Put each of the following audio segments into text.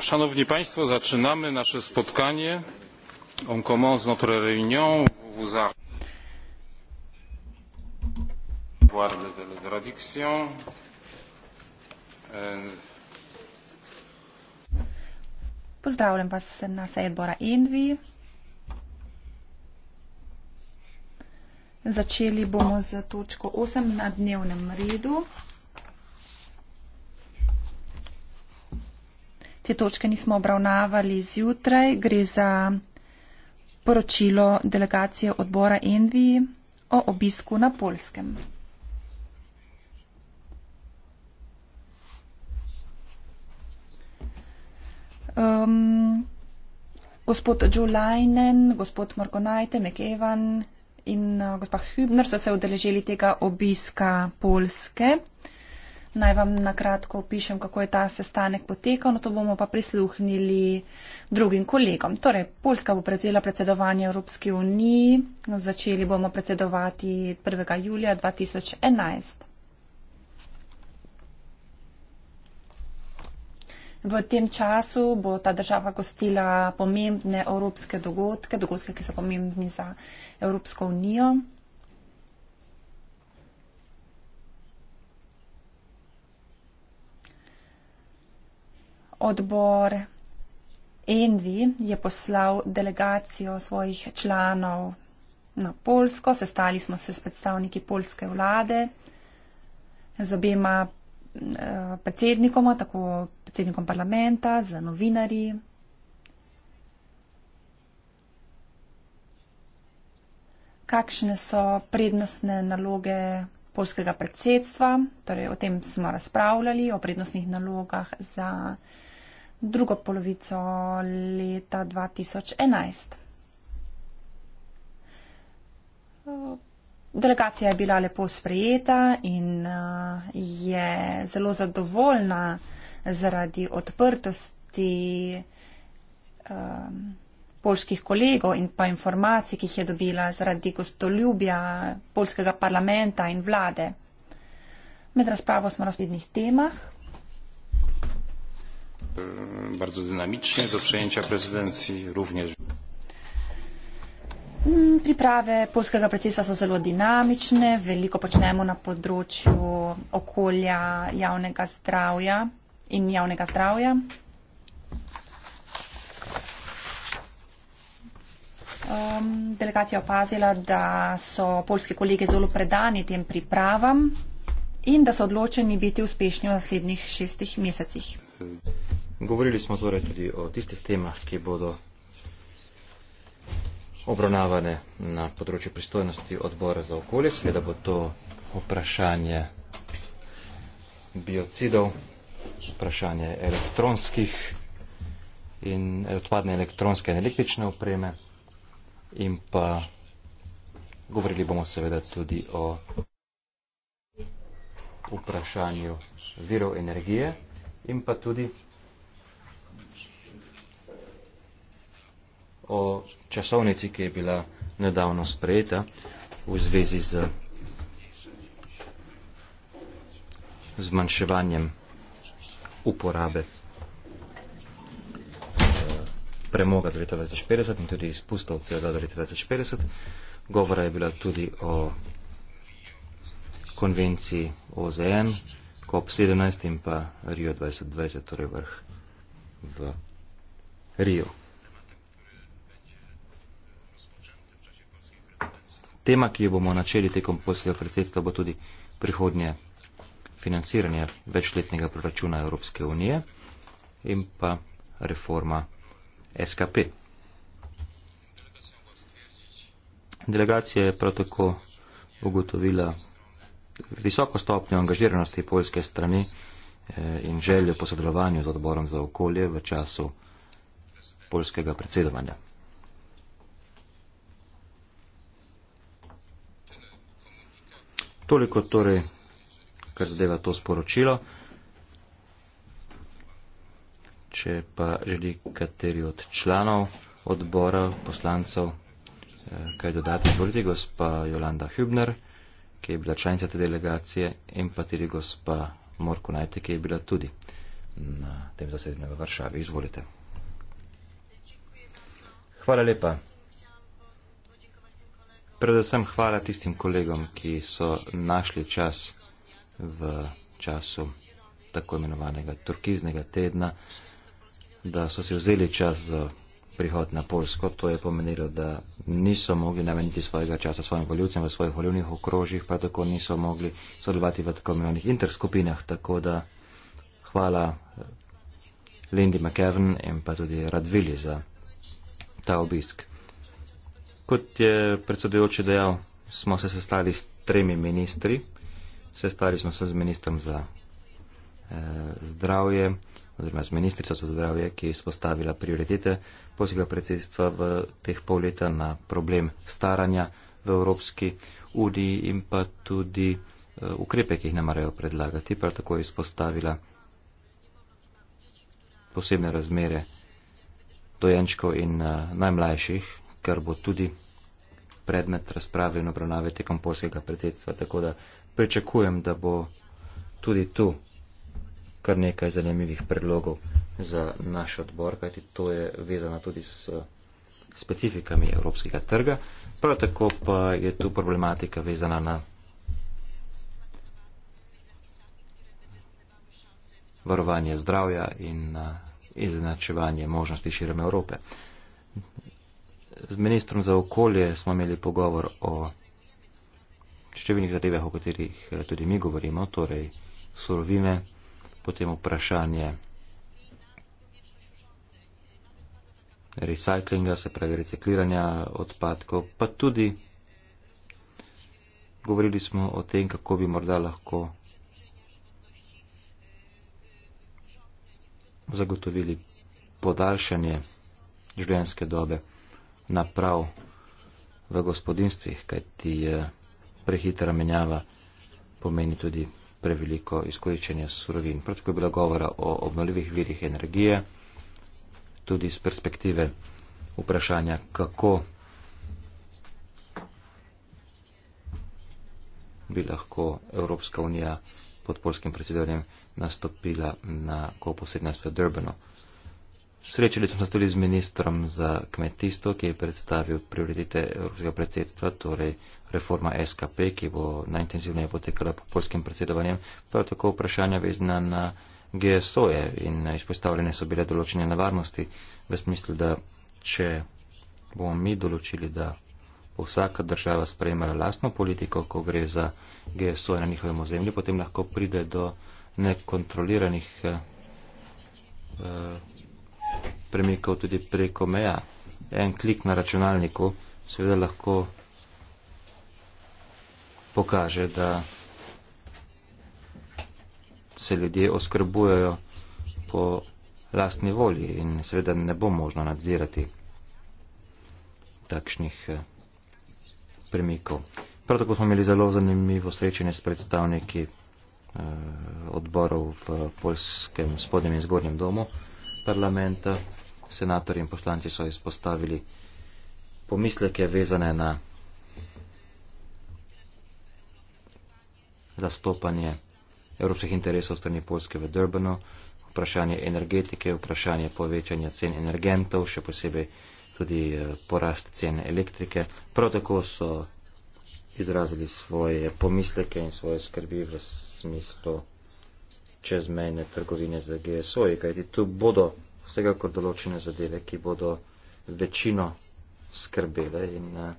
Szanowni Państwo, zaczynamy nasze spotkanie. On commence notre réunion. Vous avoir la traduction. Euh. Pozdravljam vas na seji odbora Envi. Začeli bomo z točko 8 na dnevnem redu. Te točke nismo obravnavali zjutraj. Gre za poročilo delegacije odbora Envi o obisku na Polskem. Um, gospod Džulajnen, gospod Morgonajte, Mekevan in uh, gospod Hübner so se udeležili tega obiska Polske. Naj vam na kratko opišem, kako je ta sestanek potekal, no to bomo pa prisluhnili drugim kolegom. Torej, Poljska bo prevzela predsedovanje Evropski uniji, začeli bomo predsedovati 1. julija 2011. V tem času bo ta država gostila pomembne evropske dogodke, dogodke, ki so pomembni za Evropsko unijo. odbor Envi je poslal delegacijo svojih članov na Polsko, sestali smo se s predstavniki polske vlade, z obema eh, predsednikoma, tako predsednikom parlamenta, z novinarji. Kakšne so prednostne naloge polskega predsedstva, torej o tem smo razpravljali, o prednostnih nalogah za predsednika drugo polovico leta 2011. Delegacija je bila lepo sprejeta in je zelo zadovoljna zaradi odprtosti um, polskih kolegov in pa informacij, ki jih je dobila zaradi gostoljubja polskega parlamenta in vlade. Med razpravo smo razpredni temah. E, bardzo dynamicznie do przejęcia prezydencji również. Mm, priprave polskega predsedstva so zelo dinamične, veliko počnemo na področju okolja javnega zdravja in javnega zdravja. Um, delegacija opazila, da so polski kolege zelo predani tem pripravam in da so odločeni biti uspešni v naslednjih šestih mesecih. Govorili smo torej tudi o tistih temah, ki bodo obravnavane na področju pristojnosti odbora za okolje. Seveda bo to vprašanje biocidov, vprašanje elektronskih in odpadne elektronske in električne opreme in pa govorili bomo seveda tudi o vprašanju virov energije in pa tudi o časovnici, ki je bila nedavno sprejeta v zvezi z zmanjševanjem uporabe eh, premoga do leta 2050 in tudi izpustov CO2 do leta 2050. Govora je bila tudi o konvenciji OZN, COP17 in pa Rio 2020, torej vrh v Rio. tema, ki jo bomo načeli tekom poslednjega predsedstva, bo tudi prihodnje financiranje večletnega proračuna Evropske unije in pa reforma SKP. Delegacija je prav tako ugotovila visoko stopnjo angažiranosti polske strani eh, in željo po sodelovanju z odborom za okolje v času polskega predsedovanja. Toliko torej, kar zadeva to sporočilo. Če pa želi kateri od članov odbora, poslancev, eh, kaj dodati, izvolite gospa Jolanda Hübner, ki je bila članica te delegacije, in pa tudi gospa Morko Najte, ki je bila tudi na tem zasedanju v Varšavi. Izvolite. Hvala lepa predvsem hvala tistim kolegom, ki so našli čas v času tako imenovanega turkiznega tedna, da so si vzeli čas za prihod na Polsko. To je pomenilo, da niso mogli nameniti svojega časa svojim voljivcem v svojih volivnih okrožjih, pa tako niso mogli sodelovati v tako imenovanih interskupinah. Tako da hvala eh, Lindy McKevin in pa tudi Radvili za ta obisk. Kot je predsedujoči dejal, smo se sestali s tremi ministri. Sestali smo se z ministrom za eh, zdravje, oziroma z ministrico za zdravje, ki je spostavila prioritete poslega predsedstva v teh pol leta na problem staranja v Evropski uniji in pa tudi eh, ukrepe, ki jih ne marajo predlagati. Prav tako je spostavila posebne razmere dojenčkov in eh, najmlajših kar bo tudi predmet razprave in obravnave tekom polskega predsedstva. Tako da pričakujem, da bo tudi tu kar nekaj zanimivih predlogov za naš odbor, kajti to je vezano tudi s specifikami evropskega trga. Prav tako pa je tu problematika vezana na varovanje zdravja in izenačevanje možnosti širom Evrope z ministrom za okolje smo imeli pogovor o številnih zadevah, o katerih eh, tudi mi govorimo, torej surovine, potem vprašanje recyklinga, se pravi recikliranja odpadkov, pa tudi govorili smo o tem, kako bi morda lahko zagotovili podaljšanje življenjske dobe naprav v gospodinstvih, kajti eh, prehitra menjava pomeni tudi preveliko izkoriščenje surovin. Prav tako je bilo govora o obnovljivih virih energije, tudi iz perspektive vprašanja, kako bi lahko Evropska unija pod polskim predsedovanjem nastopila na COP17 v Durbanu. Srečali smo se tudi z ministrom za kmetijstvo, ki je predstavil prioritete Evropskega predsedstva, torej reforma SKP, ki bo najintenzivneje potekala po polskem predsedovanjem. Prav tako vprašanja vezna na GSO-je in izpostavljene so bile določene nevarnosti v smislu, da če bomo mi določili, da bo vsaka država sprejemala lastno politiko, ko gre za GSO-je na njihovem ozemlju, potem lahko pride do nekontroliranih. Eh, premikal tudi preko meja. En klik na računalniku seveda lahko pokaže, da se ljudje oskrbujejo po lastni volji in seveda ne bo možno nadzirati takšnih eh, premikov. Prav tako smo imeli zelo zanimivo srečanje s predstavniki eh, odborov v Polskem spodnjem in zgornjem domu parlamenta senatorji in poslanci so izpostavili pomisleke vezane na zastopanje evropskih interesov strani Polske v Durbanu, vprašanje energetike, vprašanje povečanja cen energentov, še posebej tudi eh, porast cen elektrike. Prav tako so izrazili svoje pomisleke in svoje skrbi v smislu čezmejne trgovine za GSO, kajti tu bodo vsega kot določene zadeve, ki bodo večino skrbele in eh,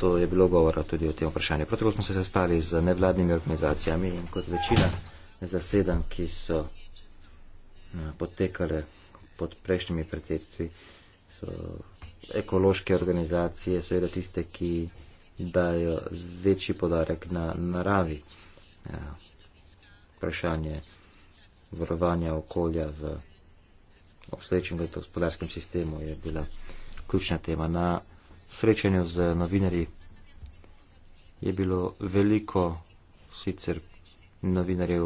to je bilo govora tudi o tem vprašanju. Prav tako smo se sestali z nevladnimi organizacijami in kot večina zasedan, ki so eh, potekale pod prejšnjimi predsedstvi, so ekološke organizacije, seveda tiste, ki dajo večji podarek na naravi. Eh, vprašanje ja, varovanja okolja v obstoječem gospodarskem sistemu je bila ključna tema. Na srečanju z novinarji je bilo veliko sicer novinarjev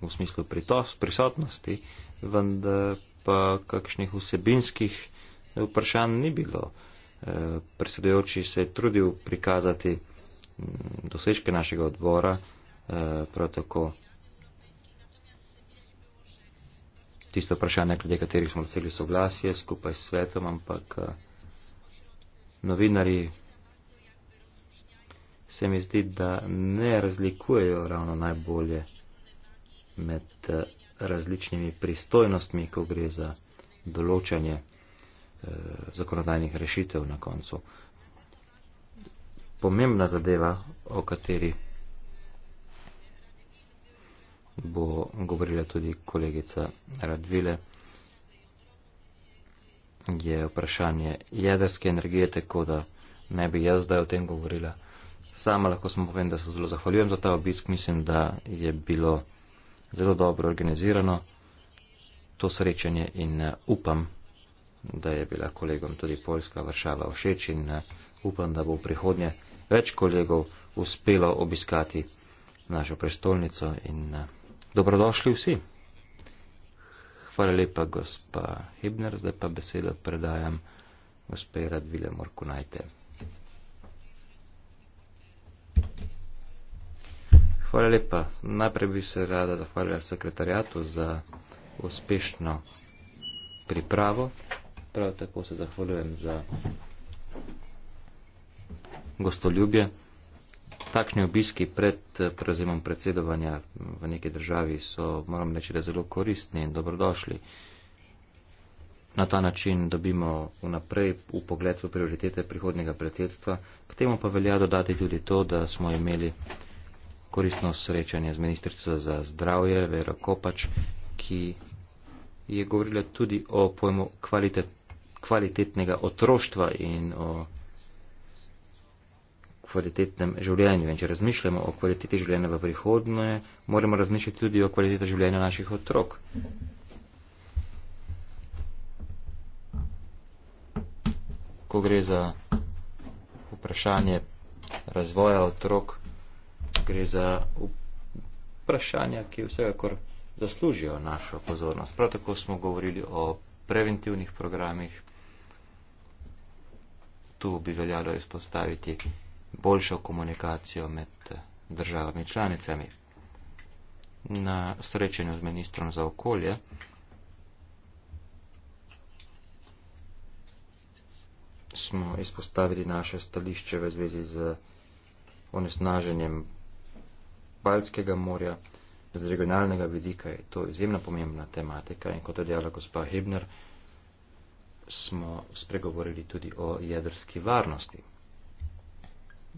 v smislu pritos, prisotnosti, vendar pa kakšnih vsebinskih vprašanj ni bilo. Eh, Presedujoči se je trudil prikazati mm, dosežke našega odbora, eh, prav tako tisto vprašanje, glede katerih smo dosegli soglasje skupaj s svetom, ampak eh, novinari se mi zdi, da ne razlikujejo ravno najbolje med eh, različnimi pristojnostmi, ko gre za določanje eh, zakonodajnih rešitev na koncu. Pomembna zadeva, o kateri bo govorila tudi kolegica Radvile, je vprašanje jedrske energije, tako da ne bi jaz zdaj o tem govorila. Sama lahko samo povem, da se zelo zahvaljujem za ta obisk. Mislim, da je bilo zelo dobro organizirano to srečanje in eh, upam, da je bila kolegom tudi Poljska vršala všeč in eh, upam, da bo v prihodnje več kolegov uspelo obiskati našo prestolnico in uh, Dobrodošli vsi. Hvala lepa, gospa Hibner. Zdaj pa besedo predajam gospe Radvile Morkunajte. Hvala lepa. Najprej bi se rada zahvalila sekretarjatu za uspešno pripravo. Prav tako se zahvaljujem za gostoljubje takšni obiski pred eh, prevzemom predsedovanja v neki državi so, moram reči, da zelo koristni in dobrodošli. Na ta način dobimo vnaprej v pogled v prioritete prihodnega predsedstva. K temu pa velja dodati tudi to, da smo imeli koristno srečanje z ministrico za zdravje Vero Kopač, ki je govorila tudi o pojmu kvalitet, kvalitetnega otroštva in o kvalitetnem življenju. In če razmišljamo o kvaliteti življenja v prihodnje, moramo razmišljati tudi o kvaliteti življenja naših otrok. Ko gre za vprašanje razvoja otrok, gre za vprašanja, ki vsekakor zaslužijo našo pozornost. Prav tako smo govorili o preventivnih programih. Tu bi veljalo izpostaviti boljšo komunikacijo med državami članicami. Na srečanju z ministrom za okolje smo izpostavili naše stališče v zvezi z onesnaženjem Balskega morja. Z regionalnega vidika je to izjemno pomembna tematika in kot je dejala gospa Hebner, smo spregovorili tudi o jedrski varnosti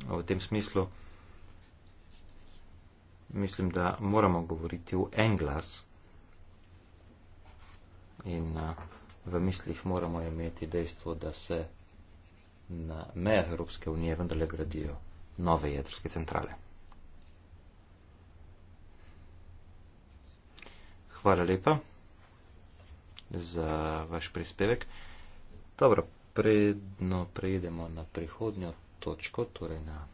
v tem smislu mislim, da moramo govoriti v en glas in v mislih moramo imeti dejstvo, da se na mejah Evropske unije vendarle gradijo nove jedrske centrale. Hvala lepa za vaš prispevek. Dobro, predno prejdemo na prihodnjo točko, torej na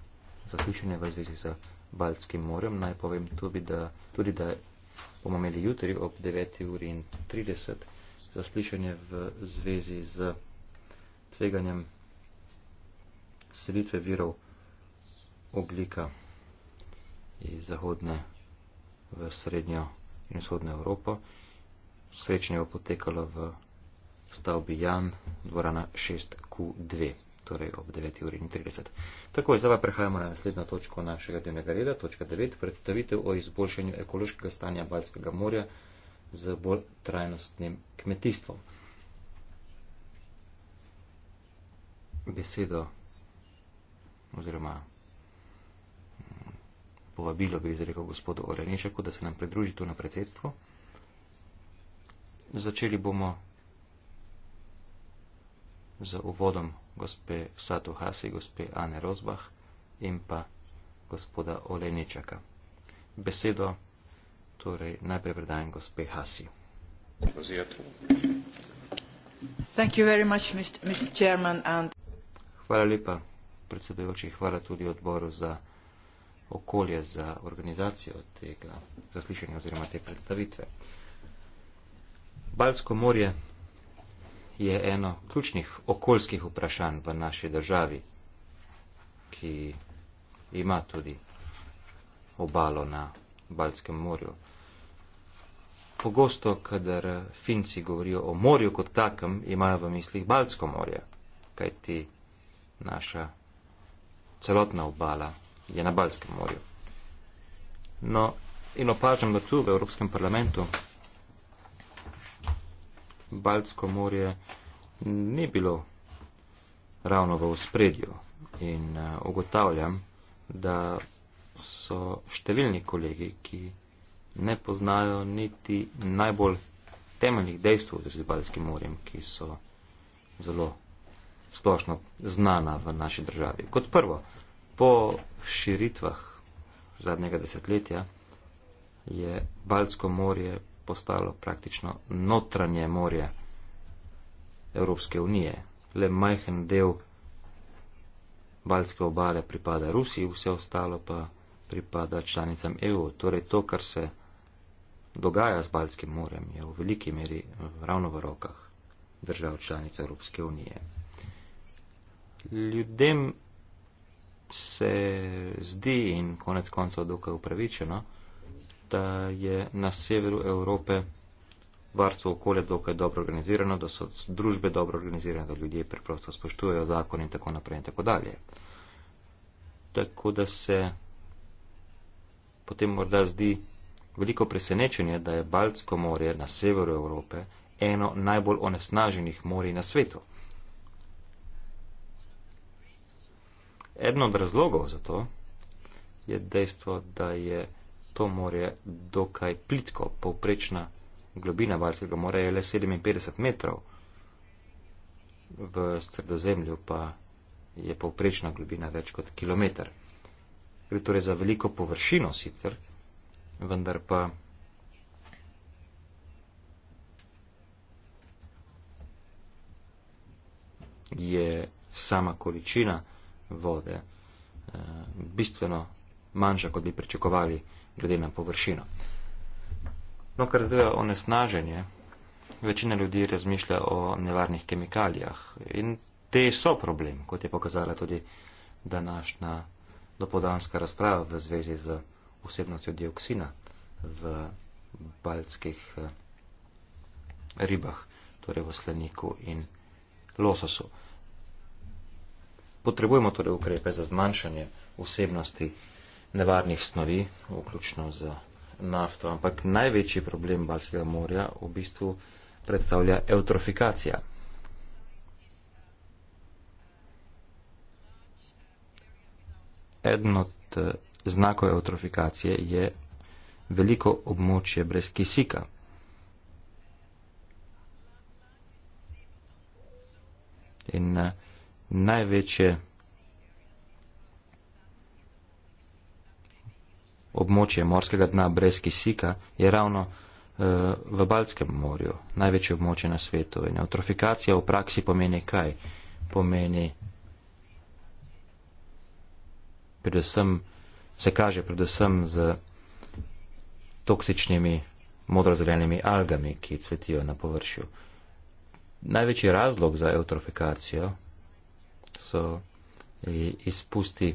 zaslišanje v zvezi z Baltskim morem. Naj povem tudi, da, tudi, da bomo imeli jutri ob 9.30 zaslišanje v zvezi z tveganjem selitve virov oglika iz zahodne v srednjo in vzhodno Evropo. Srečanje bo potekalo v stavbi Jan, dvorana 6Q2 torej ob 9.30. Tako, zdaj pa prehajamo na naslednjo točko našega dnevnega reda, točka 9, predstavitev o izboljšanju ekološkega stanja Balskega morja z bolj trajnostnim kmetijstvom. Besedo oziroma mm, povabilo bi izrekel gospodu Orenešeku, da se nam pridruži tu na predsedstvu. Začeli bomo z uvodom gospe Satu Hasi, gospe Ane Rozbah in pa gospoda Olejničaka. Besedo torej najprej predajem gospe Hasi. Thank you very much, Mr. Chairman, and... Hvala lepa, predsedujoči, hvala tudi odboru za okolje, za organizacijo tega zaslišanja oziroma te predstavitve. Balsko morje je eno ključnih okoljskih vprašanj v naši državi, ki ima tudi obalo na Baltskem morju. Pogosto, kadar Finci govorijo o morju kot takem, imajo v mislih Baltsko morje, kajti naša celotna obala je na Baltskem morju. No, in opažam, da tu v Evropskem parlamentu Baltsko morje ni bilo ravno v spredju in eh, ugotavljam, da so številni kolegi, ki ne poznajo niti najbolj temeljnih dejstv z Baltskim morjem, ki so zelo splošno znana v naši državi. Kot prvo, po širitvah zadnjega desetletja je Baltsko morje postalo praktično notranje morje Evropske unije. Le majhen del Balske obale pripada Rusiji, vse ostalo pa pripada članicam EU. Torej to, kar se dogaja z Balskim morem, je v veliki meri ravno v rokah držav članic Evropske unije. Ljudem se zdi in konec koncev dokaj upravičeno, da je na severu Evrope varstvo okolja dokaj dobro organizirano, da so družbe dobro organizirane, da ljudje preprosto spoštujejo zakon in tako naprej in tako dalje. Tako da se potem morda zdi veliko presenečenje, da je Baltsko morje na severu Evrope eno najbolj onesnaženih morij na svetu. Eden od razlogov za to je dejstvo, da je to morje dokaj plitko, povprečna globina Balskega morja je le 57 metrov, v sredozemlju pa je povprečna globina več kot kilometr. Gre torej za veliko površino sicer, vendar pa je sama količina vode eh, bistveno manjša, kot bi pričakovali glede na površino. No, kar zdaj je onesnaženje, večina ljudi razmišlja o nevarnih kemikalijah in te so problem, kot je pokazala tudi današnja dopodanska razprava v zvezi z vsebnostjo dioksina v baltskih eh, ribah, torej v sleniku in lososu. Potrebujemo torej ukrepe za zmanjšanje vsebnosti dioksina nevarnih snovi, vključno z nafto. Ampak največji problem Balskega morja v bistvu predstavlja eutrofikacija. Eden od eh, znakov eutrofikacije je veliko območje brez kisika. In eh, največje območje morskega dna brez kisika je ravno eh, v Balskem morju, največje območje na svetu. In eutrofikacija v praksi pomeni kaj? Pomeni, predvsem, se kaže predvsem z toksičnimi modrozelenimi algami, ki cvetijo na površju. Največji razlog za eutrofikacijo so eh, izpusti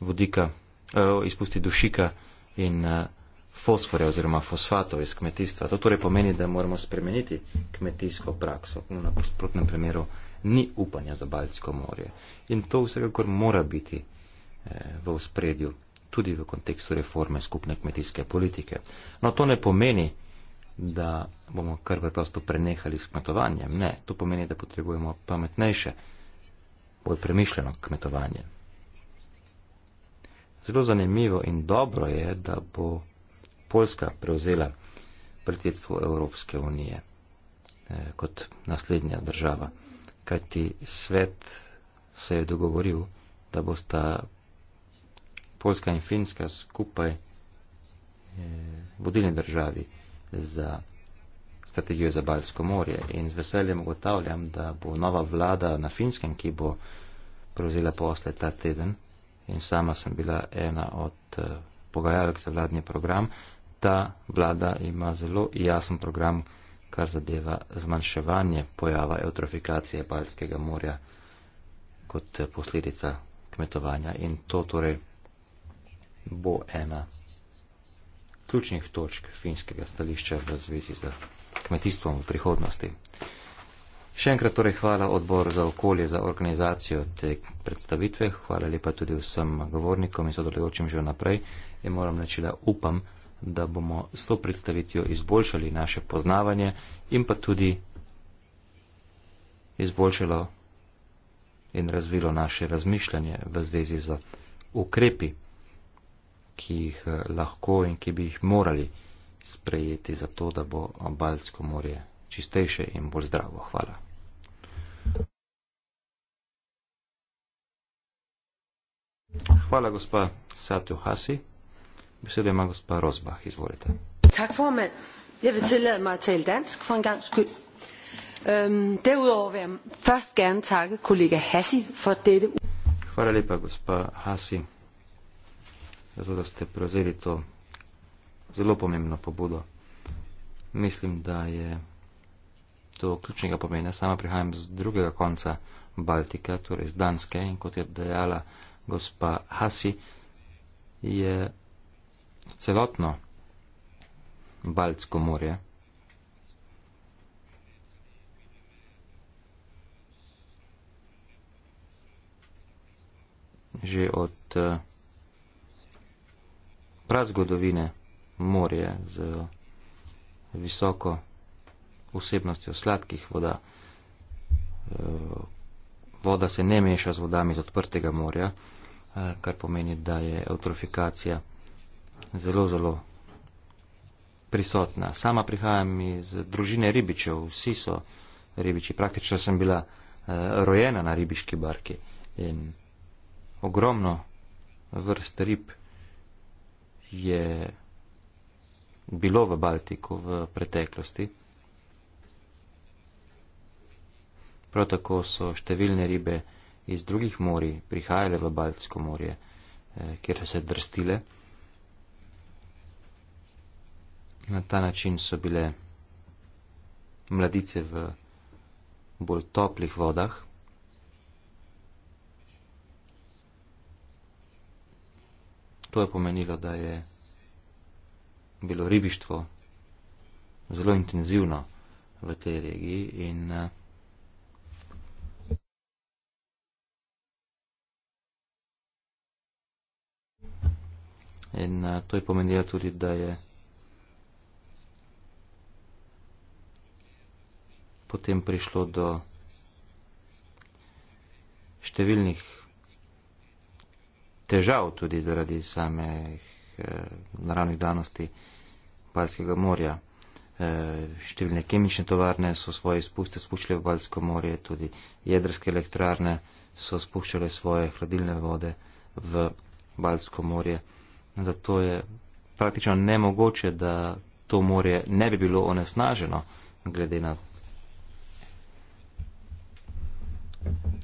vodika Eh, izpusti dušika in eh, fosforja oziroma fosfatov iz kmetijstva. To torej pomeni, da moramo spremeniti kmetijsko prakso. V nasprotnem primeru ni upanja za Baljsko morje. In to vsekakor mora biti eh, v spredju, tudi v kontekstu reforme skupne kmetijske politike. No, to ne pomeni, da bomo kar preprosto prenehali s kmetovanjem. Ne, to pomeni, da potrebujemo pametnejše, bolj premišljeno kmetovanje. Zelo zanimivo in dobro je, da bo Poljska prevzela predsedstvo Evropske unije eh, kot naslednja država, kajti svet se je dogovoril, da bosta Poljska in Finska skupaj eh, vodilni državi za strategijo za Balsko morje in z veseljem ugotavljam, da bo nova vlada na Finskem, ki bo prevzela posle ta teden, in sama sem bila ena od eh, pogajalk za vladni program. Ta vlada ima zelo jasen program, kar zadeva zmanjševanje pojava eutrofikacije Balskega morja kot eh, posledica kmetovanja in to torej bo ena ključnih točk finskega stališča v zvezi z kmetijstvom v prihodnosti. Še enkrat torej hvala odbor za okolje za organizacijo te predstavitve, hvala lepa tudi vsem govornikom in sodelujočim že naprej in moram reči, da upam, da bomo s to predstavitvijo izboljšali naše poznavanje in pa tudi izboljšalo in razvilo naše razmišljanje v zvezi z ukrepi, ki jih eh, lahko in ki bi jih morali sprejeti za to, da bo Baltsko morje čistejše in bolj zdravo. Hvala. Hvala, gospa Satu Hasi. Besedo ima gospa Rosbach. Izvolite. Tak, formand. Jeg vil tillade mig at tale dansk for en gang skyld. Øhm, derudover vil jeg først gerne takke kollega Hassi for dette. Hvala lepa, gospa Hassi. Zato, da ste prevzeli to zelo pomembno pobudo. Mislim, da je to ključnega pomena. Sama prihajam z drugega konca Baltika, torej z Danske in kot je dejala gospa Hasi, je celotno Baltsko morje že od eh, prazgodovine morje z visoko vsebnostjo sladkih voda. Eh, voda se ne meša z vodami iz odprtega morja. Eh, kar pomeni, da je eutrofikacija zelo, zelo prisotna. Sama prihajam iz družine ribičev, vsi so ribiči, praktično sem bila eh, rojena na ribiški barki in ogromno vrst rib je bilo v Baltiku v preteklosti. Prav tako so številne ribe, iz drugih morij prihajale v Baltsko morje, eh, kjer so se drstile. Na ta način so bile mladice v bolj toplih vodah. To je pomenilo, da je bilo ribištvo zelo intenzivno v tej regiji in uh, In uh, to je pomenilo tudi, da je potem prišlo do številnih težav tudi zaradi samih uh, naravnih danosti Balskega morja. Uh, številne kemične tovarne so svoje izpuste spuščale v Balsko morje, tudi jedrske elektrarne so spuščale svoje hladilne vode v Balsko morje. Zato je praktično nemogoče, da to morje ne bi bilo onesnaženo, glede na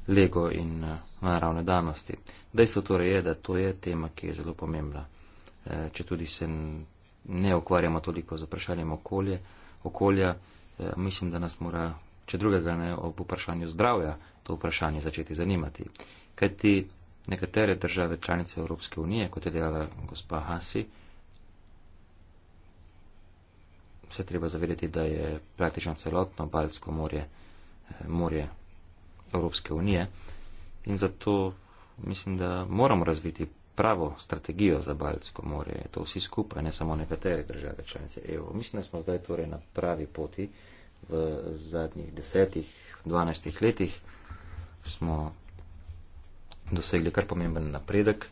lego in eh, naravne danosti. Dejstvo torej je, da to je tema, ki je zelo pomembna. Eh, če tudi se ne ukvarjamo toliko z vprašanjem okolje, okolja, eh, mislim, da nas mora, če drugega ne, ob vprašanju zdravja to vprašanje začeti zanimati. Kajti Nekatere države članice Evropske unije, kot je dejala gospa Hasi, se treba zavedati, da je praktično celotno Baltsko morje eh, morje Evropske unije in zato mislim, da moramo razviti pravo strategijo za Baltsko morje, to vsi skupaj, ne samo nekatere države članice EU. Mislim, da smo zdaj torej na pravi poti v zadnjih desetih, dvanajstih letih smo dosegli kar pomemben napredek.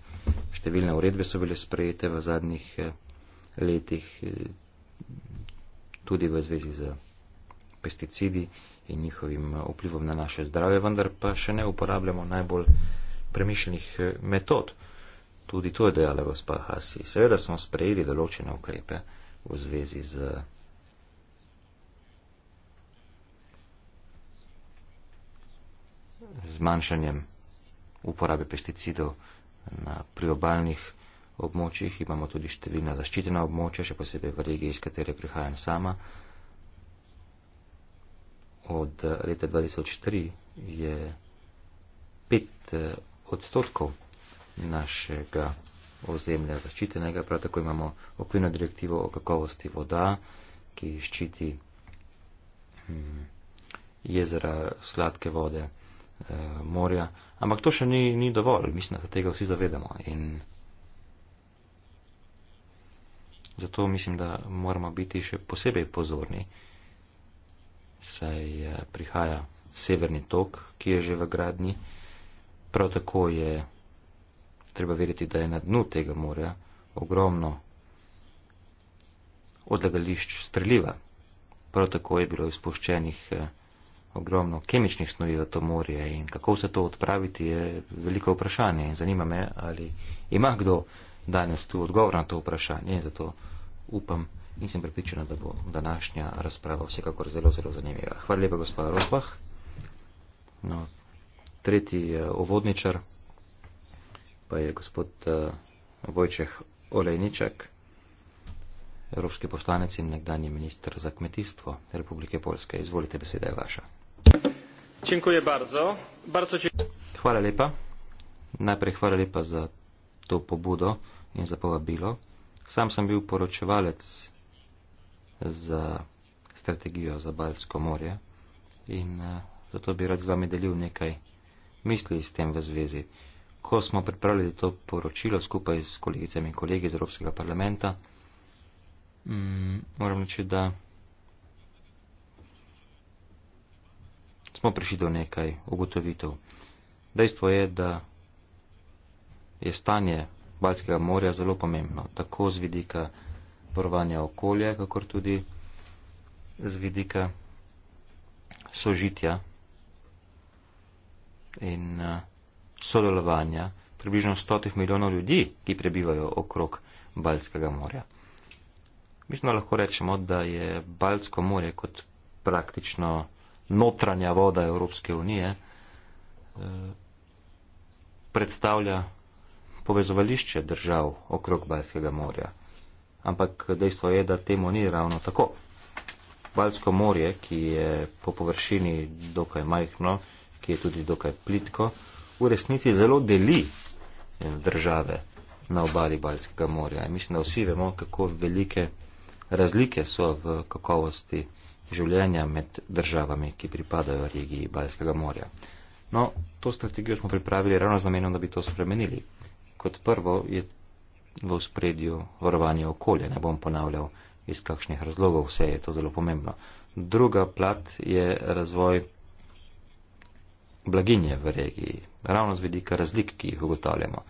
Številne uredbe so bile sprejete v zadnjih eh, letih, eh, tudi v zvezi z pesticidi in njihovim eh, vplivom na naše zdrave, vendar pa še ne uporabljamo najbolj premišljenih metod. Tudi to je dejala gospa Hasi. Seveda smo sprejeli določene ukrepe v zvezi z. zmanjšanjem uporabe pesticidov na priobalnih območjih, imamo tudi številna zaščitena območja, še posebej v regiji, iz katere prihajam sama. Od leta 2003 je 5 odstotkov našega ozemlja zaščitenega, prav tako imamo okvirno direktivo o kakovosti voda, ki ščiti hm, jezera, sladke vode, eh, morja, Ampak to še ni, ni dovolj, mislim, da se tega vsi zavedamo. In zato mislim, da moramo biti še posebej pozorni, saj eh, prihaja severni tok, ki je že v gradni. Prav tako je treba veriti, da je na dnu tega morja ogromno odlagališč streljiva. Prav tako je bilo izpuščenih. Eh, ogromno kemičnih snovi v to morje in kako vse to odpraviti je veliko vprašanje in zanima me, ali ima kdo danes tu odgovor na to vprašanje in zato upam in sem prepričana, da bo današnja razprava vsekakor zelo, zelo zanimiva. Hvala lepa, gospod Rosbach. No, tretji eh, uvodničar pa je gospod uh, Vojčeh Olejničak, evropski poslanec in nekdani minister za kmetijstvo Republike Polske. Izvolite, beseda je vaša. Dziękuję bardzo. bardzo dziękuję. Hvala lepa. Najprej hvala lepa za to pobudo in za povabilo. Sam sem bil poročevalec za strategijo za Baltsko morje in eh, zato bi rad z vami delil nekaj misli s tem v zvezi. Ko smo pripravili to poročilo skupaj s kolegicami in kolegi iz Evropskega parlamenta, mm, moram reči, da smo prišli do nekaj ugotovitev. Dejstvo je, da je stanje Balskega morja zelo pomembno, tako z vidika varovanja okolja, kakor tudi z vidika sožitja in eh, sodelovanja približno 100 milijonov ljudi, ki prebivajo okrog Balskega morja. Mislim, da lahko rečemo, da je Balsko morje kot praktično notranja voda Evropske unije, eh, predstavlja povezovališče držav okrog Balskega morja. Ampak dejstvo je, da temu ni ravno tako. Balsko morje, ki je po površini dokaj majhno, ki je tudi dokaj plitko, v resnici zelo deli eh, države na obali Balskega morja. In mislim, da vsi vemo, kako velike razlike so v kakovosti življenja med državami, ki pripadajo regiji Balskega morja. No, to strategijo smo pripravili ravno z namenom, da bi to spremenili. Kot prvo je v spredju varovanje okolja, ne bom ponavljal iz kakšnih razlogov, vse je to zelo pomembno. Druga plat je razvoj blaginje v regiji, ravno z vedika razlik, ki jih ugotavljamo.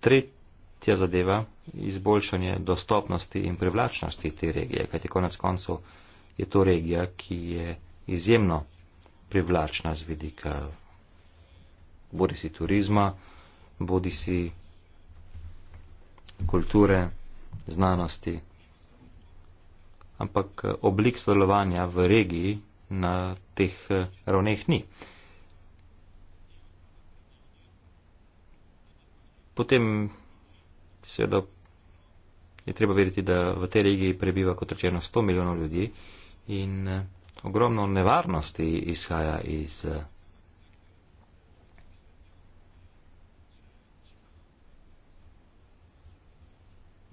Tretja zadeva je izboljšanje dostopnosti in privlačnosti te regije, kajti konec koncev je to regija, ki je izjemno privlačna z vidika bodi si turizma, bodi si kulture, znanosti. Ampak eh, oblik sodelovanja v regiji na teh eh, ravneh ni. Potem seveda je treba vedeti, da v tej regiji prebiva kot rečeno 100 milijonov ljudi. In eh, ogromno nevarnosti izhaja iz eh,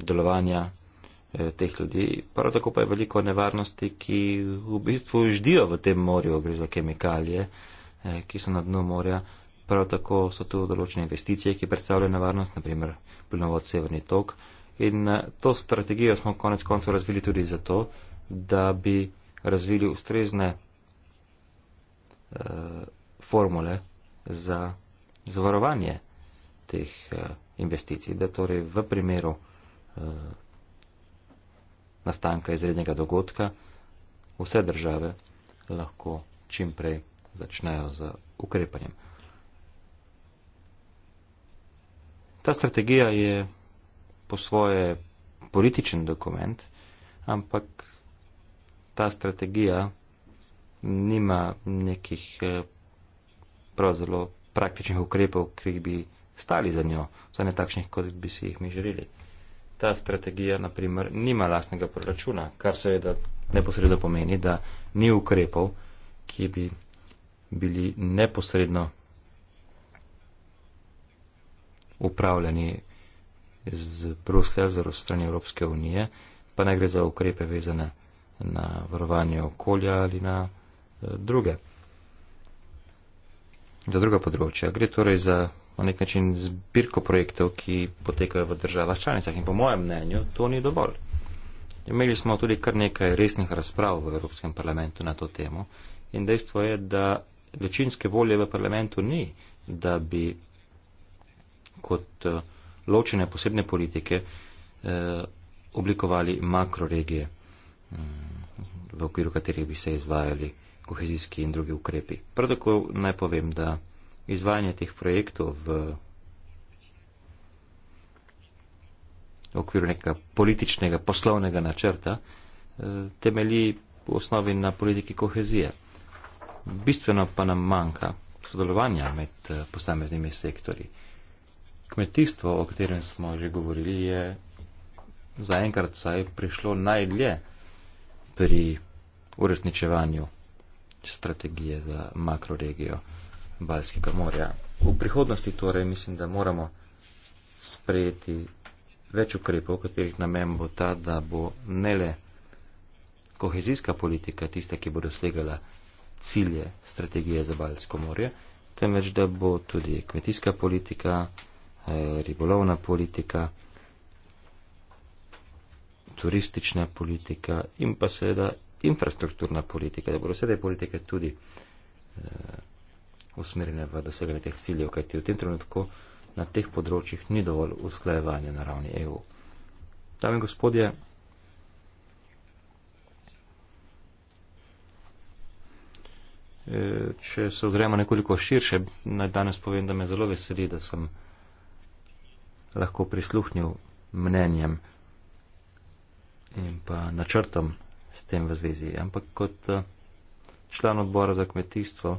delovanja eh, teh ljudi. Prav tako pa je veliko nevarnosti, ki v bistvu ždijo v tem morju, gre za kemikalije, ki so na dnu morja. Prav tako so tu določene investicije, ki predstavljajo nevarnost, naprimer plinovod Severni tok. In to strategijo smo konec koncev razvili tudi zato, da bi razvili ustrezne eh, formule za zavarovanje teh eh, investicij, da torej v primeru eh, nastanka izrednega dogodka vse države lahko čim prej začnejo z ukrepanjem. Ta strategija je po svoje političen dokument, ampak ta strategija nima nekih eh, prav zelo praktičnih ukrepov, ki bi stali za njo, za ne takšnih, kot bi si jih mi želeli. Ta strategija, naprimer, nima lastnega proračuna, kar seveda neposredno pomeni, da ni ukrepov, ki bi bili neposredno upravljeni z Bruslja, z razstranje Evropske unije, pa ne gre za ukrepe vezane na varovanje okolja ali na eh, druge. Za druga področja. Gre torej za na nek način zbirko projektov, ki potekajo v državah članicah in po mojem mnenju to ni dovolj. Imeli smo tudi kar nekaj resnih razprav v Evropskem parlamentu na to temo in dejstvo je, da večinske volje v parlamentu ni, da bi kot eh, ločene posebne politike eh, oblikovali makroregije v okviru katerih bi se izvajali kohezijski in drugi ukrepi. Prav tako naj povem, da izvajanje teh projektov v okviru nekega političnega poslovnega načrta eh, temelji v osnovi na politiki kohezije. Bistveno pa nam manjka sodelovanja med eh, posameznimi sektori. Kmetijstvo, o katerem smo že govorili, je zaenkrat saj prišlo najdlje pri uresničevanju strategije za makroregijo Balskega morja. V prihodnosti torej mislim, da moramo sprejeti več ukrepov, katerih namen bo ta, da bo ne le kohezijska politika tista, ki bo dosegala cilje strategije za Balsko morje, temveč da bo tudi kmetijska politika, eh, ribolovna politika, turistična politika in pa seveda infrastrukturna politika, da bodo vse te politike tudi eh, usmerjene v doseganje teh ciljev, kajti v tem trenutku na teh področjih ni dovolj usklajevanja na ravni EU. Dame in gospodje, eh, Če se ozremo nekoliko širše, naj danes povem, da me zelo veseli, da sem lahko prisluhnil mnenjem in pa načrtom s tem v zvezi. Ampak kot eh, član odbora za kmetijstvo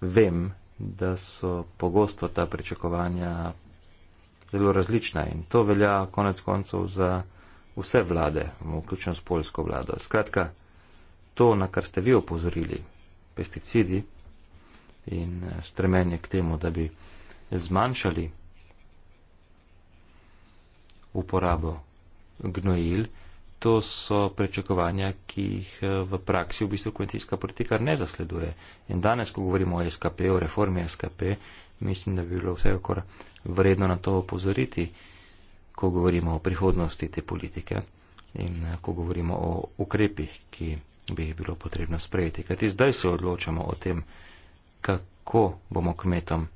vem, da so pogosto ta pričakovanja zelo različna in to velja konec koncev za vse vlade, vključno s polsko vlado. Skratka, to, na kar ste vi opozorili, pesticidi in eh, stremenje k temu, da bi zmanjšali uporabo gnojil, to so prečakovanja, ki jih eh, v praksi v bistvu kmetijska politika ne zasleduje. In danes, ko govorimo o SKP, o reformi SKP, mislim, da bi bilo vsekakor vredno na to opozoriti, ko govorimo o prihodnosti te politike in eh, ko govorimo o ukrepih, ki bi jih bilo potrebno sprejeti. Kajti zdaj se odločamo o tem, kako bomo kmetom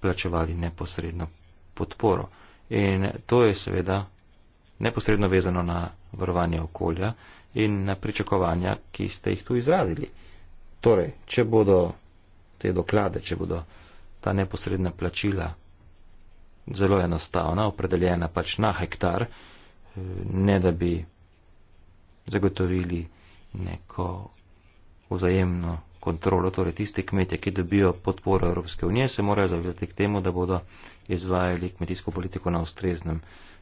plačevali neposredno podporo. In to je seveda neposredno vezano na varovanja okolja in na pričakovanja, ki ste jih tu izrazili. Torej, če bodo te doklade, če bodo ta neposredna plačila zelo enostavna, opredeljena pač na hektar, eh, ne da bi zagotovili neko vzajemno kontrolo, torej tisti kmetje, ki dobijo podporo Evropske unije, se morajo zavedati k temu, da bodo izvajali kmetijsko politiko na ustreznem.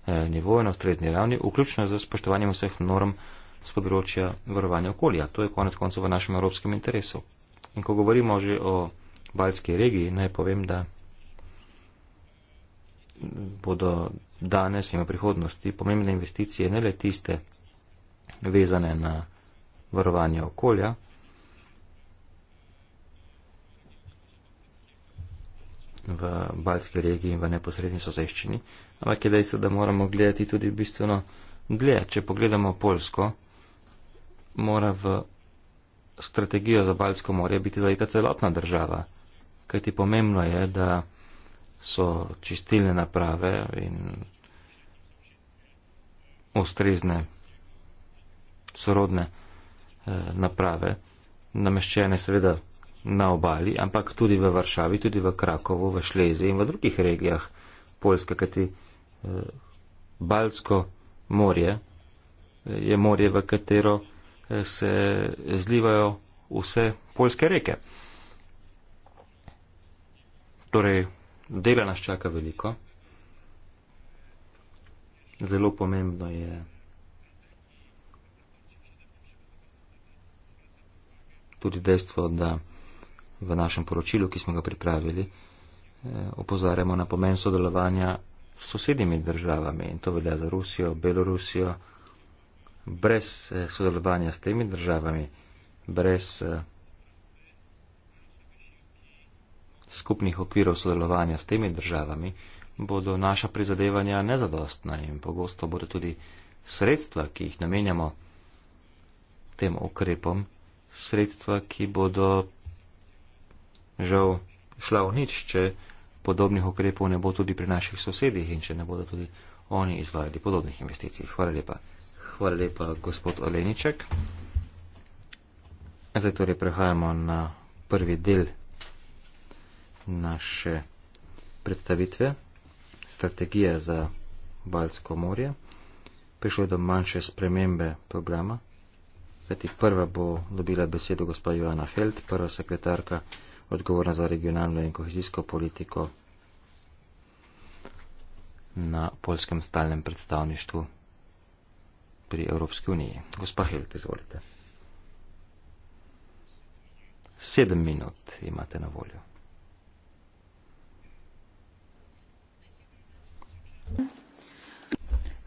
Eh, nivoju na ustrezni ravni, vključno z spoštovanjem vseh norm z področja varovanja okolja. To je konec koncev v našem evropskem interesu. In ko govorimo že o Baljski regiji, naj povem, da bodo danes in v prihodnosti pomembne investicije ne le tiste vezane na varovanje okolja, v Baljski regiji in v neposrednji sozeščini, ampak je dejstvo, da moramo gledati tudi bistveno dlje. Če pogledamo Polsko, mora v strategijo za Baljsko morje biti zajeta celotna država, kajti pomembno je, da so čistilne naprave in ustrezne sorodne eh, naprave, nameščene seveda na obali, ampak tudi v Varšavi, tudi v Krakovu, v Šlezi in v drugih regijah Poljske, kajti eh, Balsko morje eh, je morje, v katero eh, se zlivajo vse polske reke. Torej, dela nas čaka veliko. Zelo pomembno je tudi dejstvo, da v našem poročilu, ki smo ga pripravili, eh, opozarjamo na pomen sodelovanja s sosednjimi državami in to velja za Rusijo, Belorusijo. Brez eh, sodelovanja s temi državami, brez eh, skupnih okvirov sodelovanja s temi državami, bodo naša prizadevanja nezadostna in pogosto bodo tudi sredstva, ki jih namenjamo tem okrepom, sredstva, ki bodo žal šla v nič, če podobnih ukrepov ne bo tudi pri naših sosedih in če ne bodo tudi oni izvajali podobnih investicij. Hvala lepa. Hvala lepa, gospod Oleniček. Zdaj torej prehajamo na prvi del naše predstavitve, strategija za Balsko morje. Prišlo je do manjše spremembe programa. Zdaj prva bo dobila besedo gospod Joana Held, prva sekretarka odgovorna za regionalno in kohezijsko politiko na polskem stalnem predstavništvu pri Evropski uniji. Gospa Helt, izvolite. Sedem minut imate na voljo.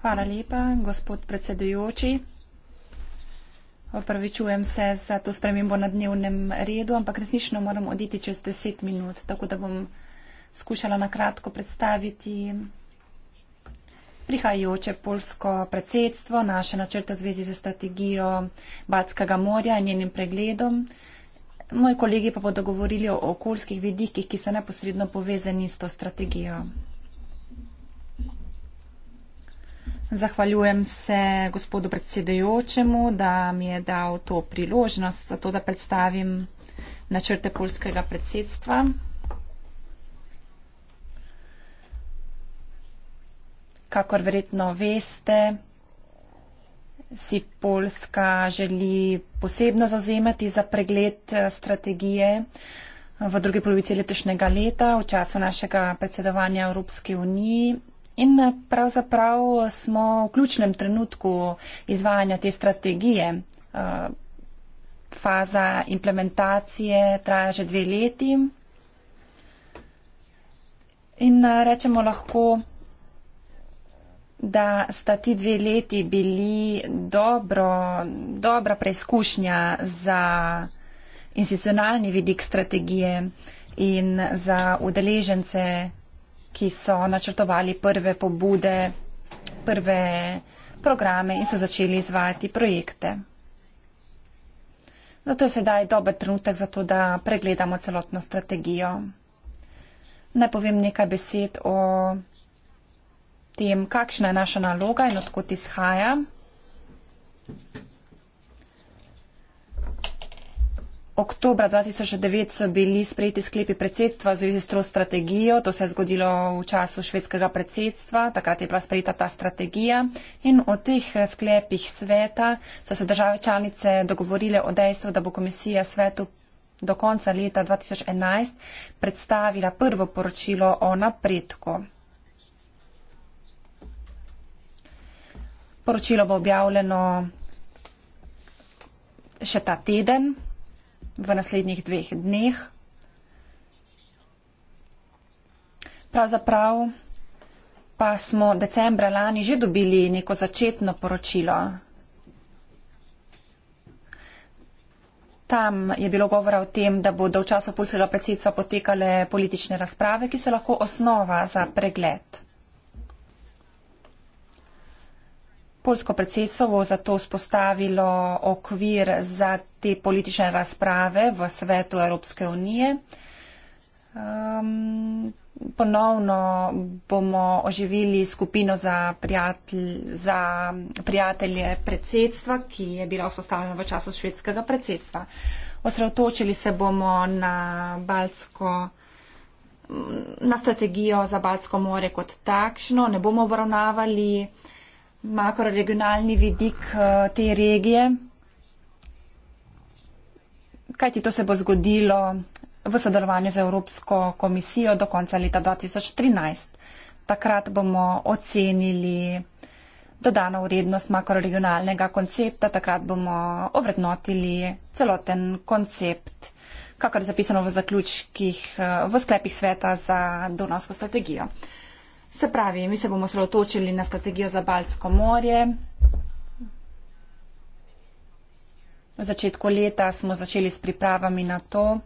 Hvala lepa, gospod predsedujoči. Opravičujem se za to spremembo na dnevnem redu, ampak resnično moram oditi čez deset minut, tako da bom skušala na kratko predstaviti prihajajoče polsko predsedstvo, naše načrte v zvezi z strategijo Balckega morja in njenim pregledom. Moji kolegi pa bodo govorili o okoljskih vidikih, ki so neposredno povezani s to strategijo. Zahvaljujem se gospodu predsedejočemu, da mi je dal to priložnost, zato da predstavim načrte polskega predsedstva. Kakor verjetno veste, si Polska želi posebno zauzemati za pregled eh, strategije eh, v drugi polovici letošnjega leta v času našega predsedovanja Evropske unije In eh, pravzaprav smo v ključnem trenutku izvajanja te strategije. Eh, faza implementacije traja že dve leti. In eh, rečemo lahko, da sta ti dve leti bili dobro, dobra preizkušnja za institucionalni vidik strategije in za udeležence ki so načrtovali prve pobude, prve programe in so začeli izvajati projekte. Zato je sedaj dober trenutek za to, da pregledamo celotno strategijo. Naj povem nekaj besed o tem, kakšna je naša naloga in odkot izhaja. Thank you. Oktober 2009 so bili sprejeti sklepi predsedstva v zvezi s to strategijo. To se je zgodilo v času švedskega predsedstva. Takrat je bila sprejeta ta strategija in o teh eh, sklepih sveta so se države članice dogovorile o dejstvu, da bo komisija svetu do konca leta 2011 predstavila prvo poročilo o napredku. Poročilo bo objavljeno še ta teden v naslednjih dveh dneh. Pravzaprav pa smo decembra lani že dobili neko začetno poročilo. Tam je bilo govora o tem, da bodo v času polskega predsedstva potekale politične razprave, ki so lahko osnova za pregled. Polsko predsedstvo bo zato spostavilo okvir za te politične razprave v svetu Evropske unije. Um, ponovno bomo oživili skupino za, prijatelj, za prijatelje predsedstva, ki je bila vzpostavljena v času švedskega predsedstva. Osredotočili se bomo na, Balsko, na strategijo za Balsko more kot takšno. Ne bomo obravnavali makroregionalni vidik eh, te regije? Kaj ti to se bo zgodilo v sodelovanju z Evropsko komisijo do konca leta 2013? Takrat bomo ocenili dodano vrednost makroregionalnega koncepta, takrat bomo ovrednotili celoten koncept, kakor je zapisano v zaključkih, eh, v sklepih sveta za donosko strategijo. Uh, Se pravi, mi se bomo sredotočili na strategijo za Baltsko morje. V začetku leta smo začeli s pripravami na to.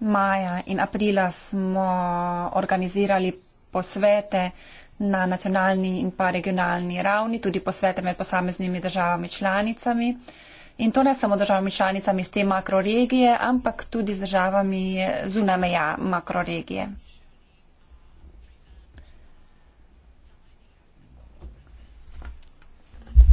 Maja in aprila smo organizirali posvete na nacionalni in pa regionalni ravni, tudi posvete med posameznimi državami članicami. In to ne samo državami članicami iz te makroregije, ampak tudi z državami zunameja makroregije.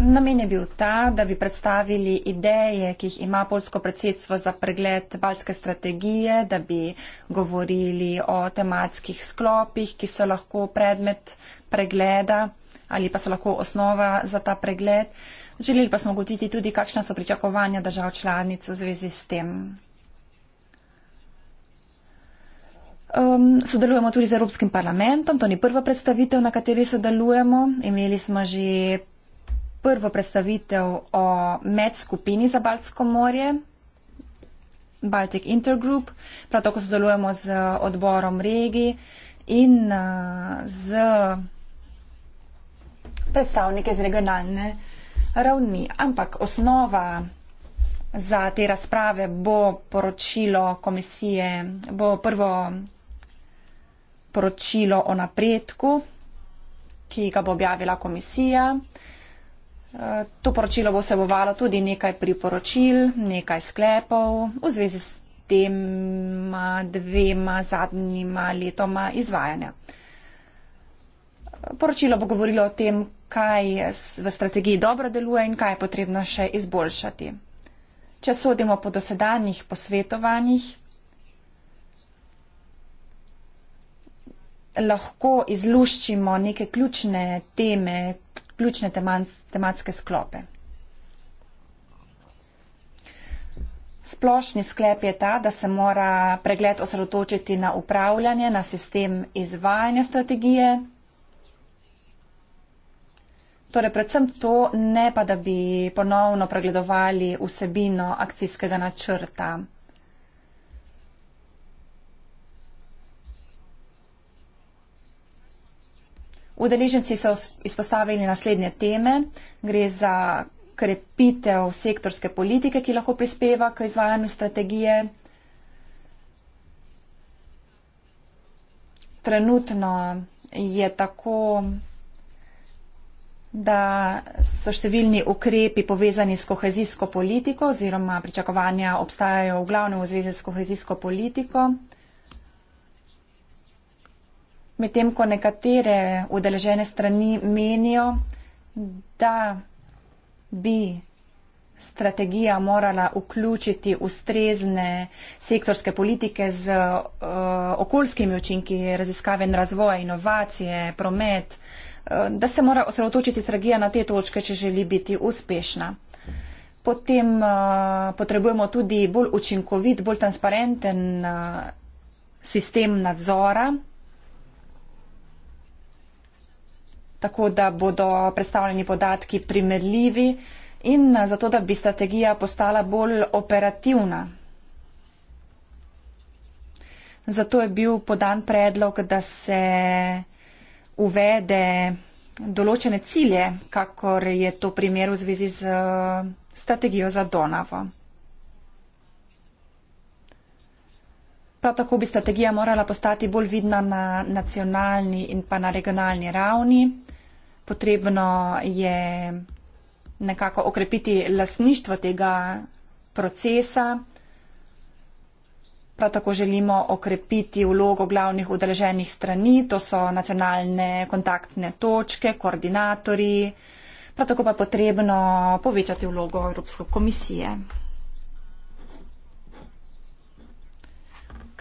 Namen je bil ta, da bi predstavili ideje, ki jih ima polsko predsedstvo za pregled balske strategije, da bi govorili o tematskih sklopih, ki so lahko predmet pregleda ali pa so lahko osnova za ta pregled. Želeli pa smo gotiti tudi, kakšna so pričakovanja držav članic v zvezi s tem. Um, sodelujemo tudi z Evropskim parlamentom, to ni prva predstavitev, na kateri sodelujemo. Imeli smo že prvo predstavitev o medskupini za Baltsko morje, Baltic Intergroup. Prav tako sodelujemo z odborom regij in uh, z predstavniki z regionalne ravni. Ampak osnova za te razprave bo poročilo komisije, bo prvo poročilo o napredku, ki ga bo objavila komisija. To poročilo bo vsebovalo tudi nekaj priporočil, nekaj sklepov v zvezi s tema dvema zadnjima letoma izvajanja. Poročilo bo govorilo o tem, kaj v strategiji dobro deluje in kaj je potrebno še izboljšati. Če sodimo po dosedanjih posvetovanjih, lahko izluščimo neke ključne teme, ključne tematske sklope. Splošni sklep je ta, da se mora pregled osredotočiti na upravljanje, na sistem izvajanja strategije. Torej, predvsem to, ne pa da bi ponovno pregledovali vsebino akcijskega načrta. Udeleženci so izpostavili naslednje teme. Gre za krepitev sektorske politike, ki lahko prispeva k izvajanju strategije. Trenutno je tako, da so številni ukrepi povezani s kohezijsko politiko oziroma pričakovanja obstajajo v glavnem v zvezi s kohezijsko politiko medtem ko nekatere udeležene strani menijo, da bi strategija morala vključiti ustrezne sektorske politike z uh, okoljskimi učinki, raziskave in razvoja, inovacije, promet, uh, da se mora osredotočiti strategija na te točke, če želi biti uspešna. Potem uh, potrebujemo tudi bolj učinkovit, bolj transparenten uh, sistem nadzora tako da bodo predstavljeni podatki primerljivi in eh, zato, da bi strategija postala bolj operativna. Zato je bil podan predlog, da se uvede določene cilje, kakor je to primer v zvezi z eh, strategijo za Donavo. Prav tako bi strategija morala postati bolj vidna na nacionalni in pa na regionalni ravni. Potrebno je nekako okrepiti lasništvo tega procesa. Prav tako želimo okrepiti vlogo glavnih udeleženih strani, to so nacionalne kontaktne točke, koordinatorji. Prav tako pa je potrebno povečati vlogo Evropske komisije.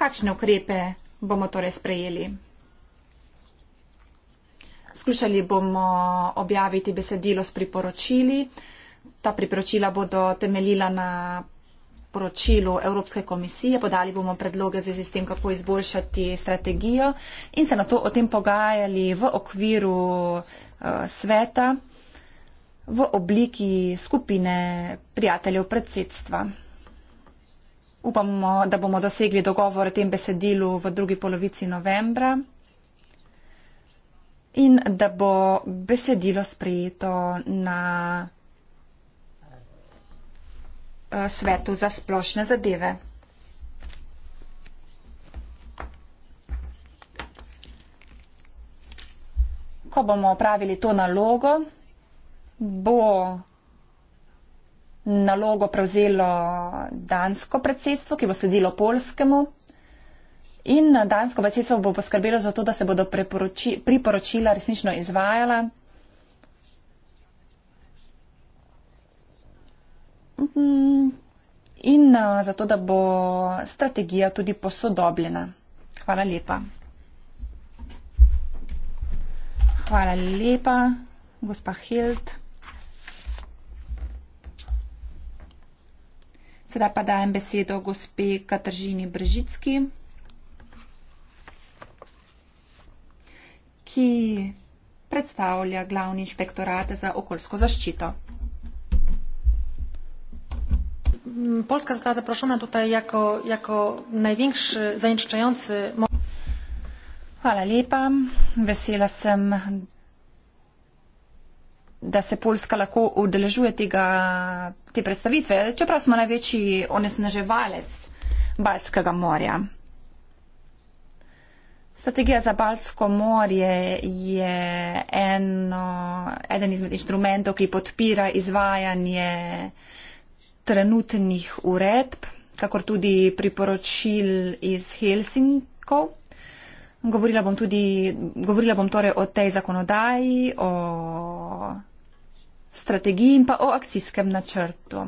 Kakšne ukrepe bomo torej sprejeli? Skušali bomo objaviti besedilo s priporočili. Ta priporočila bodo temeljila na poročilu Evropske komisije, podali bomo predloge v zvezi s tem, kako izboljšati strategijo in se na to o tem pogajali v okviru uh, sveta v obliki skupine prijateljev predsedstva. Upamo, da bomo dosegli dogovor o tem besedilu v drugi polovici novembra in da bo besedilo sprejeto na eh, svetu za splošne zadeve. Ko bomo opravili to nalogo, bo nalogo prevzelo dansko predsedstvo, ki bo sledilo polskemu. In dansko predsedstvo bo poskrbelo za to, da se bodo priporočila resnično izvajala. In uh, zato, da bo strategija tudi posodobljena. Hvala lepa. Hvala lepa, gospa Hilt. Sedaj pa dajem besedo gospe Katržini Bržitski, ki predstavlja glavni inšpektorat za okoljsko zaščito. Polska zostala zaprošena tukaj jako, jako največji zanečiščajoči. Hvala lepa. Vesela sem, da se Poljska lahko udeležuje tega, te predstavitve, čeprav smo največji onesnaževalec Balskega morja. Strategija za Balsko morje je eno, eden izmed inštrumentov, ki podpira izvajanje trenutnih uredb, kakor tudi priporočil iz Helsinkov. Govorila bom, tudi, govorila bom torej o tej zakonodaji, o strategiji in pa o akcijskem načrtu.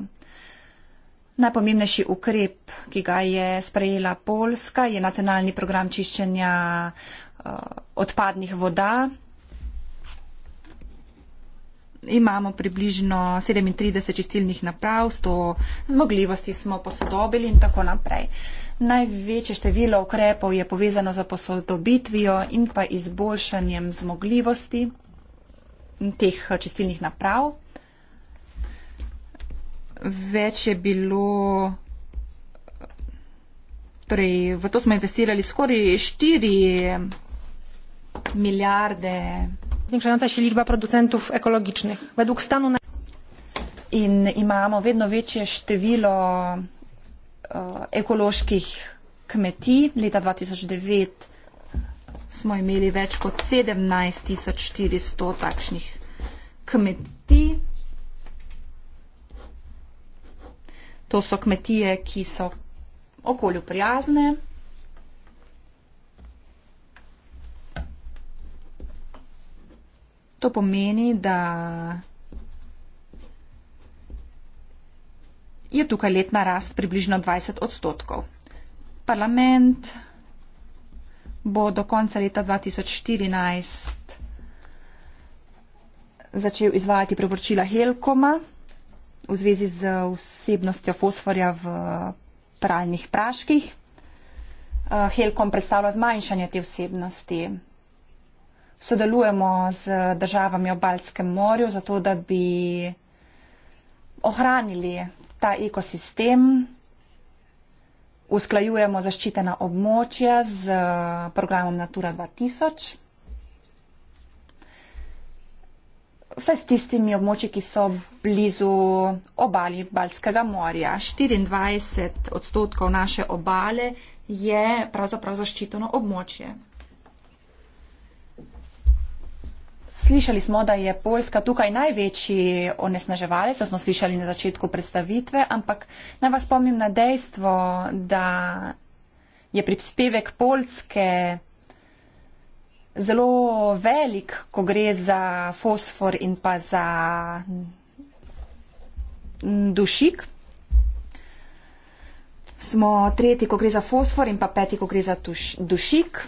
Najpomembnejši ukrep, ki ga je sprejela Poljska, je nacionalni program čiščenja eh, odpadnih voda. Imamo približno 37 čistilnih naprav, 100 zmogljivosti smo posodobili in tako naprej. Največje število ukrepov je povezano z posodobitvijo in pa izboljšanjem zmogljivosti teh eh, čistilnih naprav. Več je bilo, torej v to smo investirali skoraj 4 milijarde. Zmanjšujoča se liba producentov ekoloških. Na... In imamo vedno večje število uh, ekoloških kmetij. Leta 2009 smo imeli več kot 17400 takšnih kmetij. To so kmetije, ki so okolju prijazne. To pomeni, da je tukaj letna rast približno 20 odstotkov. Parlament bo do konca leta 2014 začel izvajati preporočila Helkoma v zvezi z vsebnostjo fosforja v pralnih praških. Eh, Helkom predstavlja zmanjšanje te vsebnosti. Sodelujemo z državami v Baltskem morju, zato da bi ohranili ta ekosistem, usklajujemo zaščitena območja z eh, programom Natura 2000. Vse s tistimi območji, ki so blizu obali Balskega morja. 24 odstotkov naše obale je pravzaprav zaščiteno območje. Slišali smo, da je Poljska tukaj največji onesnaževalec, to smo slišali na začetku predstavitve, ampak naj vas spomnim na dejstvo, da je prispevek Poljske zelo velik, ko gre za fosfor in pa za dušik. Smo tretji, ko gre za fosfor in pa peti, ko gre za tuš, dušik.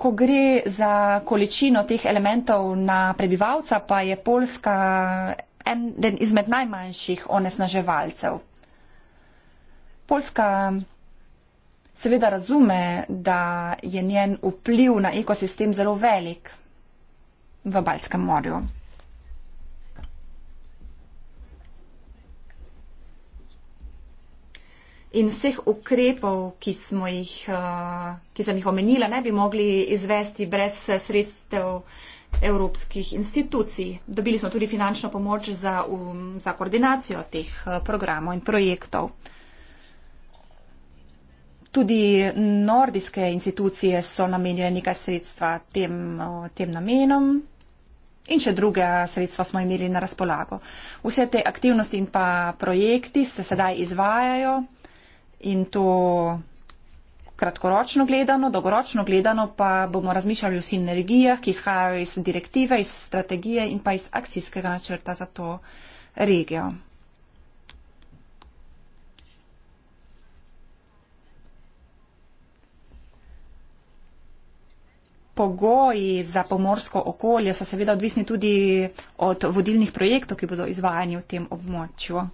ko gre za količino teh elementov na prebivalca, pa je Poljska eden izmed najmanjših onesnaževalcev. Poljska seveda razume, da je njen vpliv na ekosistem zelo velik v Baljskem morju. in vseh ukrepov, ki, jih, uh, ki sem jih omenila, ne bi mogli izvesti brez eh, sredstev evropskih institucij. Dobili smo tudi finančno pomoč za, um, za koordinacijo teh eh, programov in projektov. Tudi nordijske institucije so namenjene nekaj sredstva tem, tem namenom in še druge sredstva smo imeli na razpolago. Vse te aktivnosti in pa projekti se sedaj izvajajo in to kratkoročno gledano, dolgoročno gledano pa bomo razmišljali o sinergijah, ki izhajajo iz direktive, iz strategije in pa iz akcijskega načrta za to regijo. Pogoji za pomorsko okolje so seveda odvisni tudi od vodilnih projektov, ki bodo izvajani v tem območju.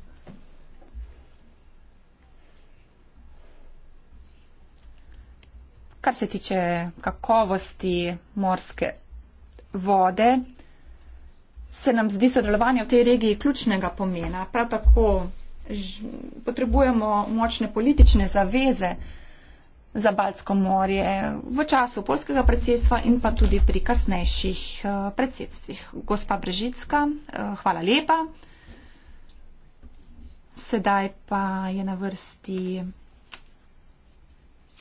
kar se tiče kakovosti morske vode, se nam zdi sodelovanje v tej regiji ključnega pomena. Prav tako potrebujemo močne politične zaveze za Balsko morje v času polskega predsedstva in pa tudi pri kasnejših eh, predsedstvih. Gospa Brežicka, eh, hvala lepa. Sedaj pa je na vrsti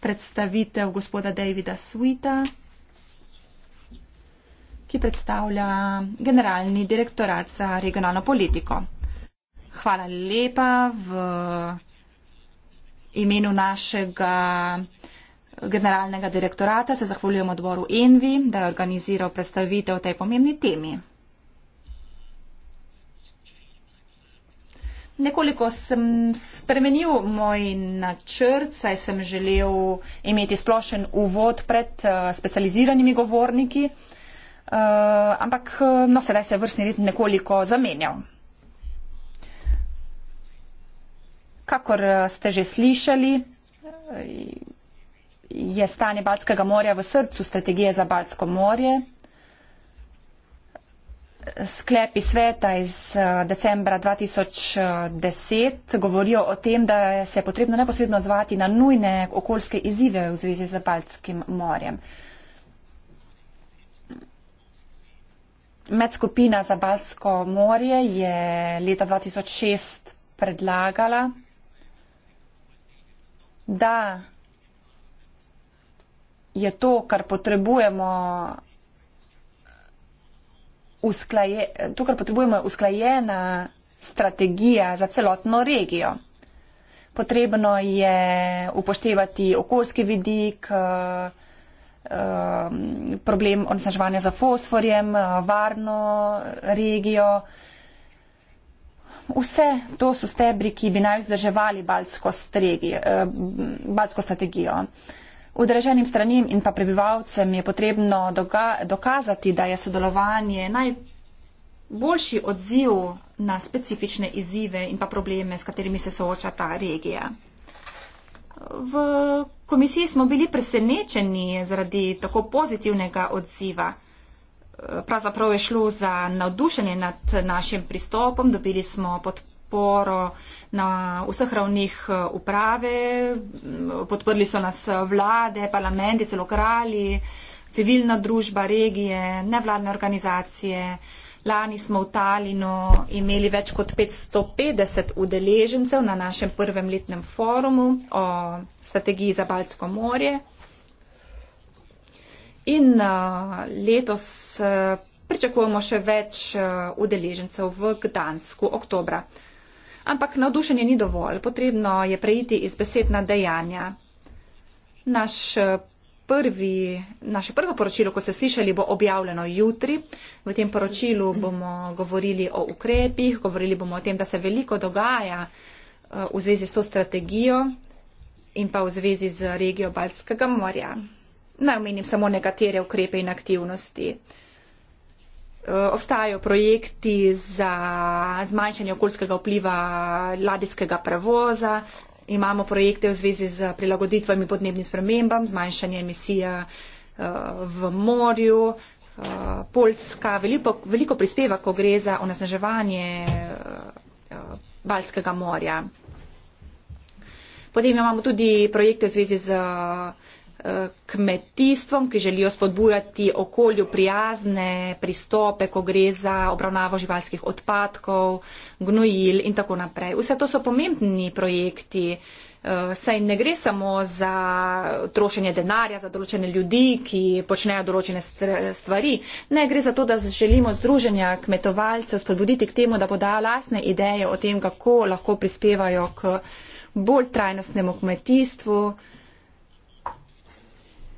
predstavitev gospoda Davida Sweeta, ki predstavlja generalni direktorat za regionalno politiko. Hvala lepa v imenu našega generalnega direktorata se zahvaljujem odboru Envi, da je organiziral predstavitev tej pomembni temi. Nekoliko sem spremenil moj načrt, saj sem želel imeti splošen uvod pred eh, specializiranimi govorniki, eh, ampak eh, no, sedaj se je vrstni red nekoliko zamenjal. Kakor ste že slišali, je stanje Balckega morja v srcu strategije za Balsko morje sklepi sveta iz eh, decembra 2010 govorijo o tem, da se je potrebno neposredno odzvati na nujne okoljske izzive v zvezi z Baltskim morjem. Medskupina za Baltsko morje je leta 2006 predlagala, da je to, kar potrebujemo to, kar potrebujemo, je usklajena strategija za celotno regijo. Potrebno je upoštevati okoljski vidik, eh, eh, problem onesnaževanja za fosforjem, eh, varno regijo. Vse to so stebri, ki bi naj vzdrževali baltsko, stregi, baltsko strategijo. Udeleženim stranim in pa prebivalcem je potrebno dokazati, da je sodelovanje najboljši odziv na specifične izzive in pa probleme, s katerimi se sooča ta regija. V komisiji smo bili presenečeni zaradi tako pozitivnega odziva. Pravzaprav je šlo za navdušenje nad našim pristopom, dobili smo podporo podporo na vseh ravnih eh, uprave, podprli so nas eh, vlade, parlamenti, celo kralji, civilna družba, regije, nevladne organizacije. Lani smo v Talinu imeli več kot 550 udeležencev na našem prvem letnem forumu o strategiji za Baltsko morje. In uh, letos uh, pričakujemo še več uh, udeležencev v Gdansku oktobra. Ampak navdušenje ni dovolj, potrebno je preiti iz besed na dejanja. Naš eh, prvi, naše prvo poročilo, ko ste slišali, bo objavljeno jutri. V tem poročilu bomo govorili o ukrepih, govorili bomo o tem, da se veliko dogaja eh, v zvezi s to strategijo in pa v zvezi z regijo Baltskega morja. Naj omenim samo nekatere ukrepe in aktivnosti. Eh, obstajajo projekti za zmanjšanje okoljskega vpliva ladijskega prevoza, imamo projekte v zvezi z prilagoditvami podnebnim spremembam, zmanjšanje emisije eh, v morju. Eh, Poljska veliko, veliko prispeva, ko gre za onesnaževanje Balskega morja. Potem imamo tudi projekte v zvezi z Eh, kmetijstvom, ki želijo spodbujati okolju prijazne pristope, ko gre za obravnavo živalskih odpadkov, gnojil in tako naprej. Vse to so pomembni projekti, eh, saj ne gre samo za trošenje denarja, za določene ljudi, ki počnejo določene stvari. Ne gre za to, da želimo združenja kmetovalcev spodbuditi k temu, da podajo lasne ideje o tem, kako lahko prispevajo k bolj trajnostnemu kmetijstvu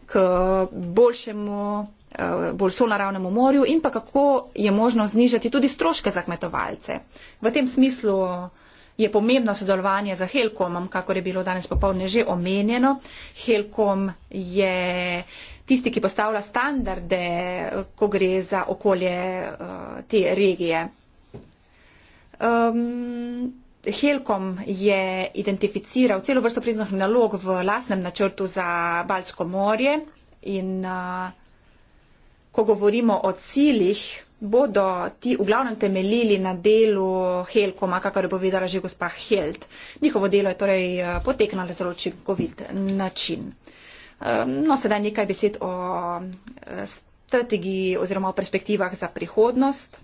k boljšemu, eh, bolj sonaravnemu morju in pa kako je možno znižati tudi stroške za kmetovalce. V tem smislu je pomembno sodelovanje za Helkomom, kako je bilo danes popolne že omenjeno. Helkom je tisti, ki postavlja standarde, ko gre za okolje eh, te regije. Um, Helkom je identificiral celo vrsto priznanih nalog v lasnem načrtu za Balsko morje in uh, ko govorimo o ciljih, bodo ti v glavnem temeljili na delu Helkoma, kakor je povedala že gospa Held. Njihovo delo je torej poteknalo zelo učinkovit način. Um, no, sedaj nekaj besed o strategiji oziroma o perspektivah za prihodnost.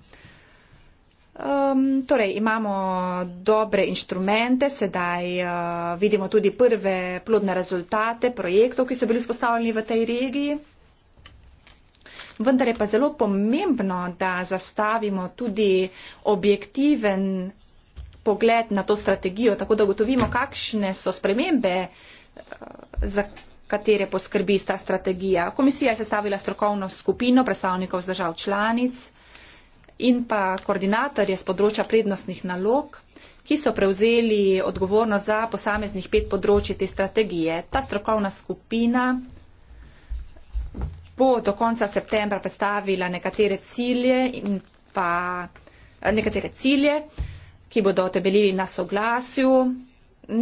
Um, torej, imamo dobre inštrumente, sedaj uh, vidimo tudi prve plodne rezultate projektov, ki so bili vzpostavljeni v tej regiji. Vendar je pa zelo pomembno, da zastavimo tudi objektiven pogled na to strategijo, tako da ugotovimo, kakšne so spremembe, eh, za katere poskrbi ta strategija. Komisija je sestavila strokovno skupino predstavnikov z držav članic in pa koordinatorje z področja prednostnih nalog ki so prevzeli odgovornost za posameznih pet področji te strategije. Ta strokovna skupina bo do konca septembra predstavila nekatere cilje, pa, nekatere cilje ki bodo temeljili na soglasju,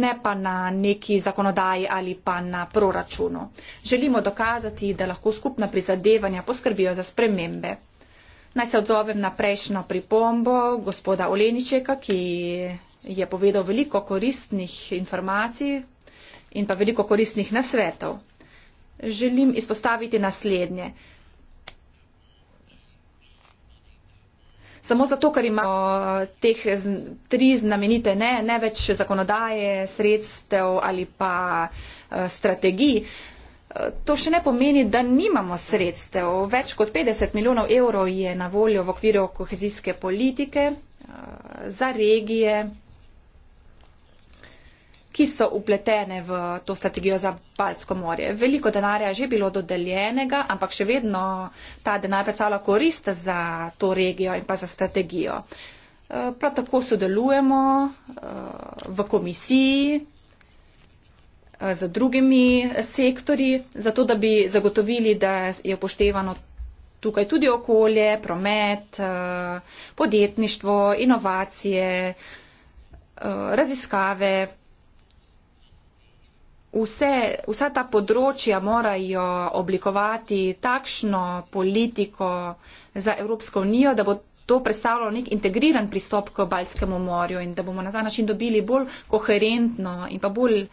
ne pa na neki zakonodaji ali pa na proračunu. Želimo dokazati, da lahko skupna prizadevanja poskrbijo za spremembe. Naj se odzovem na prejšnjo pripombo gospoda Oleničeka, ki je povedal veliko koristnih informacij in pa veliko koristnih nasvetov. Želim izpostaviti naslednje. Samo zato, ker imamo teh tri znamenite ne, ne več zakonodaje, sredstev ali pa e, strategij, To še ne pomeni, da nimamo sredstev. Več kot 50 milijonov evrov je na voljo v okviru kohezijske politike eh, za regije, ki so upletene v to strategijo za Balsko morje. Veliko denarja je že bilo dodeljenega, ampak še vedno ta denar predstavlja korist za to regijo in pa za strategijo. Eh, prav tako sodelujemo eh, v komisiji Eh, z drugimi sektorji, zato da bi zagotovili, da je upoštevano tukaj tudi okolje, promet, eh, podjetništvo, inovacije, eh, raziskave. Vse, vsa ta področja morajo oblikovati takšno politiko za Evropsko unijo, da bo to predstavljalo nek integriran pristop k Baljskemu morju in da bomo na ta način dobili bolj koherentno in pa bolj uh,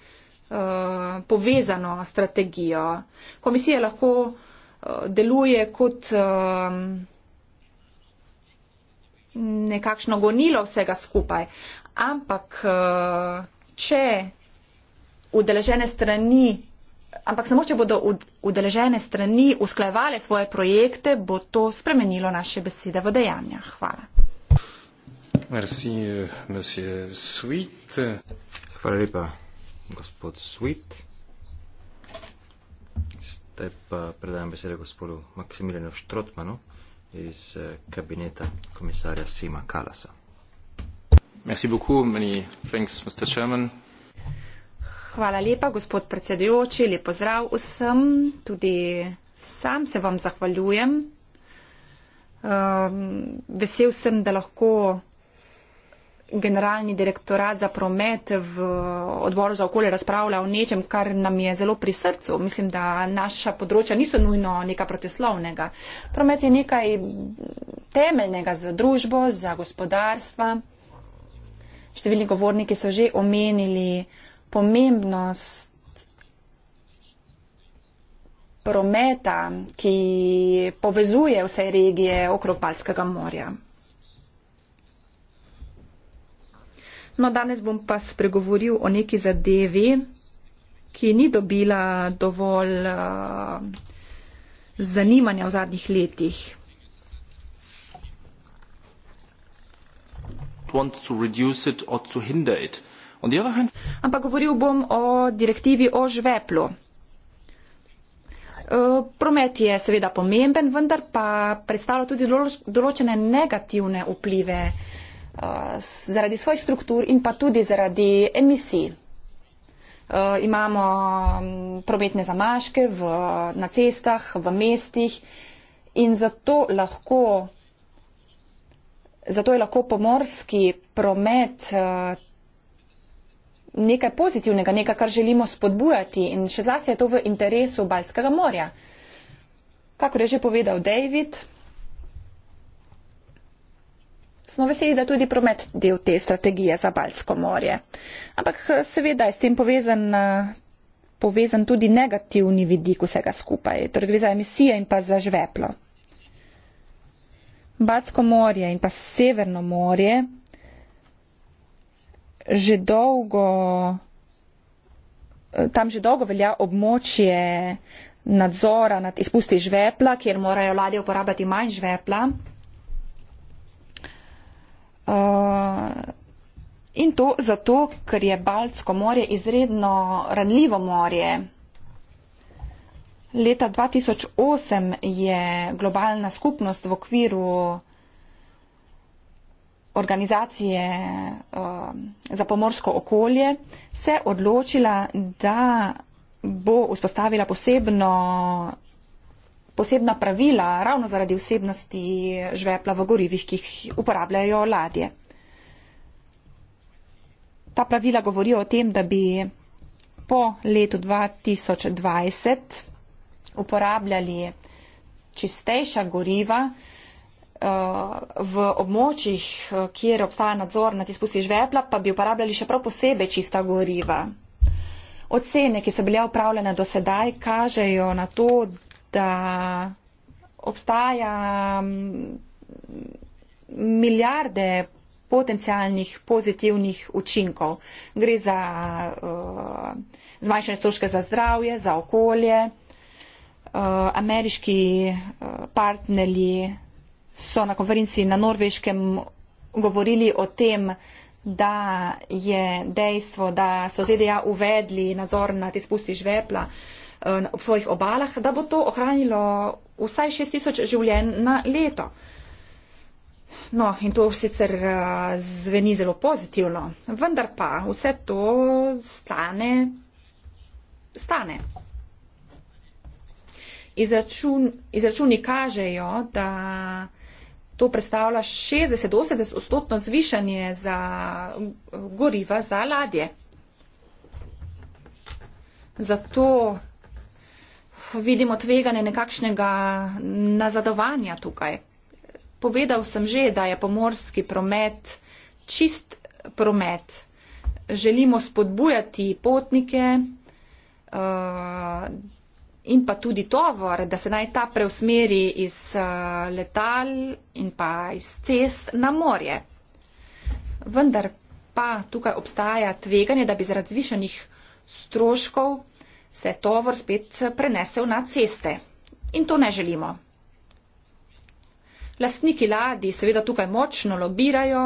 uh, povezano strategijo. Komisija lahko uh, deluje kot um, nekakšno gonilo vsega skupaj, ampak uh, če udeležene strani Ampak samo, če bodo udeležene strani usklajevale svoje projekte, bo to spremenilo naše besede v dejanja. Hvala. Merci, monsieur Sweet. Hvala lepa gospod Sweet. Zdaj pa predajam besedo gospodu Maksimiljanu Štrotmanu iz eh, kabineta komisarja Sima Kalasa. Merci beaucoup, many thanks, Mr. Chairman. Hvala lepa, gospod predsedujoči, lep pozdrav vsem, tudi sam se vam zahvaljujem. Um, vesel sem, da lahko generalni direktorat za promet v odboru za okolje razpravlja o nečem, kar nam je zelo pri srcu. Mislim, da naša področja niso nujno nekaj protislovnega. Promet je nekaj temeljnega za družbo, za gospodarstva. Številni govorniki so že omenili pomembnost prometa, ki povezuje vse regije okrog Balskega morja. No, danes bom pa spregovoril o neki zadevi, ki ni dobila dovolj uh, zanimanja v zadnjih letih. Hand... Ampak govoril bom o direktivi o žveplu. Eh, promet je seveda pomemben, vendar pa predstavlja tudi določene negativne vplive zaradi svojih struktur in pa tudi zaradi emisij. Eh, imamo mm, prometne zamaške v, na cestah, v mestih in zato, lahko, zato je lahko pomorski promet eh, nekaj pozitivnega, nekaj, kar želimo spodbujati in še zlasti je to v interesu Balskega morja. Kako je že povedal David, smo veseli, da tudi promet del te strategije za Balsko morje. Ampak eh, seveda je s tem povezan, eh, povezan tudi negativni vidik vsega skupaj, torej gre za emisije in pa za žveplo. Balsko morje in pa Severno morje že dolgo, eh, tam že dolgo velja območje nadzora nad izpusti žvepla, kjer morajo vlade uporabljati manj žvepla. Uh, in to zato, ker je Baltsko morje izredno ranljivo morje. Leta 2008 je globalna skupnost v okviru organizacije eh, za pomorsko okolje se odločila, da bo vzpostavila posebno posebna pravila ravno zaradi vsebnosti žvepla v gorivih, ki jih uporabljajo ladje. Ta pravila govorijo o tem, da bi po letu 2020 uporabljali čistejša goriva eh, v območjih, eh, kjer obstaja nadzor nad izpusti žvepla, pa bi uporabljali še prav posebej čista goriva. Ocene, ki so bile upravljene do sedaj, kažejo na to, da obstaja mm, milijarde potencijalnih pozitivnih učinkov. Gre za uh, zmanjšanje stroške za zdravje, za okolje. Uh, ameriški uh, partnerji so na konferenci na Norveškem govorili o tem, da je dejstvo, da so ZDA uvedli nadzor nad izpusti žvepla uh, Eh, ob svojih obalah, da bo to ohranilo vsaj 6000 življenj na leto. No, in to sicer eh, zveni zelo pozitivno, vendar pa vse to stane. stane. Izračun, izračuni kažejo, da to predstavlja 60-80 odstotno zvišanje za eh, goriva za ladje. Zato vidimo tveganje nekakšnega nazadovanja tukaj. Povedal sem že, da je pomorski promet čist promet. Želimo spodbujati potnike uh, in pa tudi tovor, da se naj ta preusmeri iz uh, letal in pa iz cest na morje. Vendar pa tukaj obstaja tveganje, da bi zaradi zvišenih stroškov se tovor spet prenesel na ceste. In to ne želimo. Lastniki ladi seveda tukaj močno lobirajo.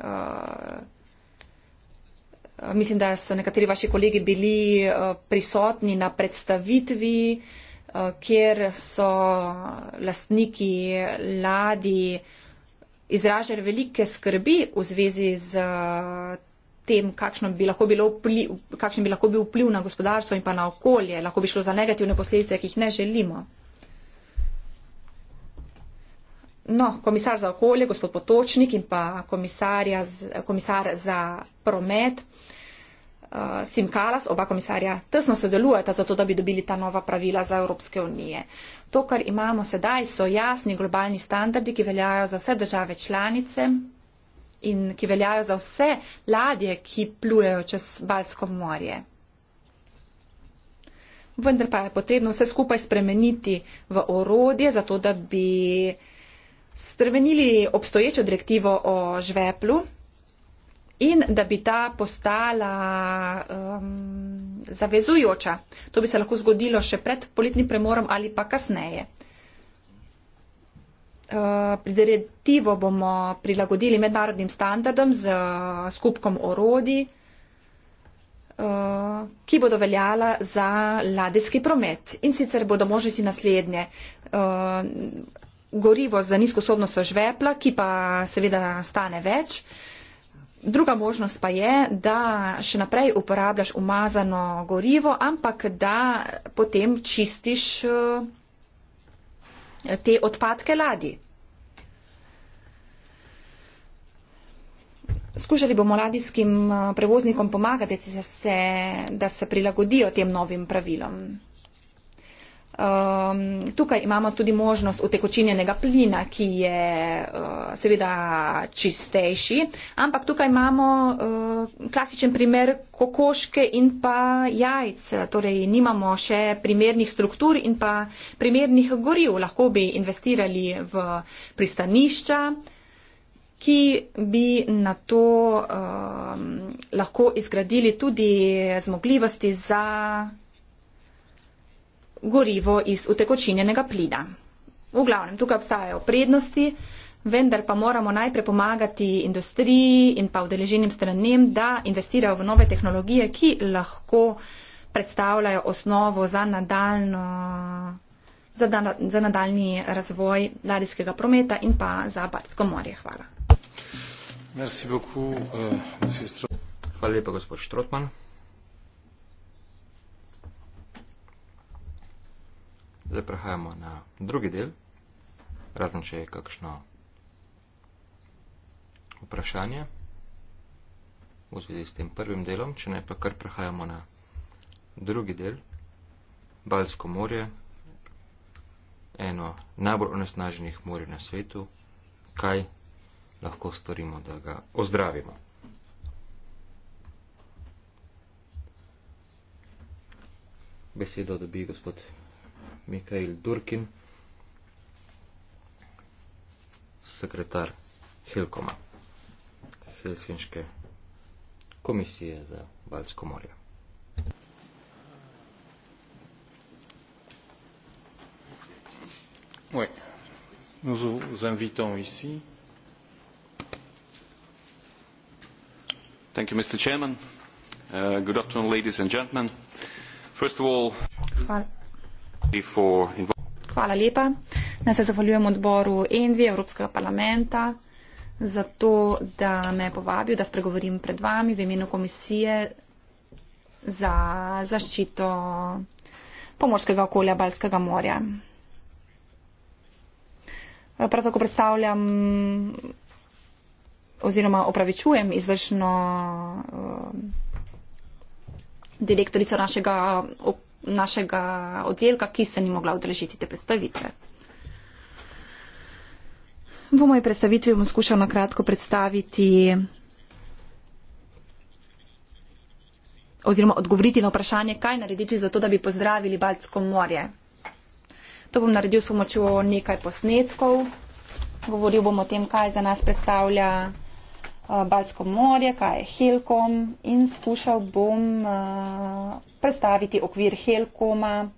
Eh, mislim, da so nekateri vaši kolegi bili eh, prisotni na predstavitvi, eh, kjer so lastniki ladi izražali velike skrbi v zvezi z tem, bi lahko bilo vpliv, kakšen bi lahko bil vpliv na gospodarstvo in pa na okolje. Lahko bi šlo za negativne posledice, ki jih ne želimo. No, komisar za okolje, gospod Potočnik in pa z, komisar za promet, uh, eh, Simkalas, oba komisarja tesno sodelujeta zato, da bi dobili ta nova pravila za Evropske unije. To, kar imamo sedaj, so jasni globalni standardi, ki veljajo za vse države članice in ki veljajo za vse ladje, ki plujejo čez Balsko morje. Vendar pa je potrebno vse skupaj spremeniti v orodje, zato da bi spremenili obstoječo direktivo o žveplu in da bi ta postala um, zavezujoča. To bi se lahko zgodilo še pred poletnim premorom ali pa kasneje. Eh, Prideretivo bomo prilagodili mednarodnim standardom z eh, skupkom orodi, eh, ki bodo veljala za ladijski promet. In sicer bodo možnosti naslednje. Gorivo za nizkosobnost žvepla, ki pa seveda stane več. Druga možnost pa je, da še naprej uporabljaš umazano gorivo, ampak da potem čistiš te odpadke ladji. Skušali bomo ladijskim eh, prevoznikom pomagati, da se, da se prilagodijo tem novim pravilom. Um, tukaj imamo tudi možnost utekočinjenega plina, ki je uh, seveda čistejši, ampak tukaj imamo uh, klasičen primer kokoške in pa jajc. Torej, nimamo še primernih struktur in pa primernih goriv. Lahko bi investirali v pristanišča, ki bi na to uh, lahko izgradili tudi zmogljivosti za gorivo iz utekočinjenega plina. V glavnem, tukaj obstajajo prednosti, vendar pa moramo najprej pomagati industriji in pa vdeleženim stranem, da investirajo v nove tehnologije, ki lahko predstavljajo osnovo za, nadaljno, za, da, za nadaljni razvoj ladijskega prometa in pa za Batsko morje. Hvala. Merci beaucoup, euh, Hvala lepa, gospod Štrotman. Zdaj prehajamo na drugi del, razen če je kakšno vprašanje v zvezi s tem prvim delom, če ne pa kar prehajamo na drugi del, Balsko morje, eno najbolj onesnaženih morij na svetu, kaj lahko storimo, da ga ozdravimo. Besedo dobi gospod Mikhail Durkin, sekretar Helkoma, Helsinške komisije za Baltsko morje. Oui, nous vous invitons ici. Thank you, Mr. Chairman. Uh, good afternoon, ladies and gentlemen. First of all... Fine. Hvala lepa. Naj se zahvaljujem odboru Envi Evropskega parlamenta za to, da me je povabil, da spregovorim pred vami v imenu komisije za zaščito pomorskega okolja Balskega morja. Prav tako predstavljam oziroma opravičujem izvršno uh, direktorico našega okolja našega oddelka, ki se ni mogla odrežiti te predstavitve. V moji predstavitvi bom skušal na kratko predstaviti oziroma odgovoriti na vprašanje, kaj narediti za to, da bi pozdravili Baltsko morje. To bom naredil s pomočjo nekaj posnetkov. Govoril bom o tem, kaj za nas predstavlja. Eh, Baltsko morje, kaj je Helkom in skušal bom eh, predstaviti okvir Helkoma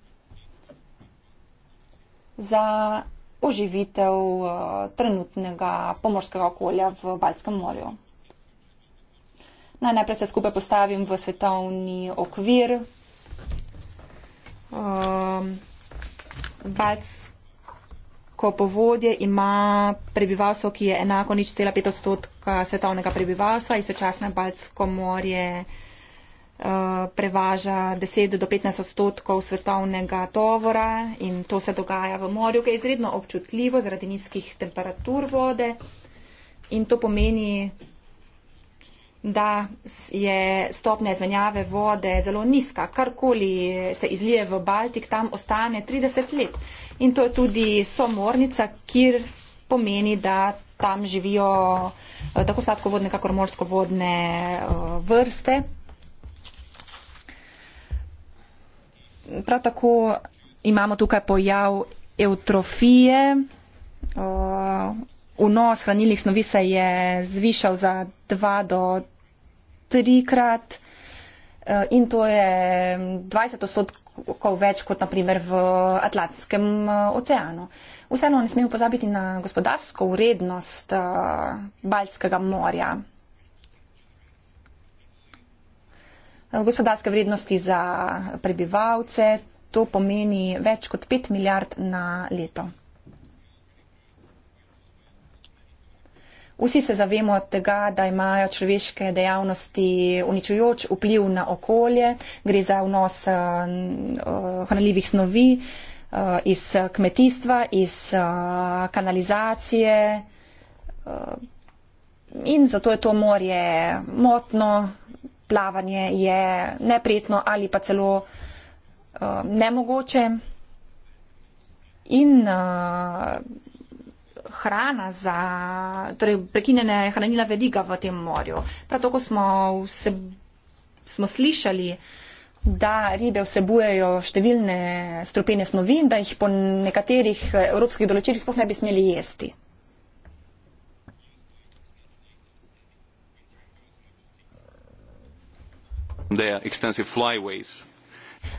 za oživitev eh, trenutnega pomorskega okolja v Baltskem morju. Naj najprej se skupaj postavim v svetovni okvir. Um, Baltsk ko povodje ima prebivalstvo, ki je enako nič cela pet odstotka svetovnega prebivalstva, istočasno je Baltsko morje eh, prevaža 10 do 15 odstotkov svetovnega tovora in to se dogaja v morju, ki je izredno občutljivo zaradi nizkih temperatur vode. In to pomeni da je stopnja izmenjave vode zelo nizka. Karkoli se izlije v Baltik, tam ostane 30 let. In to je tudi somornica, kjer pomeni, da tam živijo eh, tako sladkovodne, kakor morskovodne eh, vrste. Prav tako imamo tukaj pojav eutrofije. Eh, vnos hranilnih snovi se je zvišal za 2 do 3 trikrat eh, in to je 20 odstotkov več kot naprimer v Atlantskem eh, oceanu. Vseeno ne smemo pozabiti na gospodarsko urednost eh, Baljskega morja. Gospodarske vrednosti za prebivalce, to pomeni več kot 5 milijard na leto. Vsi se zavemo tega, da imajo človeške dejavnosti uničujoč vpliv na okolje, gre za vnos eh, eh, hranljivih snovi eh, iz kmetijstva, iz kanalizacije in zato je to morje motno, plavanje je neprijetno ali pa celo nemogoče. In uh, hrana za, torej prekinjena je hranila veriga v tem morju. Prav tako smo, vse, smo slišali, da ribe vsebujejo številne strupene snovi in da jih po nekaterih evropskih določilih sploh ne bi smeli jesti.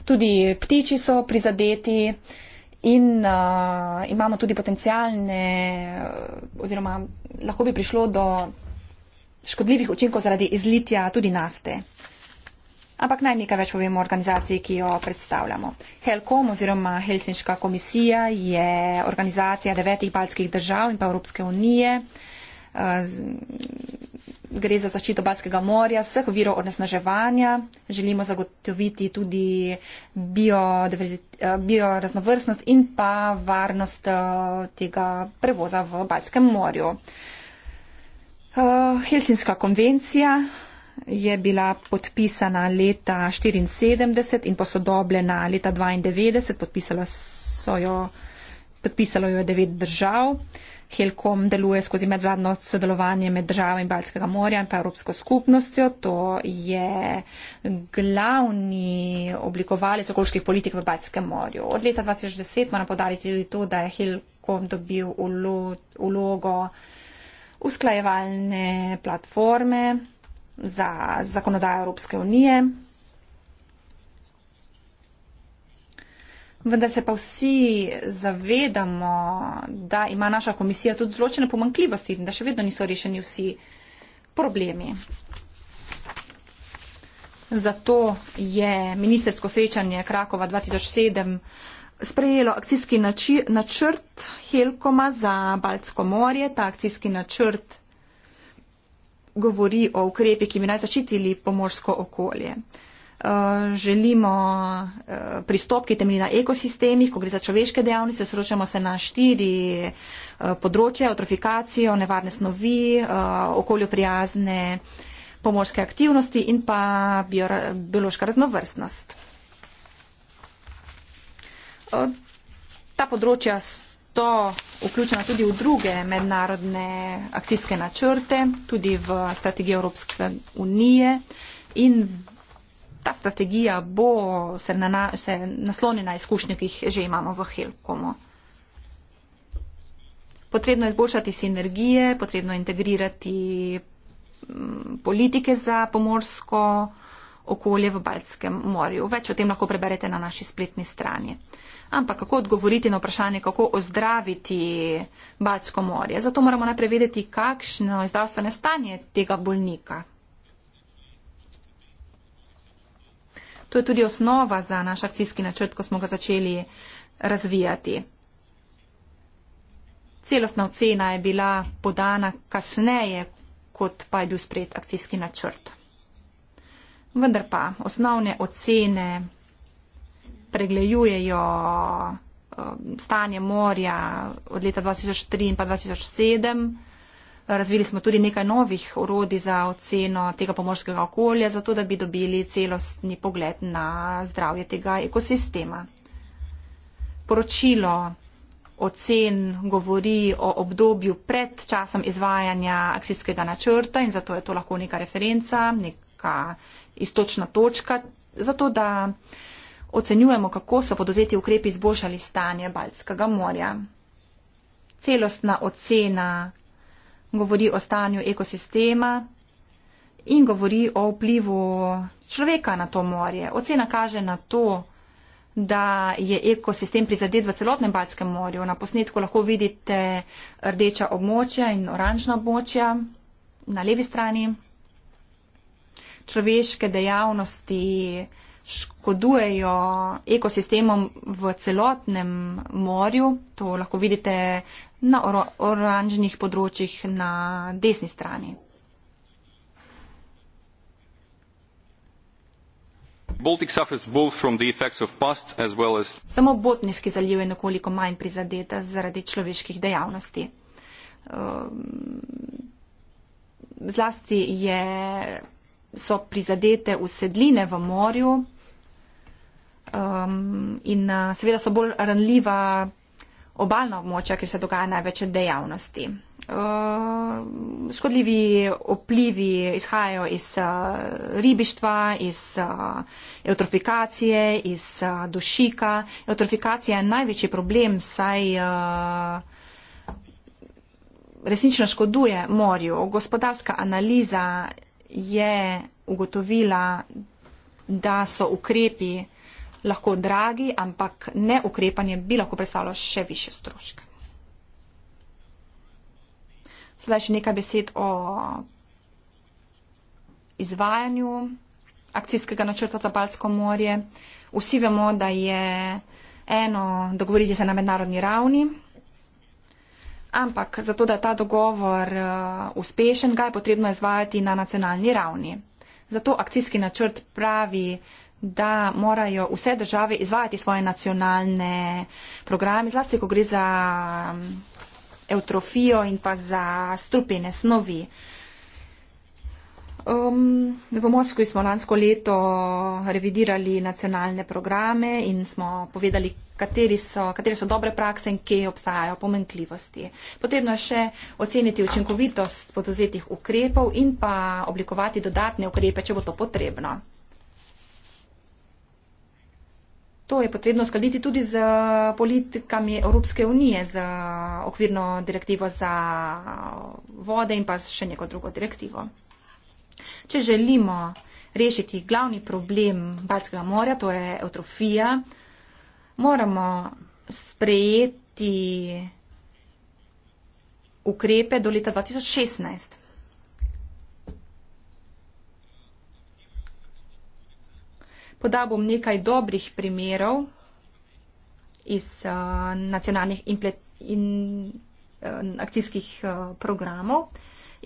Tudi ptiči so prizadeti. Uh, In uh, imamo tudi potencijalne, uh, oziroma lahko bi prišlo do škodljivih učinkov zaradi izlitja tudi nafte. Ampak naj nekaj več povem o organizaciji, ki jo predstavljamo. Helkom oziroma Helsinška komisija je organizacija devetih baltskih držav in pa Evropske unije. Uh, gre za zaščito Balskega morja, vseh virov onesnaževanja. Želimo zagotoviti tudi bioraznovrstnost bio in pa varnost tega prevoza v Balskem morju. Helsinska konvencija je bila podpisana leta 1974 in posodobljena leta 1992, podpisala so jo Podpisalo jo je devet držav. Helkom deluje skozi medvladno sodelovanje med državami Baljskega morja in pa Evropsko skupnostjo. To je glavni oblikovalec okoljskih politik v Baljskem morju. Od leta 2010 moram podariti tudi to, da je Helkom dobil ulogo usklajevalne platforme za zakonodajo Evropske unije. Vendar se pa vsi zavedamo, da ima naša komisija tudi zločene pomankljivosti in da še vedno niso rešeni vsi problemi. Zato je ministersko srečanje Krakova 2007 sprejelo akcijski načrt Helkoma za Baltsko morje. Ta akcijski načrt govori o ukrepi, ki bi naj zaščitili pomorsko okolje. Eh, želimo eh, pristop, ki temelji na ekosistemih, ko gre za človeške dejavnice, srečamo se na štiri eh, področje, otrofikacijo, nevarne snovi, okoljoprijazne pomorske aktivnosti in pa biološka raznovrstnost. Ta področja so vključena tudi v druge mednarodne akcijske načrte, tudi v strategijo Evropske unije in ta strategija bo se, na, se naslonila izkušnje, ki jih že imamo v Helkomu. Potrebno je izboljšati sinergije, potrebno je integrirati mm, politike za pomorsko okolje v Baltskem morju. Več o tem lahko preberete na naši spletni strani. Ampak kako odgovoriti na vprašanje, kako ozdraviti Baltsko morje? Zato moramo najprej vedeti, kakšno je zdravstvene stanje tega bolnika, To je tudi osnova za naš akcijski načrt, ko smo ga začeli razvijati. Celostna ocena je bila podana kasneje, kot pa je bil sprejet akcijski načrt. Vendar pa osnovne ocene preglejujejo eh, stanje morja od leta 2003 in pa 2007. Razvili smo tudi nekaj novih orodij za oceno tega pomorskega okolja, zato da bi dobili celostni pogled na zdravje tega ekosistema. Poročilo ocen govori o obdobju pred časom izvajanja akcijskega načrta in zato je to lahko neka referenca, neka istočna točka, zato da ocenjujemo, kako so podozeti ukrepi izboljšali stanje Baltskega morja. Celostna ocena govori o stanju ekosistema in govori o vplivu človeka na to morje. Ocena kaže na to, da je ekosistem prizadet v celotnem Balskem morju. Na posnetku lahko vidite rdeča območja in oranžna območja na levi strani. Človeške dejavnosti škodujejo ekosistemom v celotnem morju. To lahko vidite na or oranžnih področjih na desni strani. Well as... Samo Botniški zaliv je nekoliko manj prizadeta zaradi človeških dejavnosti. Ehm, zlasti je, so prizadete usedline v morju um, in uh, seveda so bolj ranljiva obaljna območja, kjer se dogaja največ dejavnosti. Uh, škodljivi vplivi izhajajo iz uh, ribištva, iz uh, eutrofikacije, iz uh, dušika. Eutrofikacija je največji problem, saj uh, resnično škoduje morju. Gospodarska analiza je ugotovila, da so ukrepi lahko dragi, ampak ne ukrepanje bi lahko predstavljalo še više stroške. Sedaj še nekaj besed o izvajanju akcijskega načrta za Balsko morje. Vsi vemo, da je eno dogovoriti se na mednarodni ravni, ampak zato, da je ta dogovor eh, uspešen, ga je potrebno izvajati na nacionalni ravni. Zato akcijski načrt pravi da morajo vse države izvajati svoje nacionalne programe, zlasti, ko gre za mm, eutrofijo in pa za strupene snovi. Um, v Moskvi smo lansko leto revidirali nacionalne programe in smo povedali, kateri so, kateri so dobre prakse in kje obstajajo pomenkljivosti. Potrebno je še oceniti učinkovitost podozetih ukrepov in pa oblikovati dodatne ukrepe, če bo to potrebno. to je potrebno skladiti tudi z politikami Evropske unije, z okvirno direktivo za vode in pa z še neko drugo direktivo. Če želimo rešiti glavni problem Balskega morja, to je eutrofija, moramo sprejeti ukrepe do leta 2016. Podal bom nekaj dobrih primerov iz uh, nacionalnih in, uh, akcijskih uh, programov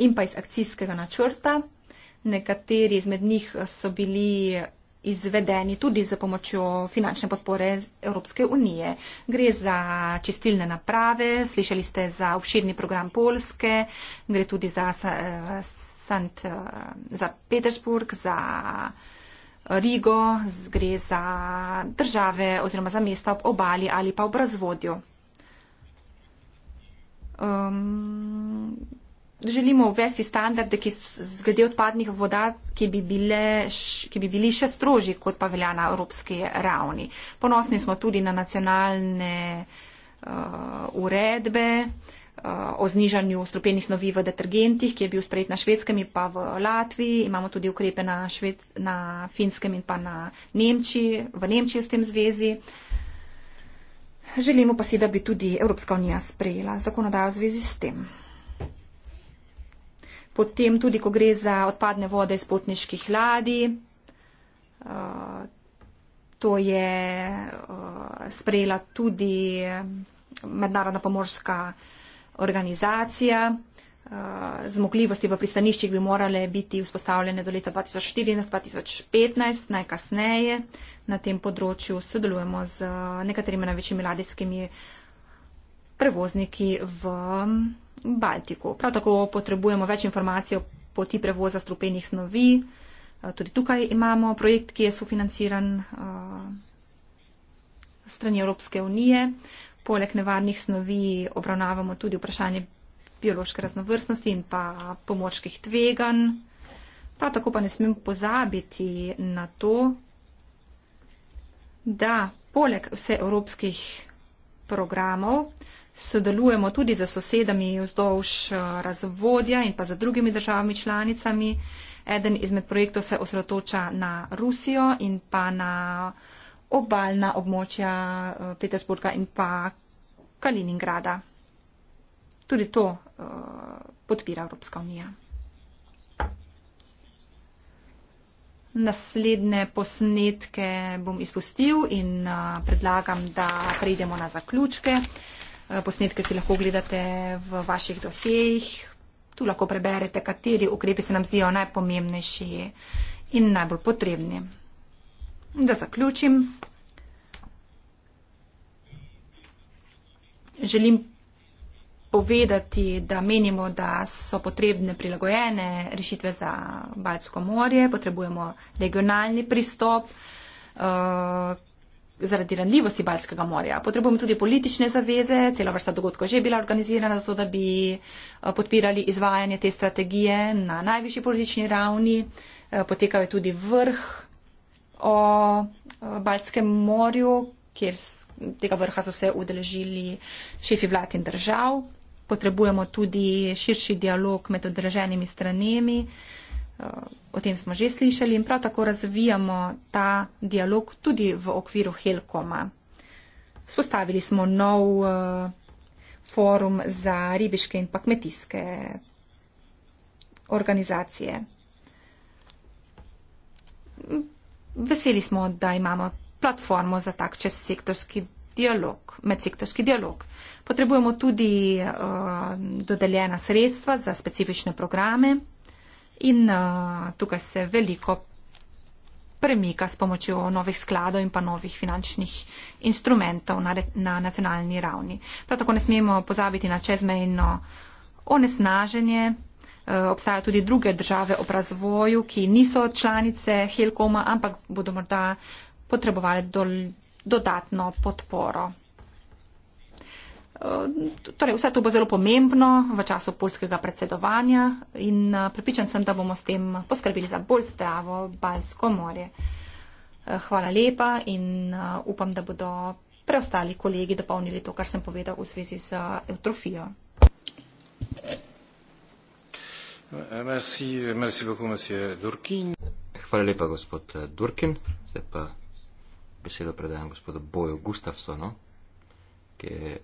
in pa iz akcijskega načrta. Nekateri izmed njih so bili izvedeni tudi za pomočjo finančne podpore Evropske unije. Gre za čistilne naprave, slišali ste za obširni program Polske, gre tudi za, uh, Sant, uh, za Petersburg, za. Rigo, gre za države oziroma za mesta ob obali ali pa ob razvodju. Um, želimo uvesti standarde glede odpadnih voda, ki bi, bile, ki bi bili še strožji, kot pa velja na evropski ravni. Ponosni smo tudi na nacionalne uh, uredbe. Uh, Eh, o znižanju strupenih snovi v detergentih, ki je bil sprejet na švedskem in pa v Latviji. Imamo tudi ukrepe na, šved, na finskem in pa na Nemčiji, v Nemčiji s tem zvezi. Želimo pa si, da bi tudi Evropska unija sprejela zakonodajo v zvezi s tem. Potem tudi, ko gre za odpadne vode iz potniških ladi, eh, to je eh, sprejela tudi mednarodna pomorska organizacija, eh, zmogljivosti v pristaniščih bi morale biti vzpostavljene do leta 2014-2015, najkasneje. Na tem področju sodelujemo z eh, nekaterimi največjimi ladijskimi prevozniki v mm, Baltiku. Prav tako potrebujemo več informacij o poti prevoza strupenih snovi. Eh, tudi tukaj imamo projekt, ki je sufinanciran strani Evropske unije. Uh, poleg nevarnih snovi obravnavamo tudi vprašanje biološke raznovrstnosti in pa pomočkih tveganj. Prav tako pa ne smem pozabiti na to, da poleg vse evropskih programov sodelujemo tudi za sosedami vzdolž eh, razvodja in pa za drugimi državami članicami. Eden izmed projektov se osredotoča na Rusijo in pa na obaljna območja eh, Petersburga in pa Kaliningrada. Tudi to eh, podpira Evropska unija. Naslednje posnetke bom izpustil in eh, predlagam, da preidemo na zaključke. Posnetke si lahko gledate v vaših dosejih. Tu lahko preberete, kateri ukrepi se nam zdijo najpomembnejši in najbolj potrebni da zaključim. Želim povedati, da menimo, da so potrebne prilagojene rešitve za Baltsko morje, potrebujemo regionalni pristop uh, zaradi ranljivosti Baltskega morja. Potrebujemo tudi politične zaveze, cela vrsta dogodkov je že bila organizirana, zato da bi eh, podpirali izvajanje te strategije na najvišji politični ravni. Uh, potekal je tudi vrh uh, o Baltskem morju, kjer tega vrha so se udeležili šefi vlad in držav. Potrebujemo tudi širši dialog med odreženimi stranemi, o tem smo že slišali in prav tako razvijamo ta dialog tudi v okviru Helkoma. Vzpostavili smo nov forum za ribiške in pa kmetijske organizacije veseli smo, da imamo platformo za tak čezsektorski dialog, medsektorski dialog. Potrebujemo tudi uh, dodeljena sredstva za specifične programe in uh, tukaj se veliko premika s pomočjo novih skladov in pa novih finančnih instrumentov na, re, na nacionalni ravni. Prav tako ne smemo pozabiti na čezmejno onesnaženje. Eh, obstajajo tudi druge države ob razvoju, ki niso članice Helkoma, ampak bodo morda potrebovali dol, dodatno podporo. Eh, torej, vse to bo zelo pomembno v času polskega predsedovanja in eh, pripričan sem, da bomo s tem poskrbeli za bolj zdravo Balsko morje. Hvala lepa in upam, da bodo preostali kolegi dopolnili to, kar sem povedal v zvezi z eutrofijo. Euh, Hvala lepa, gospod eh, Durkin. Zdaj pa besedo predajam gospodu Boju Gustafsonu, ki je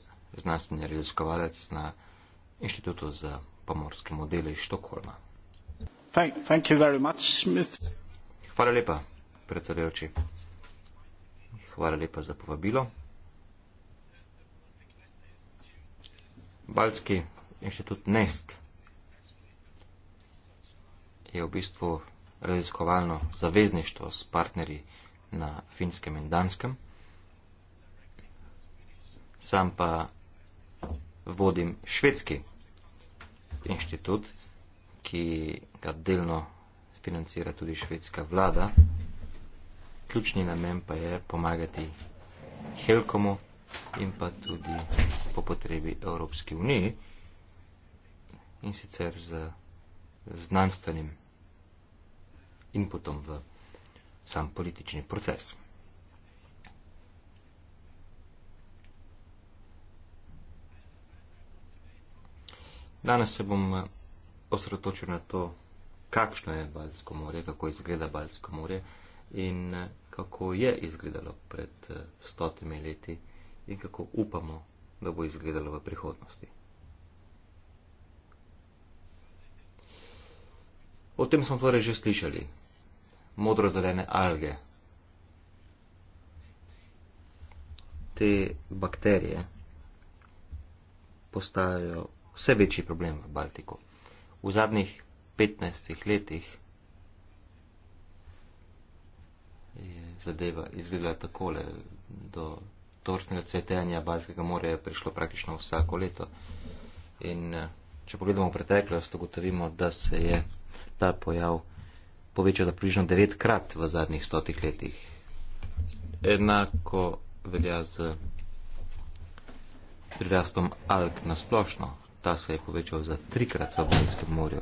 znanstveni raziskovalec na Inštitutu za pomorske modele iz Štokholma. Thank, thank much, Hvala lepa, predsedujoči. Hvala lepa za povabilo. Balski inštitut NEST je v bistvu raziskovalno zavezništvo s partnerji na finskem in danskem. Sam pa vodim švedski inštitut, ki ga delno financira tudi švedska vlada. Ključni namen pa je pomagati Helkomu in pa tudi po potrebi Evropski uniji in sicer z znanstvenim in potem v sam politični proces. Danes se bom eh, osredotočil na to, kakšno je Baltsko morje, kako izgleda Baltsko morje in eh, kako je izgledalo pred eh, stotimi leti in kako upamo, da bo izgledalo v prihodnosti. O tem smo torej že slišali modrozelene alge. Te bakterije postajajo vse večji problem v Baltiku. V zadnjih 15 letih je zadeva izgledala takole. Do torsnega cvetenja Baltskega morja je prišlo praktično vsako leto. In eh, če pogledamo v preteklost, ugotovimo, da se je ta pojav povečala približno devetkrat v zadnjih stotih letih. Enako velja z prirastom alg na splošno. Ta se je povečal za trikrat v Balkanskem morju.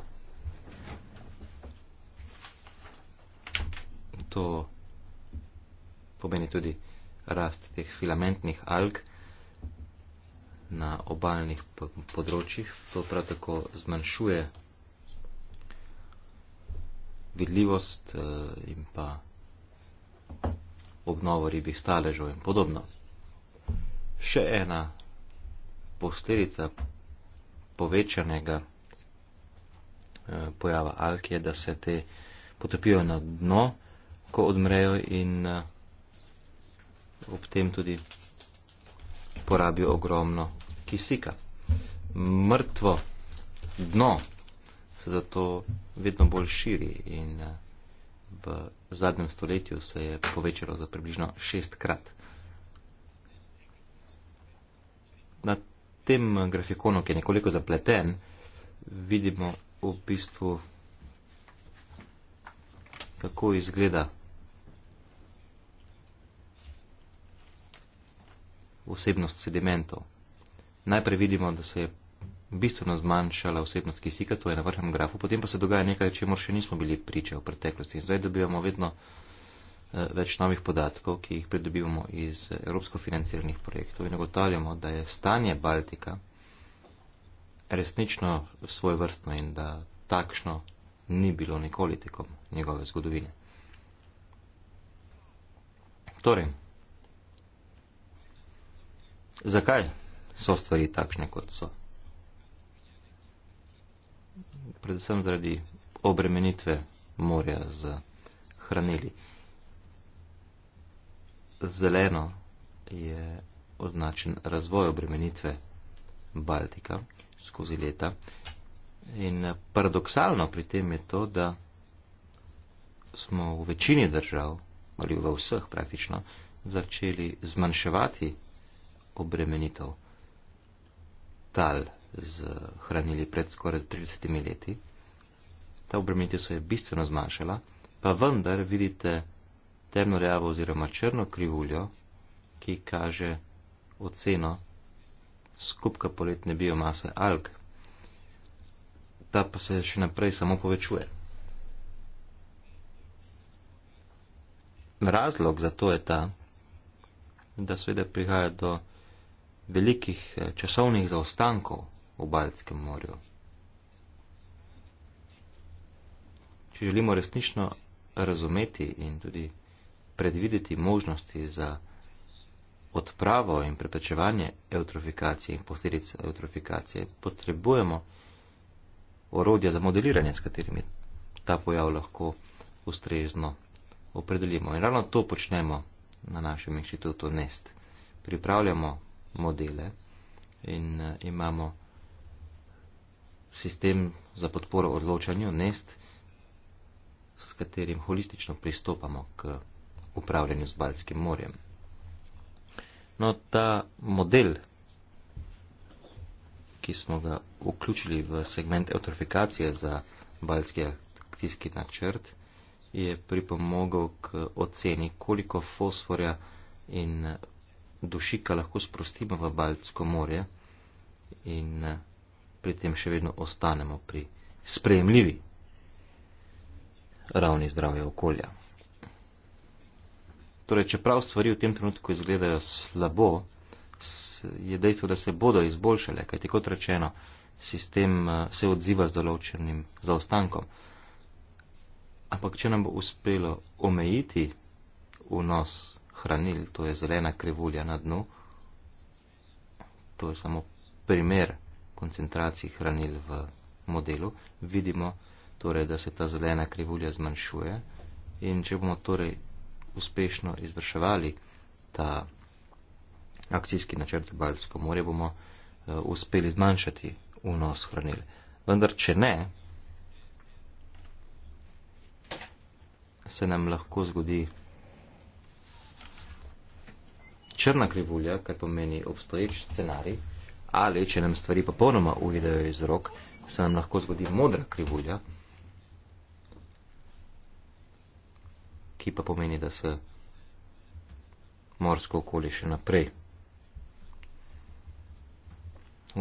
To pomeni tudi rast teh filamentnih alg na obaljnih področjih. To prav tako zmanjšuje vidljivost eh, in pa obnovo ribih staležev in podobno. Še ena posledica povečanega eh, pojava alki je, da se te potopijo na dno, ko odmrejo in eh, ob tem tudi porabijo ogromno kisika. Mrtvo dno se zato vedno bolj širi in eh, v zadnjem stoletju se je povečalo za približno šestkrat. Na tem grafikonu, ki je nekoliko zapleten, vidimo v bistvu, kako izgleda vsebnost sedimentov. Najprej vidimo, da se je bistveno zmanjšala osebnost kisika, to je na vrhem grafu, potem pa se dogaja nekaj, če mor še nismo bili priča v preteklosti. Zdaj dobivamo vedno eh, več novih podatkov, ki jih pridobivamo iz eh, evropsko financiranih projektov in ugotavljamo, da je stanje Baltika resnično svoj vrstno in da takšno ni bilo nikoli tekom njegove zgodovine. Torej, zakaj so stvari takšne, kot so? predvsem zaradi obremenitve morja z hranili. Zeleno je označen razvoj obremenitve Baltika skozi leta in paradoksalno pri tem je to, da smo v večini držav ali v vseh praktično začeli zmanjševati obremenitev tal hranili pred skoraj 30 leti. Ta obremenitev se je bistveno zmanjšala, pa vendar vidite temno rjavo oziroma črno krivuljo, ki kaže oceno skupka poletne biomase alg. Ta pa se še naprej samo povečuje. Razlog za to je ta, da seveda prihaja do velikih eh, časovnih zaostankov v Baltskem morju. Če želimo resnično razumeti in tudi predvideti možnosti za odpravo in preprečevanje eutrofikacije in posledic eutrofikacije, potrebujemo orodja za modeliranje, s katerimi ta pojav lahko ustrezno opredelimo. In ravno to počnemo na našem inštitutu NEST. Pripravljamo modele in eh, imamo sistem za podporo odločanju, nest, s katerim holistično pristopamo k upravljanju z Balskim morjem. No, ta model, ki smo ga vključili v segment eutrofikacije za Balski akcijski načrt, je pripomogel k oceni, koliko fosforja in dušika lahko sprostimo v Balsko morje in pri tem še vedno ostanemo pri sprejemljivi ravni zdravja okolja. Torej, čeprav stvari v tem trenutku izgledajo slabo, je dejstvo, da se bodo izboljšale, kajti kot rečeno, sistem eh, se odziva z določenim zaostankom. Ampak, če nam bo uspelo omejiti vnos hranil, to je zelena krivulja na dnu, to je samo primer koncentraciji hranil v modelu, vidimo, torej, da se ta zelena krivulja zmanjšuje in če bomo torej uspešno izvrševali ta akcijski načrt za Baljsko morje, bomo uh, uspeli zmanjšati vnos hranil. Vendar, če ne, se nam lahko zgodi črna krivulja, kar pomeni obstoječ scenarij, ali če nam stvari popolnoma uvidejo iz rok, se nam lahko zgodi modra krivulja, ki pa pomeni, da se morsko okolje še naprej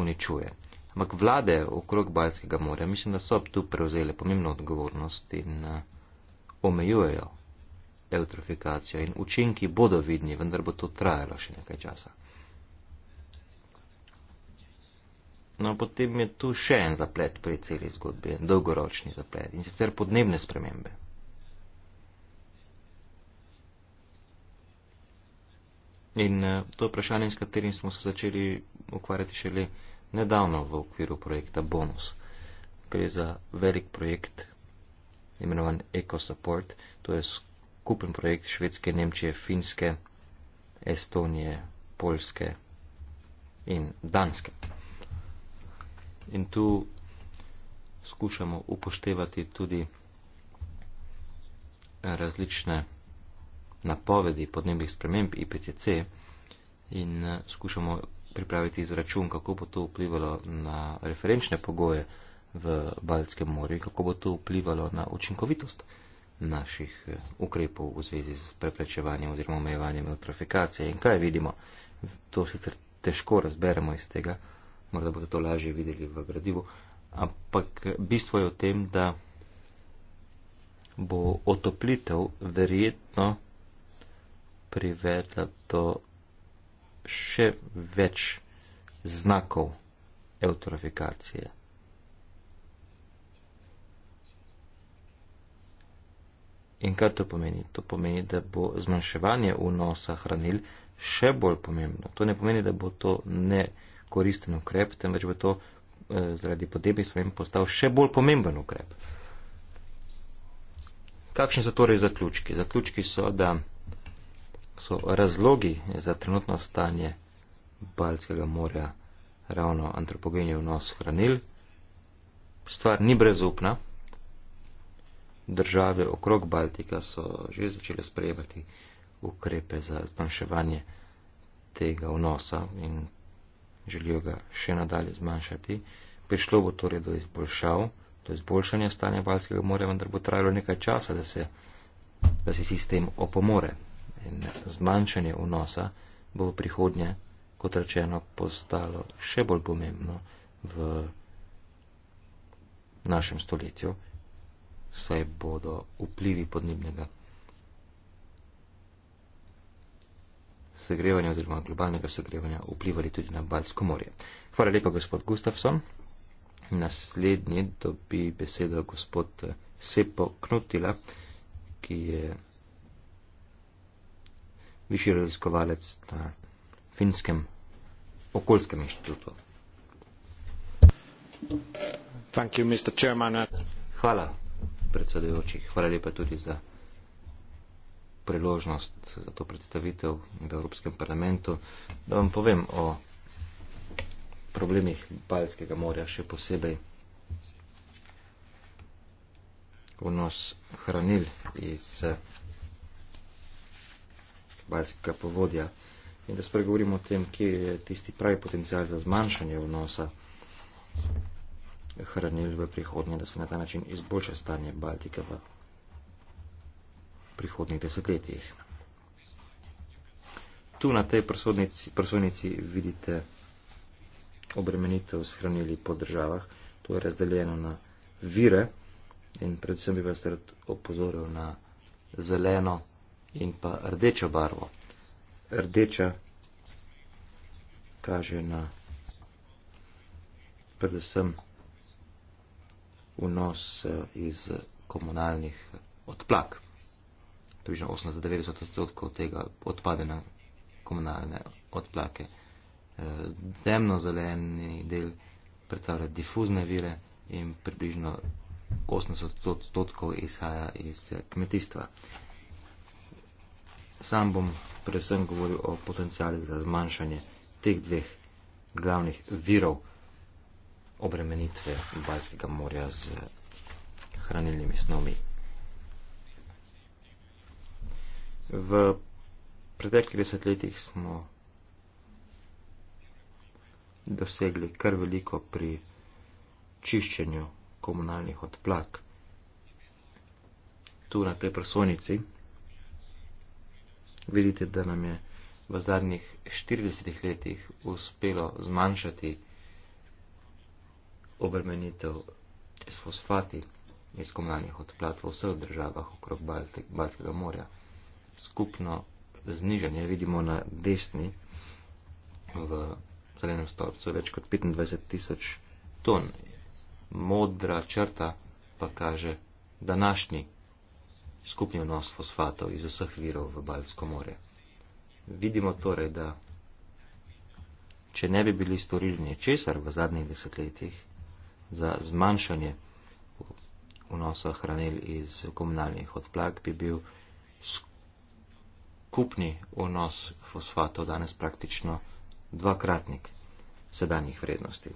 uničuje. Ampak vlade okrog Baljskega morja mislim, da so tu prevzele pomembno odgovornost in eh, omejujejo eutrofikacijo in učinki bodo vidni, vendar bo to trajalo še nekaj časa. No, potem je tu še en zaplet pri celi zgodbi, dolgoročni zaplet in sicer podnebne spremembe. In eh, to vprašanje, s katerim smo se začeli ukvarjati šele nedavno v okviru projekta Bonus. Gre za velik projekt, imenovan EcoSupport, to je skupen projekt Švedske, Nemčije, Finske, Estonije, Poljske in Danske in tu skušamo upoštevati tudi različne napovedi podnebnih sprememb IPCC in eh, skušamo pripraviti izračun, kako bo to vplivalo na referenčne pogoje v Baltskem morju in kako bo to vplivalo na učinkovitost naših eh, ukrepov v zvezi s preprečevanjem oziroma omejevanjem eutrofikacije. In kaj vidimo? To sicer težko razberemo iz tega morda bodo to lažje videli v gradivu, ampak bistvo je v tem, da bo otoplitev verjetno privedla do še več znakov eutrofikacije. In kaj to pomeni? To pomeni, da bo zmanjševanje vnosa hranil še bolj pomembno. To ne pomeni, da bo to ne koristen ukrep, temveč bo to eh, zaradi podnebnih sprememb postal še bolj pomemben ukrep. Kakšni so torej zaključki? Zaključki so, da so razlogi za trenutno stanje Baltskega morja ravno antropogenje vnos hranil. Stvar ni brezupna. Države okrog Baltika so že začele sprejemati ukrepe za zmanjševanje tega vnosa in želijo ga še nadalje zmanjšati. Prišlo bo torej do izboljšav, do izboljšanja stanja Balskega morja, vendar bo trajalo nekaj časa, da se, da se sistem opomore. In zmanjšanje vnosa bo v prihodnje, kot rečeno, postalo še bolj pomembno v našem stoletju, saj bodo vplivi podnebnega segrevanja oziroma globalnega segrevanja vplivali tudi na Balsko morje. Hvala lepa, gospod Gustafsson. Naslednji dobi besedo gospod Sepo Knutila, ki je višji raziskovalec na Finskem okoljskem inštitutu. Thank you, Mr. Chairman. Hvala, predsedujoči. Hvala lepa tudi za priložnost za to predstavitev v Evropskem parlamentu, da vam povem o problemih Baljskega morja, še posebej vnos hranil iz eh, Baljskega povodja in da spregovorimo o tem, kje je tisti pravi potencial za zmanjšanje vnosa hranil v prihodnje, da se na ta način izboljša stanje Baltika v prihodnih desetletjih. Tu na tej prosodnici vidite obremenitev shranili po državah. To je razdeljeno na vire in predvsem bi vas rad opozoril na zeleno in pa rdečo barvo. Rdeča kaže na predvsem vnos eh, iz komunalnih odplak približno 80-90 odstotkov tega odpade na komunalne odplake. Demno e, zeleni del predstavlja difuzne vire in približno 80 odstotkov izhaja iz e, kmetijstva. Sam bom predvsem govoril o potencijalih za zmanjšanje teh dveh glavnih virov obremenitve Balskega morja z hranilnimi snovmi. V preteklih desetletjih smo dosegli kar veliko pri čiščenju komunalnih odplak. Tu na tej prosonici vidite, da nam je v zadnjih 40 letih uspelo zmanjšati obremenitev s fosfati iz komunalnih odplak v vseh državah okrog Baltik, Baltskega morja skupno znižanje, vidimo na desni v zelenem stolpcu več kot 25 tisoč ton. Modra črta pa kaže današnji skupni vnos fosfatov iz vseh virov v Baljsko more. Vidimo torej, da če ne bi bili storili ničesar v zadnjih desetletjih za zmanjšanje vnosa hranil iz komunalnih odplak, bi bil skupni kupni vnos fosfatov danes praktično dvakratnik sedanjih vrednosti.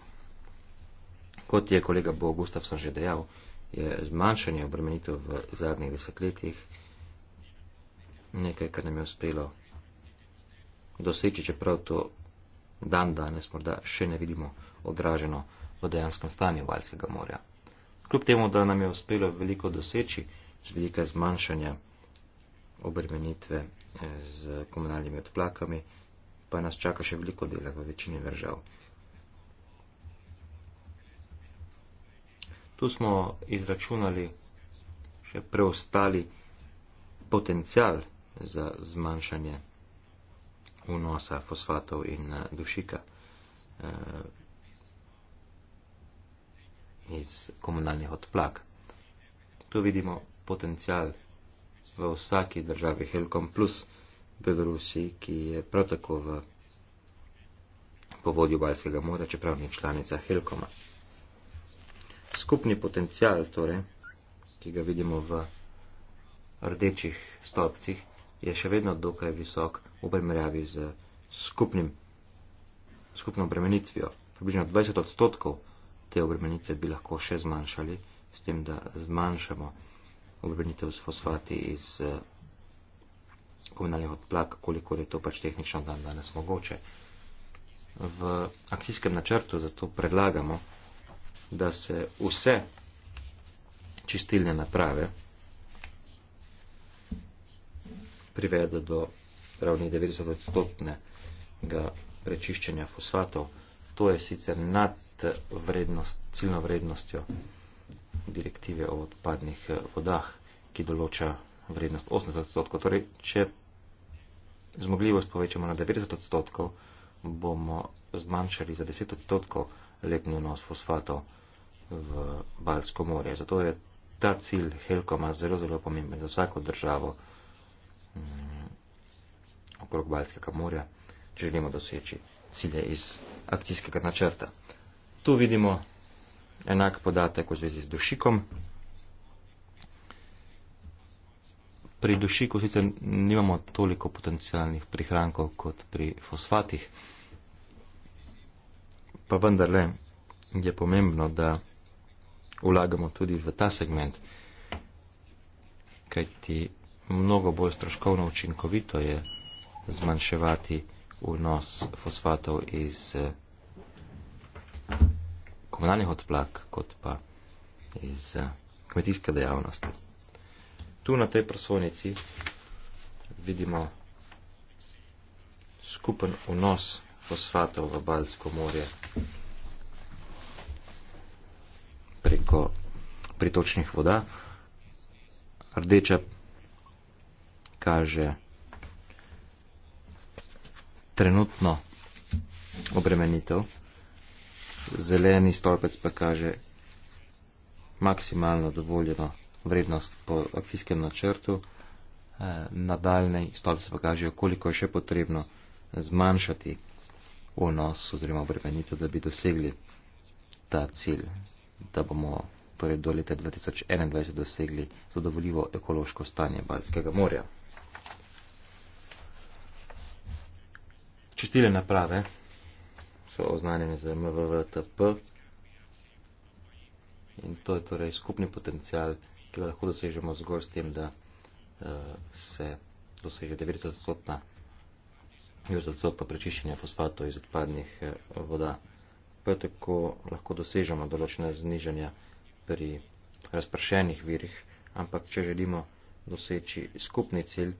Kot je kolega Bo Gustav sem že dejal, je zmanjšanje obremenitev v zadnjih desetletjih nekaj, kar nam je uspelo doseči, čeprav to dan danes morda še ne vidimo odraženo v dejanskem stanju Valjskega morja. Kljub temu, da nam je uspelo veliko doseči z velike zmanjšanja obremenitve eh, z komunalnimi odplakami, pa nas čaka še veliko dela v večini držav. Tu smo izračunali še preostali potencial za zmanjšanje vnosa fosfatov in eh, dušika eh, iz komunalnih odplak. Tu vidimo potencial v vsaki državi Helkom plus Belorusi, ki je prav tako v povodju Baljskega morja, čeprav ni članica Helkoma. Skupni potencial, torej, ki ga vidimo v rdečih stolpcih, je še vedno dokaj visok v primerjavi z skupnim, skupno obremenitvijo. Približno 20 odstotkov te obremenitve bi lahko še zmanjšali, s tem, da zmanjšamo obrnitev s fosfati iz eh, komunalnih odplak, kolikor je to pač tehnično dan danes mogoče. V akcijskem načrtu zato predlagamo, da se vse čistilne naprave privede do ravni 90 odstotnega prečiščenja fosfatov. To je sicer nad vrednost, ciljno vrednostjo direktive o odpadnih eh, vodah, ki določa vrednost 80 odstotkov. Torej, če zmogljivost povečamo na 90 odstotkov, bomo zmanjšali za 10 odstotkov letni vnos fosfatov v Baltsko morje. Zato je ta cilj Helkoma zelo, zelo pomemben za vsako državo m, mm, okrog Baltskega morja, če želimo doseči cilje iz akcijskega načrta. Tu vidimo enak podatek v zvezi z dušikom. Pri dušiku sicer nimamo toliko potencijalnih prihrankov kot pri fosfatih, pa vendarle je pomembno, da vlagamo tudi v ta segment, kajti mnogo bolj stroškovno učinkovito je zmanjševati vnos fosfatov iz komunalnih odplak, kot pa iz eh, kmetijske dejavnosti. Tu na tej prosovnici vidimo skupen vnos fosfatov v Baljsko morje preko pritočnih voda. Rdeča kaže trenutno obremenitev zeleni stolpec pa kaže maksimalno dovoljeno vrednost po akcijskem načrtu, eh, nadaljne stolpce pa kažejo, koliko je še potrebno zmanjšati vnos oziroma obremenitev, da bi dosegli ta cilj, da bomo torej do leta 2021 dosegli zadovoljivo ekološko stanje Baltskega morja. Čistile naprave so oznanjeni za MVVTP in to je torej skupni potencial, ki ga lahko dosežemo zgolj s tem, da uh, se doseže 90% prečiščenja fosfatov iz odpadnih uh, voda. Prav tako lahko dosežemo določene znižanja pri razpršenih virih, ampak če želimo doseči skupni cilj,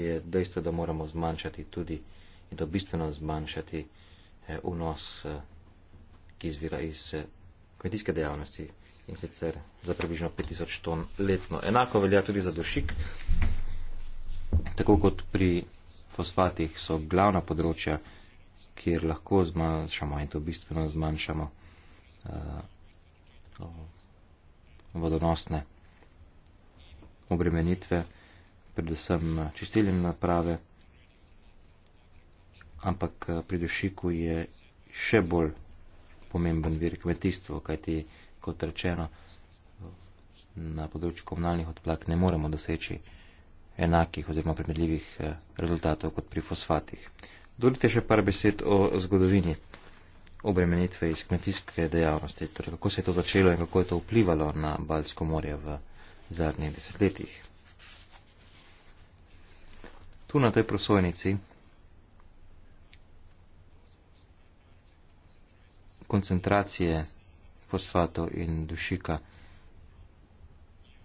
je dejstvo, da moramo zmanjšati tudi in da bistveno zmanjšati uh, Eh, vnos, eh, ki izvira iz eh, kmetijske dejavnosti in sicer za približno 5000 ton letno. Enako velja tudi za dušik. Tako kot pri fosfatih so glavna področja, kjer lahko zmanjšamo in to bistveno zmanjšamo uh, vodonosne obremenitve, predvsem čistilne naprave ampak eh, pri dušiku je še bolj pomemben vir kmetijstvo, kajti, kot rečeno, na področju komunalnih odplak ne moremo doseči enakih oziroma primerljivih eh, rezultatov kot pri fosfatih. Dovolite še par besed o zgodovini obremenitve iz kmetijske dejavnosti, torej kako se je to začelo in kako je to vplivalo na Balsko morje v zadnjih desetletjih. Tu na tej prosojnici koncentracije fosfato in dušika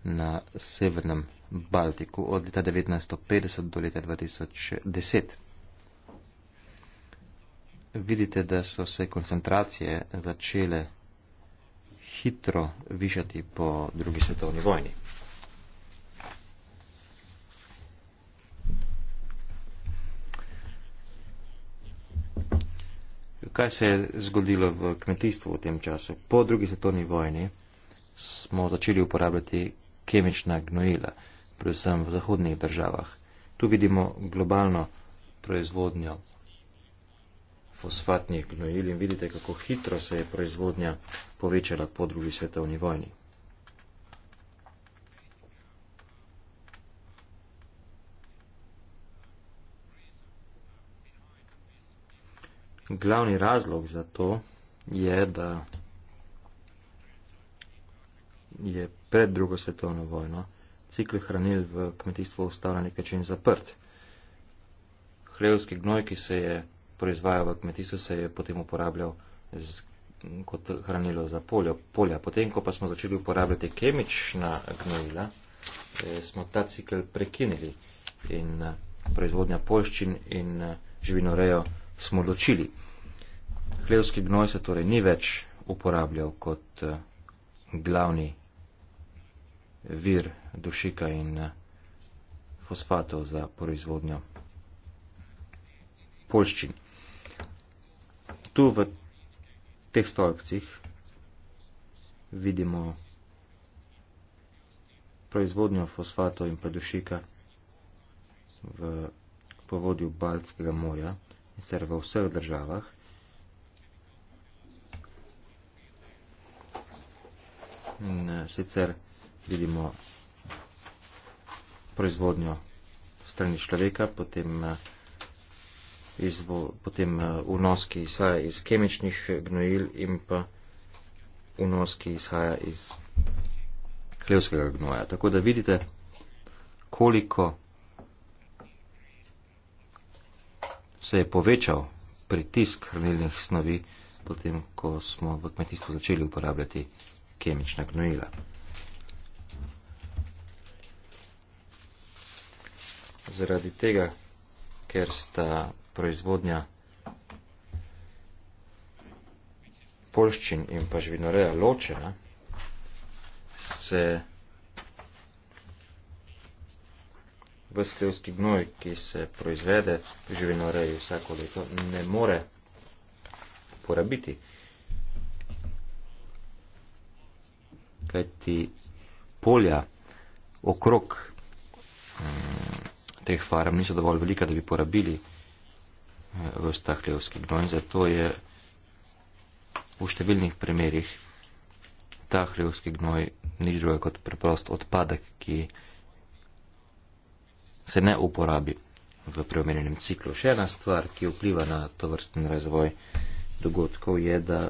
na severnem Baltiku od leta 1950 do leta 2010. Vidite, da so se koncentracije začele hitro višati po drugi svetovni vojni. Kaj se je zgodilo v kmetijstvu v tem času? Po drugi svetovni vojni smo začeli uporabljati kemična gnojila, predvsem v zahodnih državah. Tu vidimo globalno proizvodnjo fosfatnih gnojil in vidite, kako hitro se je proizvodnja povečala po drugi svetovni vojni. glavni razlog za to je, da je pred drugo svetovno vojno cikl hranil v kmetijstvu ostal na nek način zaprt. Hlevski gnoj, ki se je proizvajal v kmetijstvu, se je potem uporabljal z, kot hranilo za polje, polja. Potem, ko pa smo začeli uporabljati kemična gnojila, eh, smo ta cikl prekinili in eh, proizvodnja polščin in eh, živinorejo smo ločili. Hlevski gnoj se torej ni več uporabljal kot eh, glavni vir dušika in eh, fosfatov za proizvodnjo polščin. Tu v teh stolpcih vidimo proizvodnjo fosfatov in pa dušika v povodju Baltskega morja in sicer v vseh državah. in eh, sicer vidimo proizvodnjo strani človeka, potem, eh, izvo, potem eh, vnos, ki izhaja iz kemičnih gnojil in pa vnos, ki izhaja iz hlevskega gnoja. Tako da vidite, koliko se je povečal pritisk hranilnih snovi, potem ko smo v kmetijstvu začeli uporabljati kemična gnojila. Zaradi tega, ker sta proizvodnja polščin in pa živinoreja ločena, se vsklevski gnoj, ki se proizvede v živinoreji vsako leto, ne more porabiti. kajti polja okrog mm, teh farm niso dovolj velika, da bi porabili v eh, vsta hlevski gnoj. Zato je v številnih primerjih ta hlevski gnoj nič drugega kot preprost odpadek, ki se ne uporabi v preomenjenem ciklu. Še ena stvar, ki vpliva na to vrsten razvoj dogodkov, je, da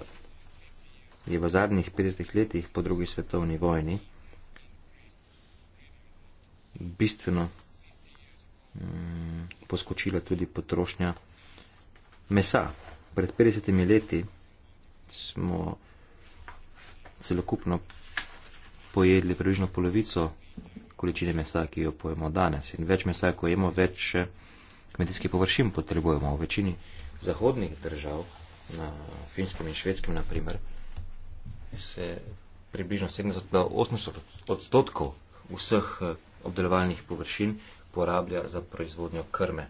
je v zadnjih 50 letih po drugi svetovni vojni bistveno mm, poskočila tudi potrošnja mesa. Pred 50 leti smo celokupno pojedli približno polovico količine mesa, ki jo pojemo danes. In več mesa, ko jemo, več eh, kmetijskih površin potrebujemo. V večini zahodnih držav, na finskem in švedskem naprimer, se približno 70 do 80 odstotkov vseh eh, obdelovalnih površin porablja za proizvodnjo krme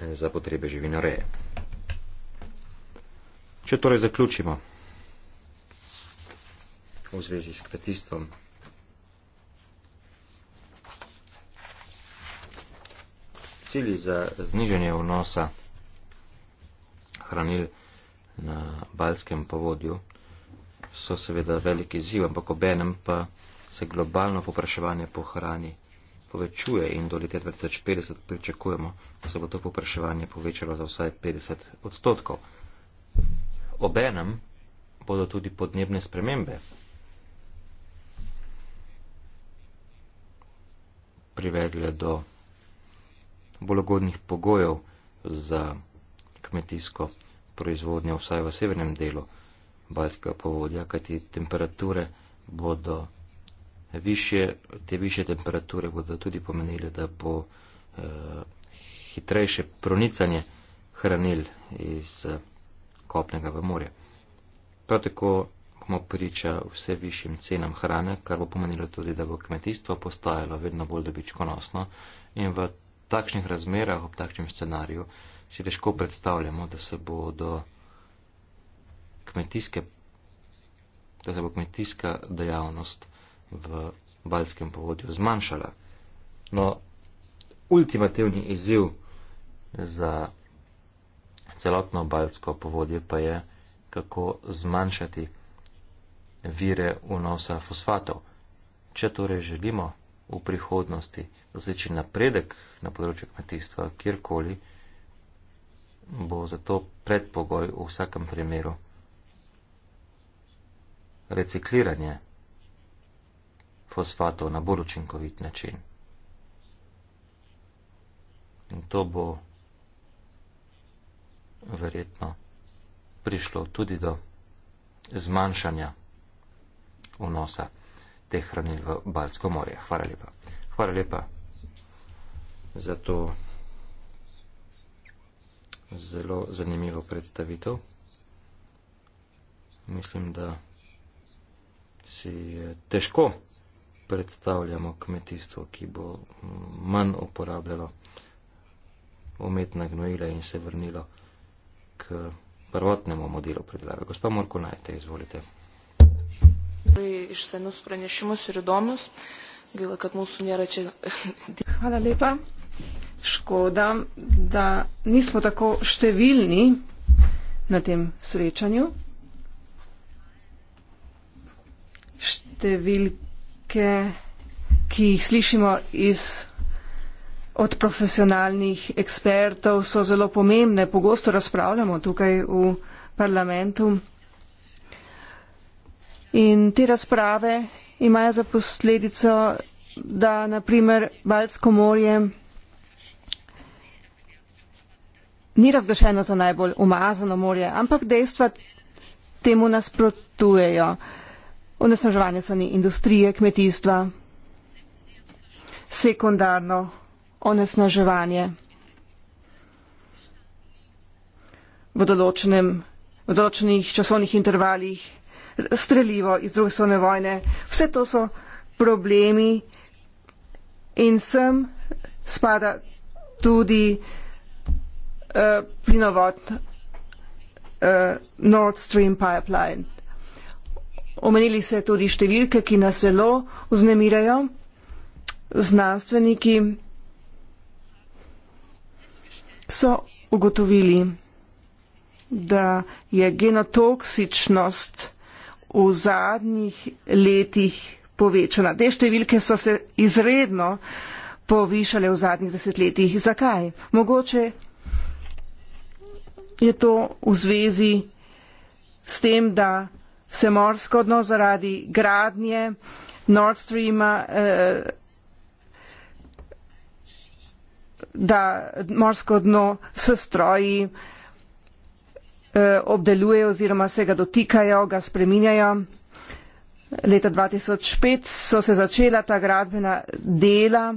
eh, za potrebe živinoreje. Če torej zaključimo v zvezi s kmetijstvom, cilji za zniženje vnosa hranil na Balskem povodju so seveda veliki ziv, ampak obenem pa se globalno popraševanje po hrani povečuje in do leta 2050 pričakujemo, da se bo to popraševanje povečalo za vsaj 50 odstotkov. Obenem bodo tudi podnebne spremembe privedle do bolj ugodnih pogojev za kmetijsko proizvodnjo, vsaj v severnem delu. Balskega povodja, kajti temperature bodo više, te više temperature bodo tudi pomenile, da bo eh, hitrejše pronicanje hranil iz eh, kopnega v morje. Prav tako bomo priča vse višjim cenam hrane, kar bo pomenilo tudi, da bo kmetijstvo postajalo vedno bolj dobičkonosno in v takšnih razmerah, ob takšnem scenariju, si težko predstavljamo, da se bodo kmetijske, da se bo kmetijska dejavnost v Balskem povodju zmanjšala. No, ultimativni izziv za celotno Balsko povodje pa je, kako zmanjšati vire vnosa fosfatov. Če torej želimo v prihodnosti doseči napredek na področju kmetijstva kjerkoli, bo zato predpogoj v vsakem primeru recikliranje fosfatov na bolj učinkovit način. In to bo verjetno prišlo tudi do zmanjšanja vnosa teh hranil v Balsko morje. Hvala lepa. Hvala lepa za to zelo zanimivo predstavitev. Mislim, da si eh, težko predstavljamo kmetijstvo, ki bo mm, manj uporabljalo umetna gnojila in se vrnilo k prvotnemu modelu predelave. Gospa Morko, najte, izvolite. Hvala lepa. Škoda, da nismo tako številni na tem srečanju. številke, ki jih slišimo iz, od profesionalnih ekspertov, so zelo pomembne. Pogosto razpravljamo tukaj v parlamentu. In te razprave imajo za posledico, da naprimer Balsko morje ni razglašeno za najbolj umazano morje, ampak dejstva temu nasprotujejo onesnaževanje strani industrije, kmetijstva, sekundarno onesnaževanje v, določenem, v določenih časovnih intervalih, strelivo iz druge svetovne vojne. Vse to so problemi in sem spada tudi uh, plinovod uh, Nord Stream Pipeline. Omenili ste tudi številke, ki nas zelo vznemirajo. Znanstveniki so ugotovili, da je genotoksičnost v zadnjih letih povečana. Te številke so se izredno povišale v zadnjih desetletjih. Zakaj? Mogoče je to v zvezi s tem, da se morsko dno zaradi gradnje Nord Streama, eh, da morsko dno se stroji eh, obdelujejo oziroma se ga dotikajo, ga spreminjajo. Leta 2005 so se začela ta gradbena dela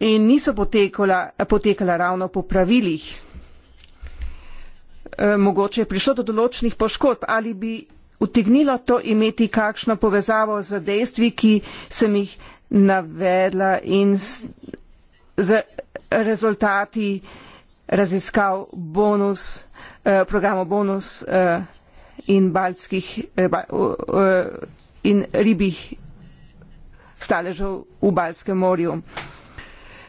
in niso potekala, potekala ravno po pravilih. E, mogoče je prišlo do določenih poškodb ali bi utegnilo to imeti kakšno povezavo z dejstvi, ki sem jih navedla in z, z rezultati raziskav bonus, eh, programov bonus eh, in, baltskih, eh, ba, eh, in ribih staležev v Baltskem morju.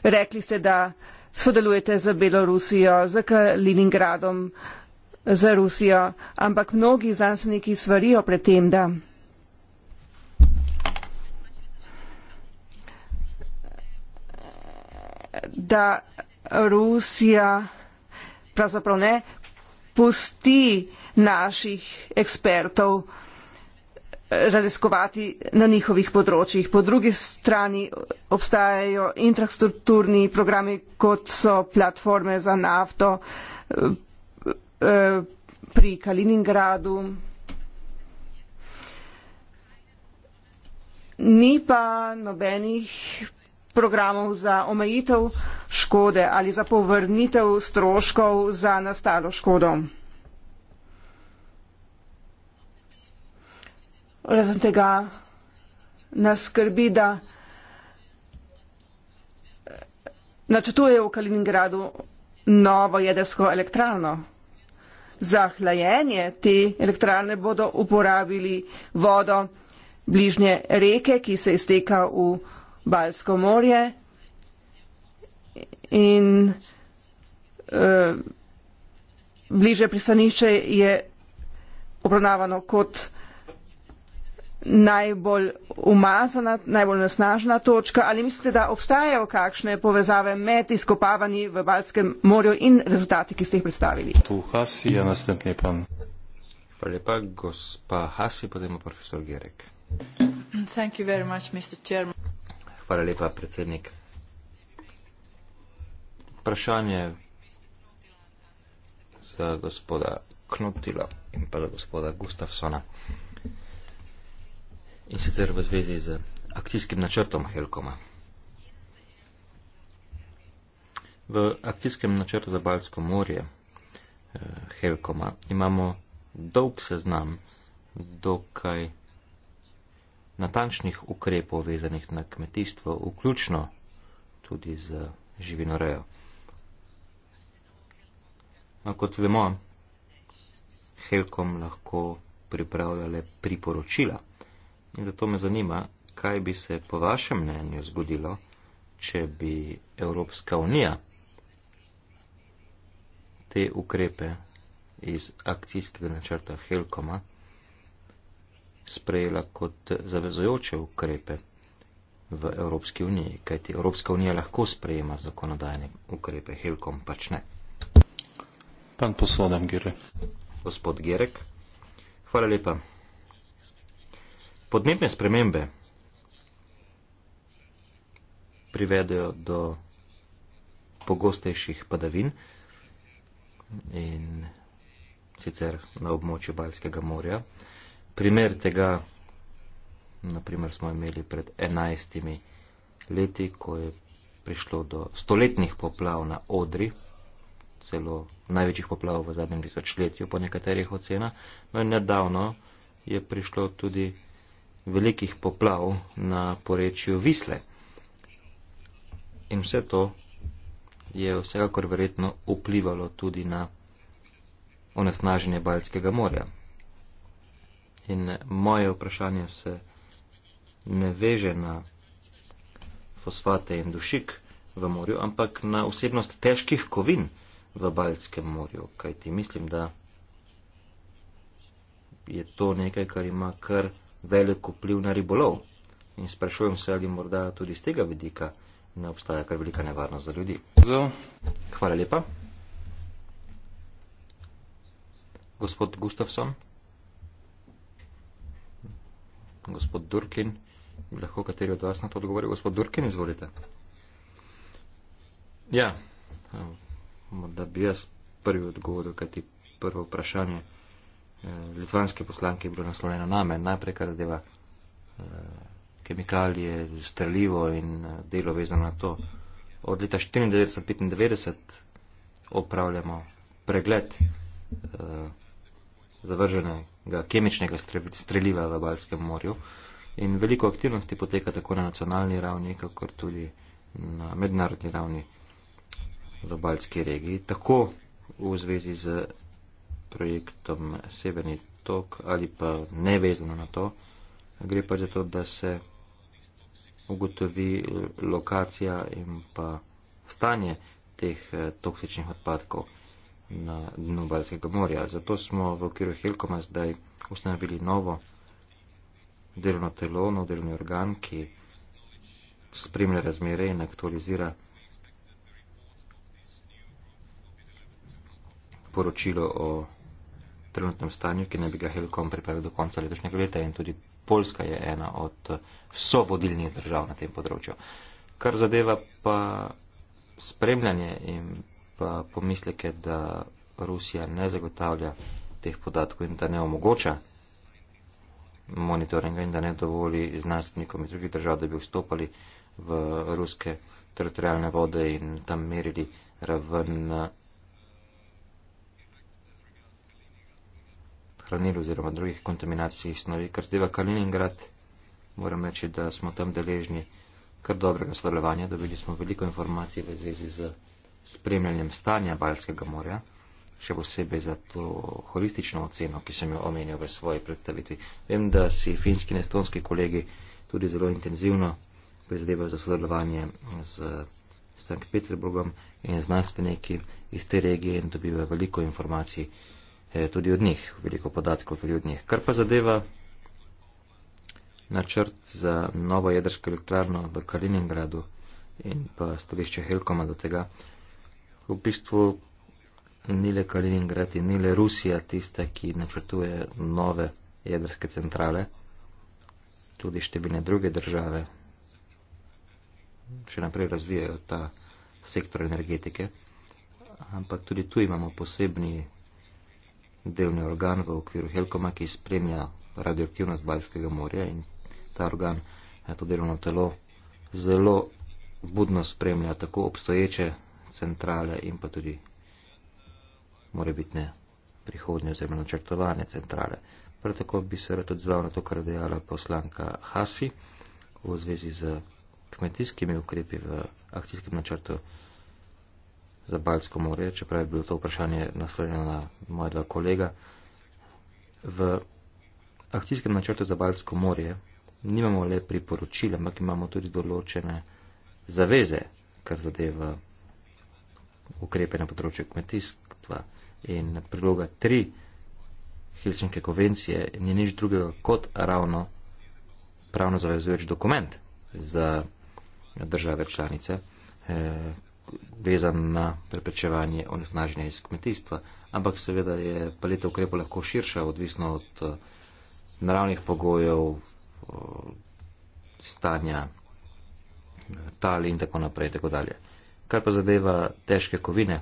Rekli ste, da sodelujete z Belorusijo, z Kaliningradom. Eh, za Rusijo, ampak mnogi zasniki svarijo pred tem, da da Rusija pravzaprav ne pusti naših ekspertov eh, raziskovati na njihovih področjih. Po drugi strani obstajajo infrastrukturni programi, kot so platforme za nafto, eh, Eh, pri Kaliningradu. Ni pa nobenih programov za omejitev škode ali za povrnitev stroškov za nastalo škodo. Razen tega nas skrbi, da načrtujejo v Kaliningradu novo jedrsko elektrarno za hlajenje te elektrarne bodo uporabili vodo bližnje reke, ki se izteka v Balsko morje in uh, eh, bliže pristanišče je obravnavano kot najbolj umazana, najbolj nasnažena točka ali mislite, da obstajajo kakšne povezave med izkopavanji v Balskem morju in rezultati, ki ste jih predstavili? Tu Hasi je naslednji pan. Hvala lepa, gospa Hasi, potem profesor Gerek. Thank you very much, Mr. Chairman. Hvala lepa, predsednik. Vprašanje za gospoda Knutila in pa za gospoda Gustafsona in sicer v zvezi z akcijskim načrtom Helkoma. V akcijskem načrtu za Balsko morje eh, Helkoma imamo dolg seznam dokaj natančnih ukrepov vezanih na kmetijstvo, vključno tudi z živinorejo. No, kot vemo, Helkom lahko pripravlja le priporočila In zato me zanima, kaj bi se po vašem mnenju zgodilo, če bi Evropska unija te ukrepe iz akcijskega načrta Helkoma sprejela kot zavezojoče ukrepe v Evropski uniji, kajti Evropska unija lahko sprejema zakonodajne ukrepe, Helkom pač ne. Pan poslodem Gere. Gospod Gerek, hvala lepa. Podnebne spremembe privedejo do pogostejših padavin in sicer na območju Baljskega morja. Primer tega, naprimer, smo imeli pred enajstimi leti, ko je prišlo do stoletnih poplav na Odri, celo največjih poplav v zadnjem tisočletju, po nekaterih ocenah, no in nedavno je prišlo tudi velikih poplav na porečju Visle. In vse to je vsekakor verjetno vplivalo tudi na onesnaženje Baljskega morja. In moje vprašanje se ne veže na fosfate in dušik v morju, ampak na osebnost težkih kovin v Baljskem morju, kajti mislim, da je to nekaj, kar ima kar velik vpliv na ribolov. In sprašujem se, ali morda tudi z tega vidika ne obstaja kar velika nevarnost za ljudi. Hvala lepa. Gospod Gustafsson. Gospod Durkin. Lahko kateri od vas na to odgovori? Gospod Durkin, izvolite. Ja, eh, morda bi jaz prvi odgovoril, kajti prvo vprašanje. Eh, litvanske poslanke je bilo naslovljeno name, najprej kar zadeva eh, kemikalije, strljivo in eh, delo vezano na to. Od leta 1994-1995 opravljamo pregled zavrženega kemičnega streljiva v Balskem morju in veliko aktivnosti poteka tako na nacionalni ravni, kakor tudi na mednarodni ravni v Balski regiji. Tako v zvezi z projektom Severni tok ali pa nevezano na to. Gre pa za to, da se ugotovi lokacija in pa stanje teh eh, toksičnih odpadkov na dnu Balskega morja. Zato smo v okviru Helkoma zdaj ustanovili novo delovno telo, nov delovni organ, ki spremlja razmere in aktualizira poročilo o trenutnem stanju, ki naj bi ga Helkom pripravil do konca letošnjega leta in tudi Poljska je ena od vso eh, vodilnih držav na tem področju. Kar zadeva pa spremljanje in pa pomisleke, da Rusija ne zagotavlja teh podatkov in da ne omogoča monitoringa in da ne dovoli znanstvenikom iz drugih držav, da bi vstopali v ruske teritorijalne vode in tam merili raven eh, hranil oziroma drugih kontaminacijskih snovi, kar zdaj v Kaliningrad, moram reči, da smo tam deležni kar dobrega sodelovanja, dobili smo veliko informacij v zvezi z spremljanjem stanja Baljskega morja, še posebej za to holistično oceno, ki sem jo omenil v svoji predstavitvi. Vem, da si finski in estonski kolegi tudi zelo intenzivno prizadevajo za sodelovanje z St. Peterburgom in znanstveniki iz te regije in dobivajo veliko informacij. Eh, tudi od njih, veliko podatkov tudi od njih. Kar pa zadeva načrt za novo jedrsko elektrarno v Kaliningradu in pa stališče Helkoma do tega, v bistvu ni le Kaliningrad in ni le Rusija tista, ki načrtuje nove jedrske centrale, tudi številne druge države še naprej razvijajo ta sektor energetike, ampak tudi tu imamo posebni delni organ v okviru Helkoma, ki spremlja radioaktivnost Baljskega morja in ta organ, eh, to delovno telo, zelo budno spremlja tako obstoječe centrale in pa tudi morebitne prihodnje oziroma načrtovane centrale. Prav tako bi se rad odzval na to, kar je dejala poslanka Hasi v zvezi z kmetijskimi ukrepi v akcijskem načrtu za Baljsko morje, čeprav je bilo to vprašanje naslovljeno na moja dva kolega. V akcijskem načrtu za Baljsko morje nimamo le priporočila, ampak imamo tudi določene zaveze, kar zadeva ukrepe na področju kmetijstva. In priloga tri Helsinke konvencije ni nič drugega kot ravno pravno zavezujoč dokument za države članice. Eh, vezan na preprečevanje onesnaženja iz kmetijstva. Ampak seveda je paleta ukrepov lahko širša, odvisno od eh, naravnih pogojev, eh, stanja eh, tal in tako naprej. Tako Kar pa zadeva težke kovine,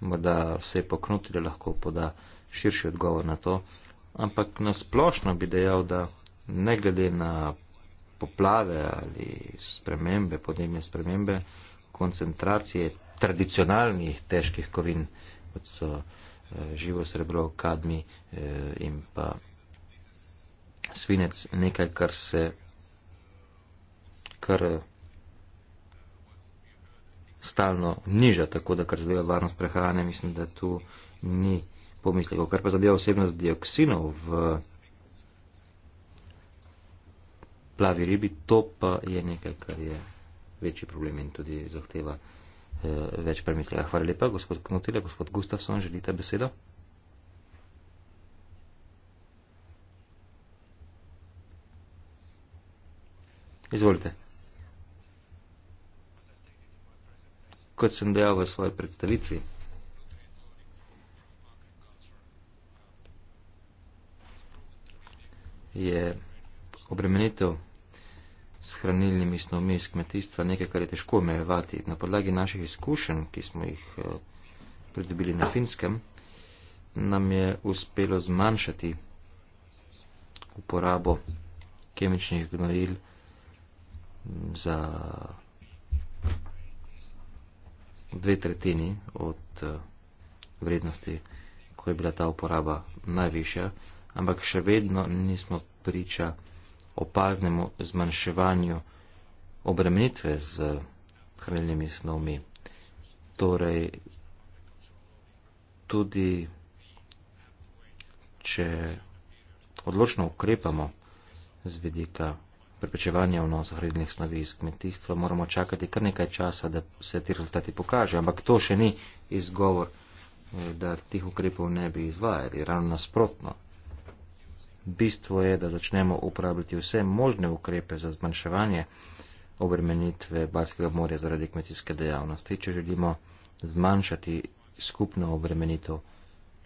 morda vse poknuti, da lahko poda širši odgovor na to. Ampak nasplošno bi dejal, da ne glede na poplave ali spremembe, podnebne spremembe, koncentracije tradicionalnih težkih kovin, kot so eh, živo srebro, kadmi eh, in pa svinec, nekaj, kar se kar eh, stalno niža, tako da kar zadeva varnost prehrane, mislim, da tu ni pomislekov. Kar pa zadeva osebnost dioksinov v plavi ribi, to pa je nekaj, kar je večji problem in tudi zahteva eh, več premisleka. Hvala lepa, gospod Knutile, gospod Gustafsson, želite besedo? Izvolite. Kot sem dejal v svoji predstavitvi, je obremenitev s hranilnimi snovmi iz kmetijstva, nekaj, kar je težko omejevati. Na podlagi naših izkušenj, ki smo jih eh, pridobili na finskem, nam je uspelo zmanjšati uporabo kemičnih gnojil za dve tretjini od eh, vrednosti, ko je bila ta uporaba najvišja, ampak še vedno nismo priča opaznemu zmanjševanju obremenitve z hranilnimi snovmi. Torej, tudi če odločno ukrepamo z vidika preprečevanja vnosa hranilnih snovi iz kmetijstva, moramo čakati kar nekaj časa, da se ti rezultati pokažejo. Ampak to še ni izgovor, eh, da tih ukrepov ne bi izvajali. Ravno nasprotno, Bistvo je, da začnemo uporabljati vse možne ukrepe za zmanjševanje obremenitve Balskega morja zaradi kmetijske dejavnosti, če želimo zmanjšati skupno obremenitev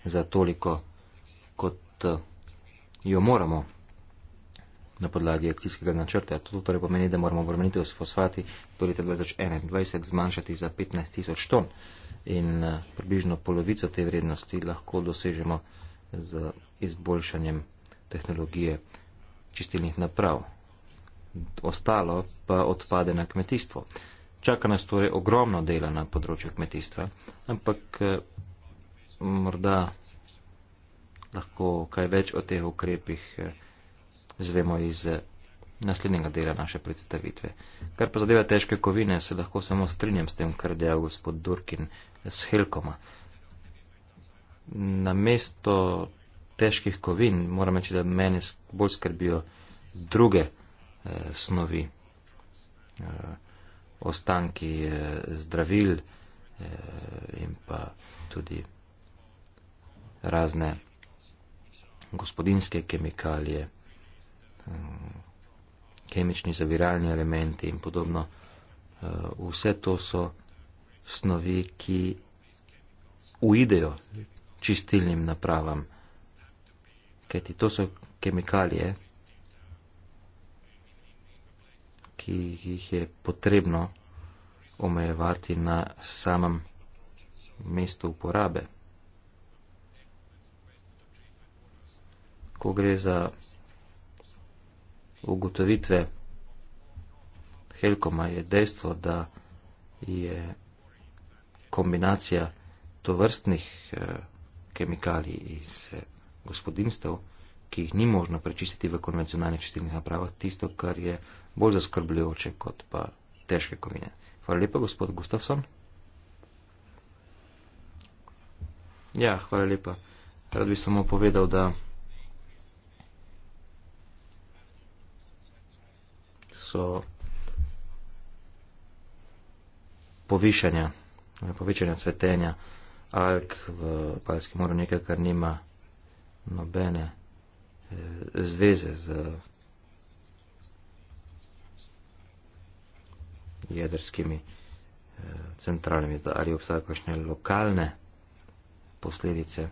za toliko, kot eh, jo moramo na podlagi akcijskega načrta. To torej pomeni, da moramo obremenitev s fosfati do leta 2021 zmanjšati za 15 tisoč ton in eh, približno polovico te vrednosti lahko dosežemo z izboljšanjem tehnologije čistilnih naprav. Ostalo pa odpade na kmetijstvo. Čaka nas torej ogromno dela na področju kmetijstva, ampak eh, morda lahko kaj več o teh ukrepih eh, zvemo iz eh, naslednjega dela naše predstavitve. Kar pa zadeva težke kovine, se lahko samo strinjam s tem, kar je dejal gospod Durkin s Helkoma. Na mesto težkih kovin, moram reči, da meni bolj skrbijo druge eh, snovi, eh, ostanki eh, zdravil eh, in pa tudi razne gospodinske kemikalije, hm, kemični zaviralni elementi in podobno. Eh, vse to so snovi, ki uidejo čistilnim napravam ker ti to so kemikalije, ki jih je potrebno omejevati na samem mestu uporabe. Ko gre za ugotovitve Helkoma, je dejstvo, da je kombinacija tovrstnih eh, kemikalij iz eh, gospodinstv, ki jih ni možno prečistiti v konvencionalnih čistilnih napravah, tisto, kar je bolj zaskrbljujoče kot pa težke kovine. Hvala lepa, gospod Gustafsson. Ja, hvala lepa. Rad bi samo povedal, da so povišanja, povišanja cvetenja alk v Paljski moru nekaj, kar nima nobene eh, zveze z jedrskimi eh, centralnimi, ali obstajajo kakšne lokalne posledice.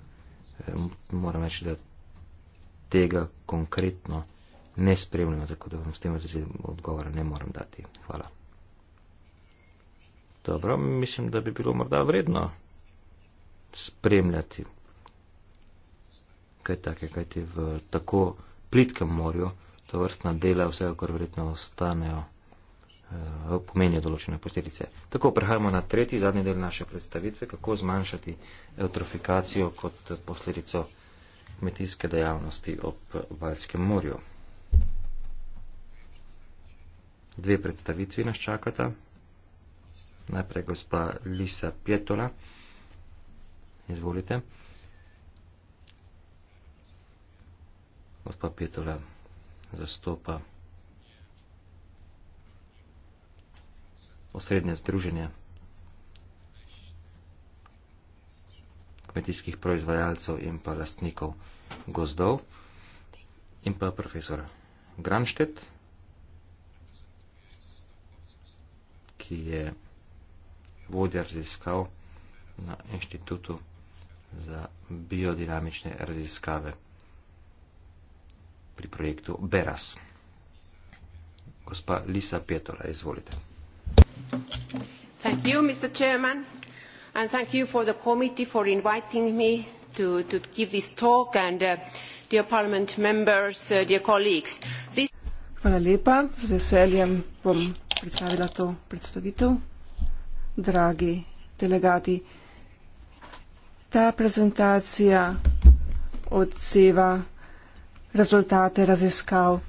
Eh, moram reči, da tega konkretno ne spremljamo, tako da vam s tem odgovora ne morem dati. Hvala. Dobro, mislim, da bi bilo morda vredno spremljati kaj takega, kaj ti v tako plitkem morju, to vrstna dela vse, kar verjetno ostanejo, eh, pomenijo določene posledice. Tako prehajamo na tretji, zadnji del naše predstavitve, kako zmanjšati eutrofikacijo kot posledico kmetijske dejavnosti ob Valjskem morju. Dve predstavitvi nas čakata. Najprej gospa Lisa Pietola. Izvolite. gospa Petola zastopa osrednje združenje kmetijskih proizvajalcev in pa lastnikov gozdov in pa profesor Granštet, ki je vodja raziskav na Inštitutu za biodinamične raziskave pri projektu Beras. Gospa Lisa Pietola, izvolite. Thank you, Mr. Chairman, and thank you for the committee for inviting me to, to give this talk and uh, dear parliament members, uh, dear colleagues. This... Hvala lepa, z veseljem bom predstavila to predstavitev. Dragi delegati, ta prezentacija odseva rezultate raziskav.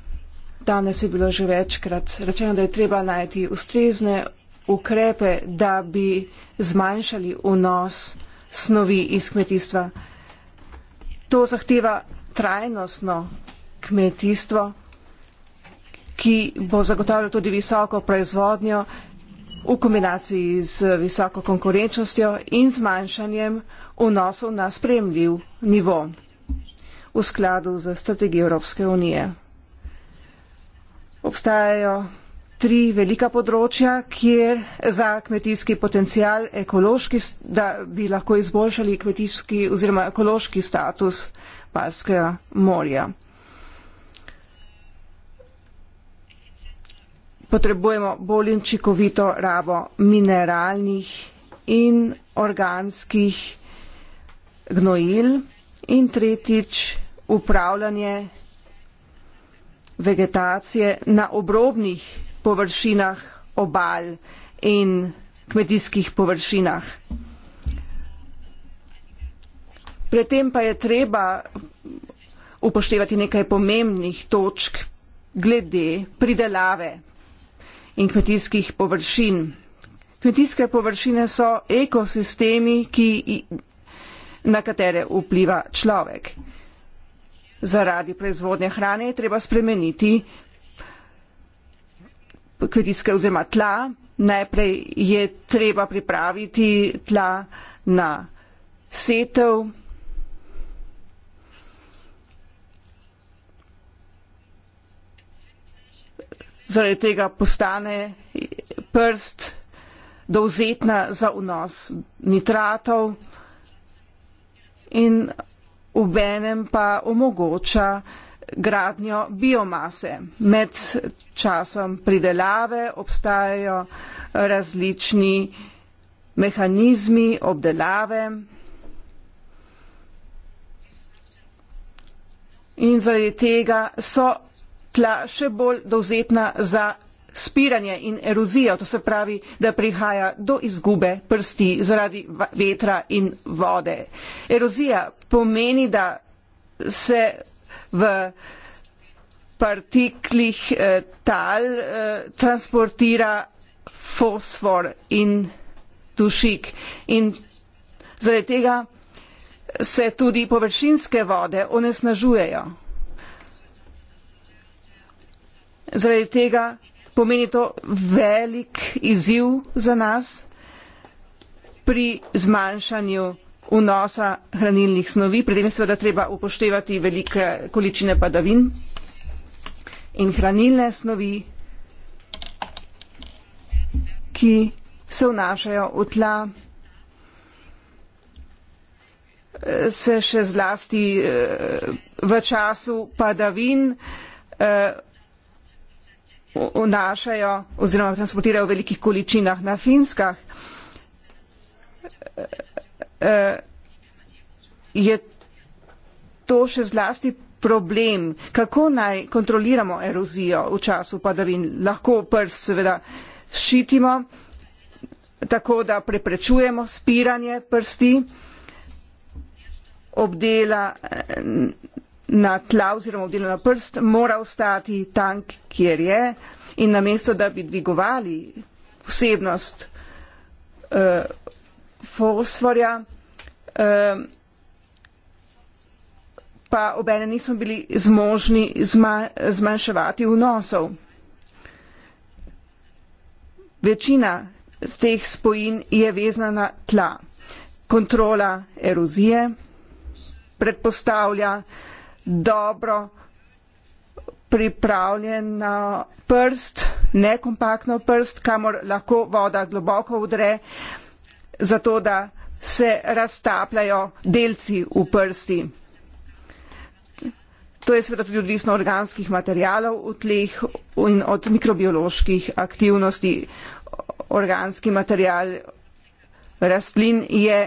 Danes je bilo že večkrat rečeno, da je treba najti ustrezne ukrepe, da bi zmanjšali unos snovi iz kmetijstva. To zahteva trajnostno kmetijstvo, ki bo zagotavljalo tudi visoko proizvodnjo v kombinaciji z visoko konkurenčnostjo in zmanjšanjem unosov na spremljiv nivo v skladu z strategijo Evropske unije. Obstajajo tri velika področja, kjer za kmetijski potencial ekološki, da bi lahko izboljšali kmetijski oziroma ekološki status Palskega morja. Potrebujemo bolj učinkovito rabo mineralnih in organskih gnojil in tretjič upravljanje vegetacije na obrobnih površinah obal in kmetijskih površinah. Predtem pa je treba upoštevati nekaj pomembnih točk glede pridelave in kmetijskih površin. Kmetijske površine so ekosistemi, ki na katere vpliva človek. Zaradi proizvodnje hrane je treba spremeniti kmetijske oziroma tla. Najprej je treba pripraviti tla na setev. Zaradi tega postane prst dovzetna za vnos nitratov in obenem pa omogoča gradnjo biomase. Med časom pridelave obstajajo različni mehanizmi obdelave in zaradi tega so tla še bolj dovzetna za spiranje in erozijo, to se pravi, da prihaja do izgube prsti zaradi vetra in vode. Erozija pomeni, da se v partiklih eh, tal eh, transportira fosfor in dušik in zaradi tega se tudi površinske vode onesnažujejo. Zaradi tega pomeni to velik izziv za nas pri zmanjšanju vnosa hranilnih snovi. Pri tem je seveda treba upoštevati velike količine padavin in hranilne snovi, ki se vnašajo v tla, se še zlasti eh, v času padavin eh, vnašajo oziroma transportirajo v velikih količinah na finskah. E, je to še zlasti problem, kako naj kontroliramo erozijo v času padavin. Lahko prst seveda šitimo tako, da preprečujemo spiranje prsti obdela na tla oziroma obdelan na prst, mora ostati tank, kjer je in namesto, da bi dvigovali vsebnost uh, fosforja, uh, pa obene nismo bili zmožni zma zmanjševati vnosov. Večina z teh spojin je vezana na tla. Kontrola erozije predpostavlja, uh, dobro pripravljen prst, nekompaktno prst, kamor lahko voda globoko vdre, zato da se raztapljajo delci v prsti. To je seveda tudi odvisno organskih materijalov v tleh in od mikrobioloških aktivnosti. Organski material rastlin je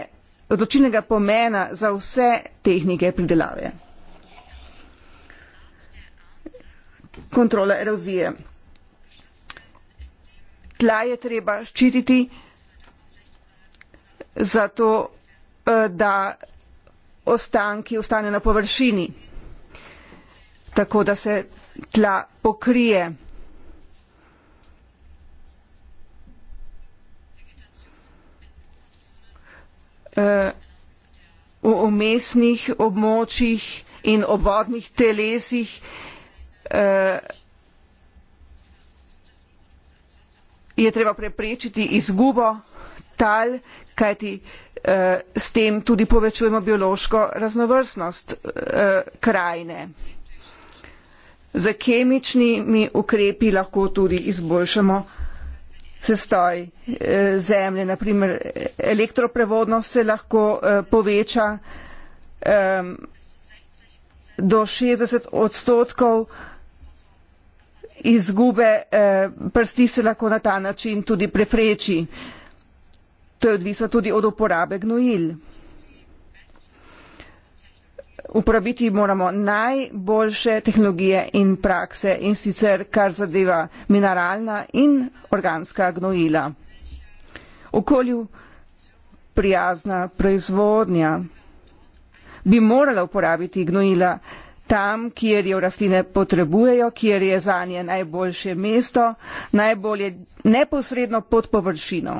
odločilnega pomena za vse tehnike pridelave. kontrole erozije. Tla je treba ščititi zato, eh, da ostanki ostane na površini, tako da se tla pokrije. Eh, v umestnih območjih in obodnih telesih je treba preprečiti izgubo tal kajti eh, s tem tudi povečujemo biološko raznovrstnost eh, krajine. z kemičnimi ukrepi lahko tudi izboljšamo sestoj eh, zemlje na primer elektroprevodnost se lahko poveča do šestdeset odstotkov izgube eh, prsti se lahko na ta način tudi prepreči. To je odvisno tudi od uporabe gnojil. Uporabiti moramo najboljše tehnologije in prakse in sicer kar zadeva mineralna in organska gnojila. Okolju prijazna proizvodnja bi morala uporabiti gnojila, tam, kjer jo rastline potrebujejo, kjer je zanje najboljše mesto, najbolje neposredno pod površino.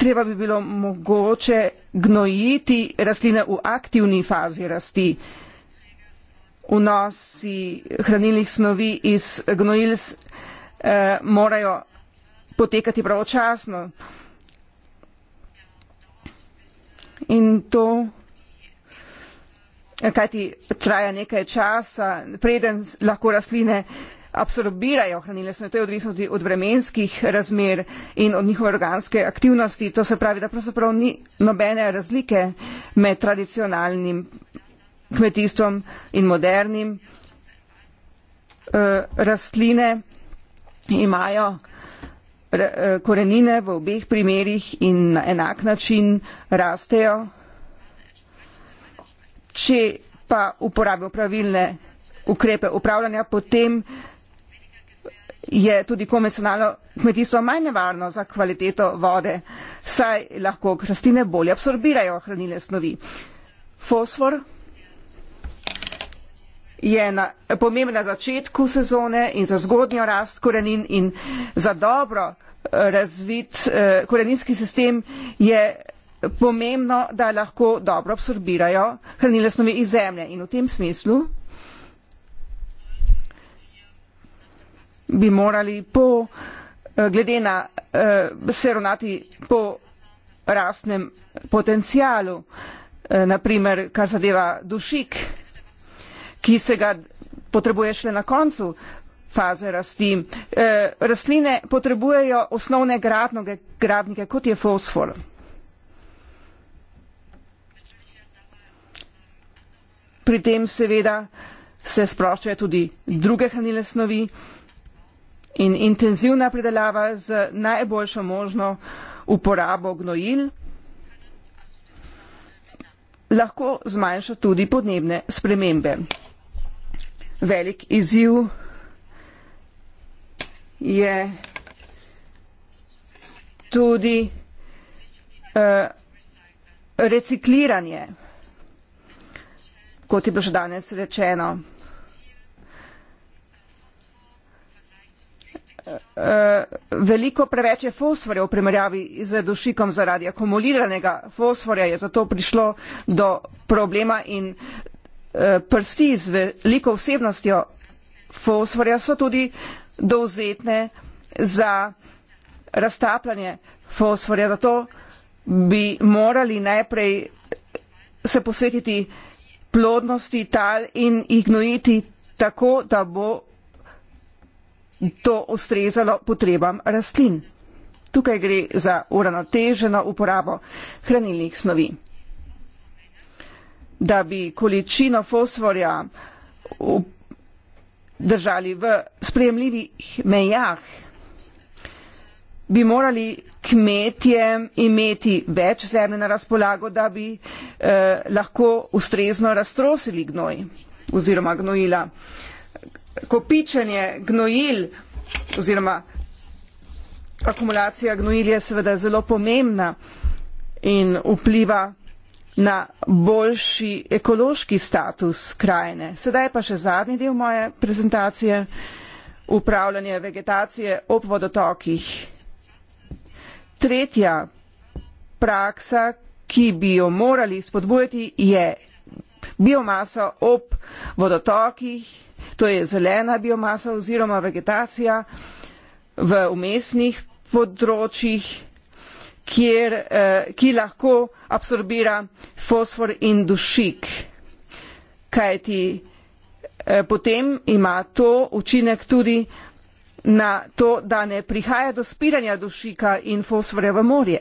Treba bi bilo mogoče gnojiti rastline v aktivni fazi rasti, vnosi hranilnih snovi iz gnojil eh, morajo potekati pravočasno in to, kajti traja nekaj časa, preden lahko rastline absorbirajo hranilne snovi, to je odvisno tudi od vremenskih razmer in od njihove organske aktivnosti. To se pravi, da pravzaprav ni nobene razlike med tradicionalnim kmetijstvom in modernim. Eh, rastline imajo Eh, korenine v obeh primerih in na enak način rastejo. Če pa uporabijo pravilne ukrepe upravljanja, potem je tudi konvencionalno kmetijstvo manj nevarno za kvaliteto vode, saj lahko krastine bolje absorbirajo hranilne snovi. Fosfor je na, pomembna začetku sezone in za zgodnjo rast korenin in za dobro eh, razvit eh, koreninski sistem je pomembno, da lahko dobro absorbirajo hranilne snovi iz zemlje. In v tem smislu bi morali po, eh, glede na se ravnati po rastnem potencijalu, naprimer, kar zadeva dušik, ki se ga potrebuješ le na koncu faze rasti. E, rastline potrebujejo osnovne gradnoge, gradnike, kot je fosfor. Pri tem seveda se sproščajo tudi druge hranilne snovi in intenzivna pridelava z najboljšo možno uporabo gnojil lahko zmanjša tudi podnebne spremembe velik izziv je tudi uh, recikliranje, kot je bilo že danes rečeno. Eh, veliko preveč je fosforja v primerjavi z dušikom zaradi akumuliranega fosforja je zato prišlo do problema in Eh, prsti z veliko vsebnostjo fosforja so tudi dovzetne za raztapljanje fosforja, zato bi morali najprej se posvetiti plodnosti tal in jih gnojiti tako, da bo to ustrezalo potrebam rastlin. Tukaj gre za uravnoteženo uporabo hranilnih snovi da bi količino fosforja držali v sprejemljivih mejah, bi morali kmetje imeti več zemlje na razpolago, da bi eh, lahko ustrezno raztrosili gnoj oziroma gnojila. Kopičenje gnojil oziroma akumulacija gnojil je seveda zelo pomembna in vpliva na boljši ekološki status krajine. Sedaj pa še zadnji del moje prezentacije, upravljanje vegetacije ob vodotokih. Tretja praksa, ki bi jo morali spodbujati, je biomasa ob vodotokih, to je zelena biomasa oziroma vegetacija v umestnih področjih kjer, eh, ki lahko absorbira fosfor in dušik. Kajti eh, potem ima to učinek tudi na to, da ne prihaja do spiranja dušika in fosforja v morje.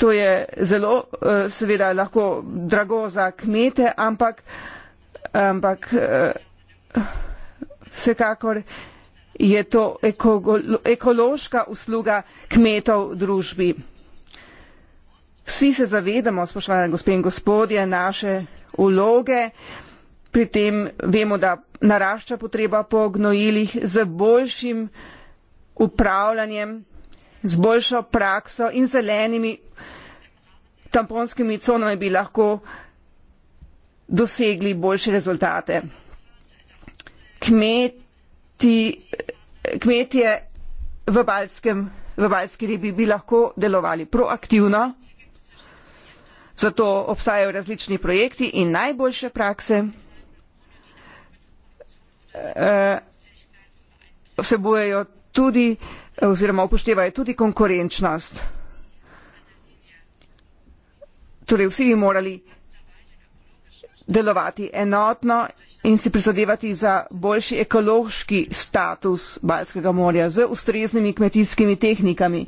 To je zelo, eh, seveda, lahko drago za kmete, ampak, ampak vsekakor je to ekološka usluga kmetov družbi. Vsi se zavedamo, spoštovane gospe in gospodje, naše uloge. Pri tem vemo, da narašča potreba po gnojilih z boljšim upravljanjem, z boljšo prakso in zelenimi tamponskimi conami bi lahko dosegli boljše rezultate. Kmet ti eh, kmetje v balskem v balski ribi bi lahko delovali proaktivno zato obstajajo različni projekti in najboljše prakse eh, vsebujejo tudi oziroma upoštevajo tudi konkurenčnost torej vsi bi morali delovati enotno in si prizadevati za boljši ekološki status Balskega morja z ustreznimi kmetijskimi tehnikami.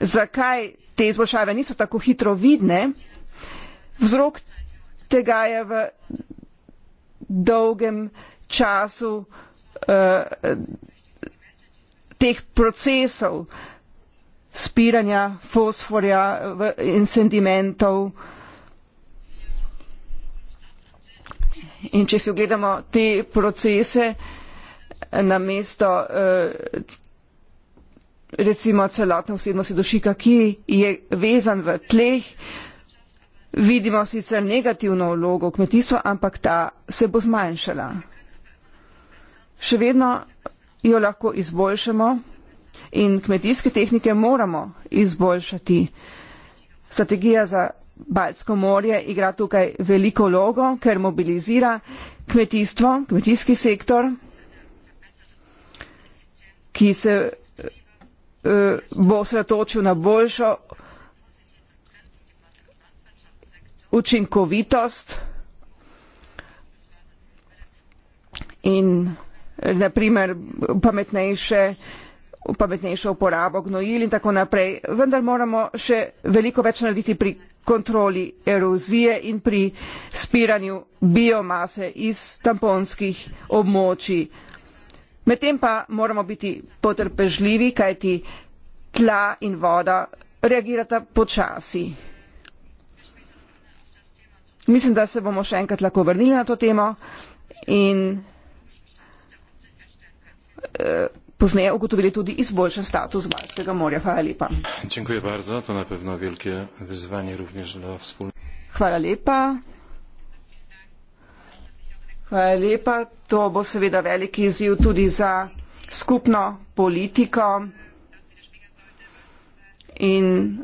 Zakaj te izboljšave niso tako hitro vidne? Vzrok tega je v dolgem času uh, teh procesov spiranja fosforja in sedimentov, In če si ogledamo te procese na mesto eh, recimo celotne vsebnosti dušika, ki je vezan v tleh, vidimo sicer negativno vlogo kmetijstva, ampak ta se bo zmanjšala. Še vedno jo lahko izboljšamo in kmetijske tehnike moramo izboljšati. Strategija za Balsko morje igra tukaj veliko vlogo, ker mobilizira kmetijstvo, kmetijski sektor, ki se uh, bo sratočil na boljšo učinkovitost in naprimer pametnejše pametnejšo uporabo gnojil in tako naprej. Vendar moramo še veliko več narediti pri kontroli erozije in pri spiranju biomase iz tamponskih območij. Medtem pa moramo biti potrpežljivi, kajti tla in voda reagirata počasi. Mislim, da se bomo še enkrat lahko vrnili na to temo in eh, pozneje ugotovili tudi izboljšen status Balskega morja. Hvala lepa. Dziękuję bardzo. To na pewno wielkie wyzwanie również dla wspólnoty. Hvala lepa. Hvala lepa. To bo seveda veliki izziv tudi za skupno politiko in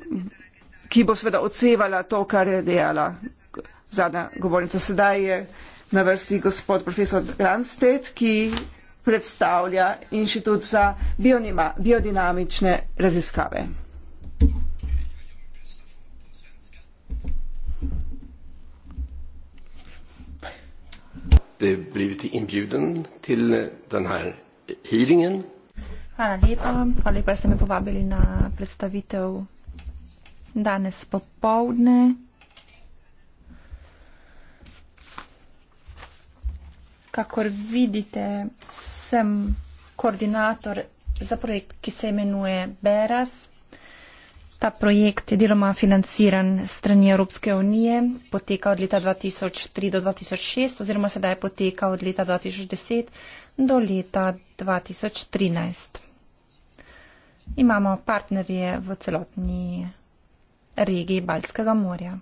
ki bo seveda odsevala to, kar je dejala zadnja govornica. Sedaj je na vrsti gospod profesor Granstedt, ki predstavlja Inštitut za bionima, biodinamične raziskave. Ste bili inbjudeni v eh, denar hearingen? Hvala lepa. Hvala lepa, da ste me povabili na predstavitev danes popovdne. Kakor vidite, sem koordinator za projekt, ki se imenuje Beras. Ta projekt je deloma financiran strani Evropske unije, poteka od leta 2003 do 2006 oziroma sedaj je poteka od leta 2010 do leta 2013. Imamo partnerje v celotni regiji Baljskega morja.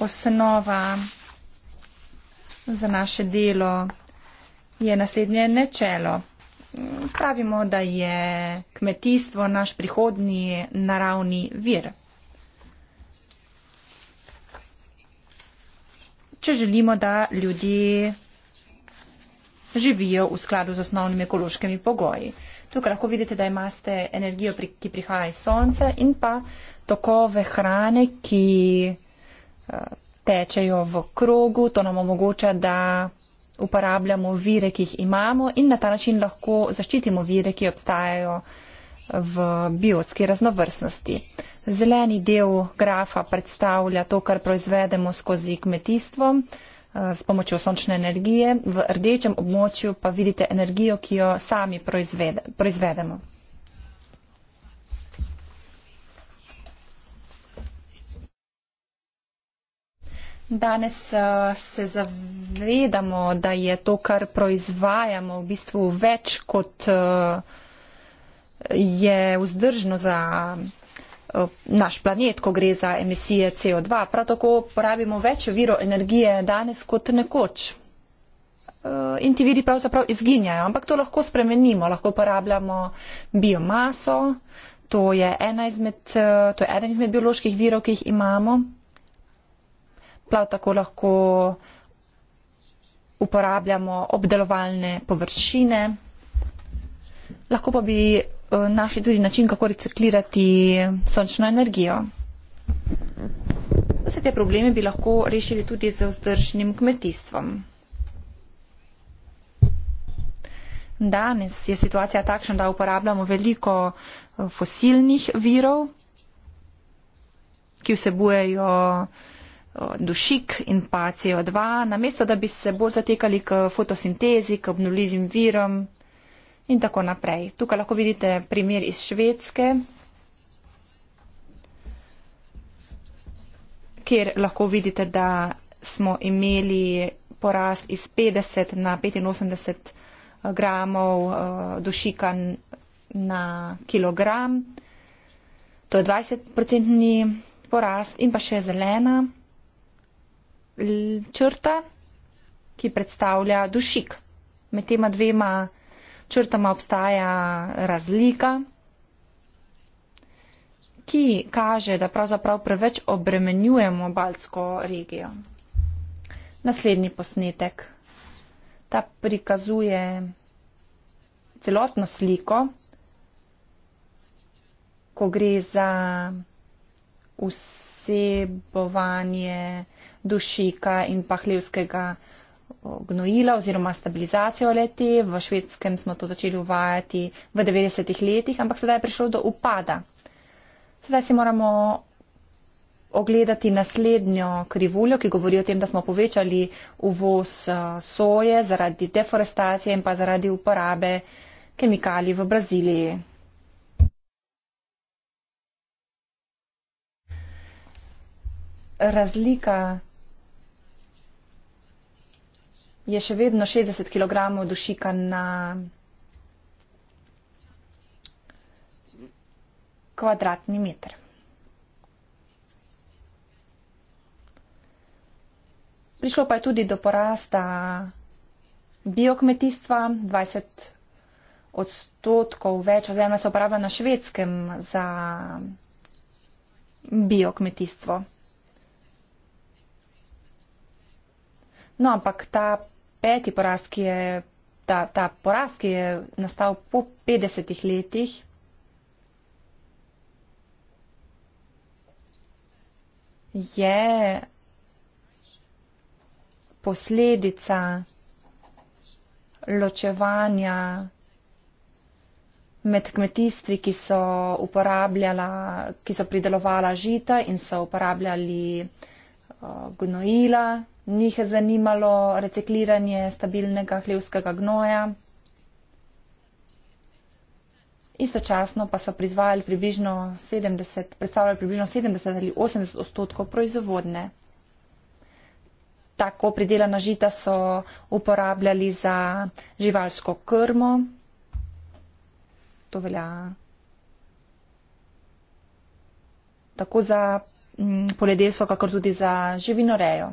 osnova za naše delo je naslednje načelo. Pravimo, da je kmetijstvo naš prihodni naravni vir. Če želimo, da ljudje živijo v skladu z osnovnimi ekološkimi pogoji. Tukaj lahko vidite, da imate energijo, ki prihaja iz sonca in pa tokove hrane, ki tečejo v krogu, to nam omogoča, da uporabljamo vire, ki jih imamo in na ta način lahko zaščitimo vire, ki obstajajo v biotski raznovrstnosti. Zeleni del grafa predstavlja to, kar proizvedemo skozi kmetijstvo eh, s pomočjo sončne energije, v rdečem območju pa vidite energijo, ki jo sami proizvedemo. Danes uh, se zavedamo, da je to, kar proizvajamo, v bistvu več kot uh, je vzdržno za uh, naš planet, ko gre za emisije CO2. Prav tako porabimo več viro energije danes kot nekoč. Uh, in ti viri pravzaprav izginjajo, ampak to lahko spremenimo. Lahko porabljamo biomaso, to je, izmed, uh, to je eden izmed bioloških virov, ki jih imamo prav tako lahko uporabljamo obdelovalne površine. Lahko pa bi eh, našli tudi način, kako reciklirati sončno energijo. Vse te probleme bi lahko rešili tudi z vzdržnim kmetijstvom. Danes je situacija takšna, da uporabljamo veliko eh, fosilnih virov, ki vsebujejo uh, dušik in pa CO2, namesto da bi se bolj zatekali k fotosintezi, k obnuljivim virom in tako naprej. Tukaj lahko vidite primer iz Švedske, kjer lahko vidite, da smo imeli porast iz 50 na 85 eh, gramov eh, dušika na kilogram. To je 20-procentni porast in pa še zelena črta, ki predstavlja dušik. Med tema dvema črtama obstaja razlika, ki kaže, da pravzaprav preveč obremenjujemo Baltsko regijo. Naslednji posnetek. Ta prikazuje celotno sliko, ko gre za vsebovanje dušika in pahljivskega gnojila oziroma stabilizacijo leti. V švedskem smo to začeli uvajati v 90-ih letih, ampak sedaj je prišlo do upada. Sedaj si moramo ogledati naslednjo krivuljo, ki govori o tem, da smo povečali uvoz e, soje zaradi deforestacije in pa zaradi uporabe kemikalij v Braziliji. Razlika je še vedno 60 kg dušika na kvadratni meter. Prišlo pa je tudi do porasta biokmetijstva, 20 odstotkov več ozemlja se uporablja na švedskem za biokmetijstvo. No, ampak ta peti poraz, ki je, ta, ta poraz, ki je nastal po 50 letih. Je posledica ločevanja med kmetijstvi, ki so uporabljala, ki so pridelovala žita in so uporabljali uh, gnojila, njih je zanimalo recikliranje stabilnega hlevskega gnoja. Istočasno pa so prizvajali približno 70, predstavljali približno 70 ali 80 odstotkov proizvodne. Tako pridelana žita so uporabljali za živalsko krmo. To velja tako za mm, poljedelstvo, kakor tudi za živinorejo.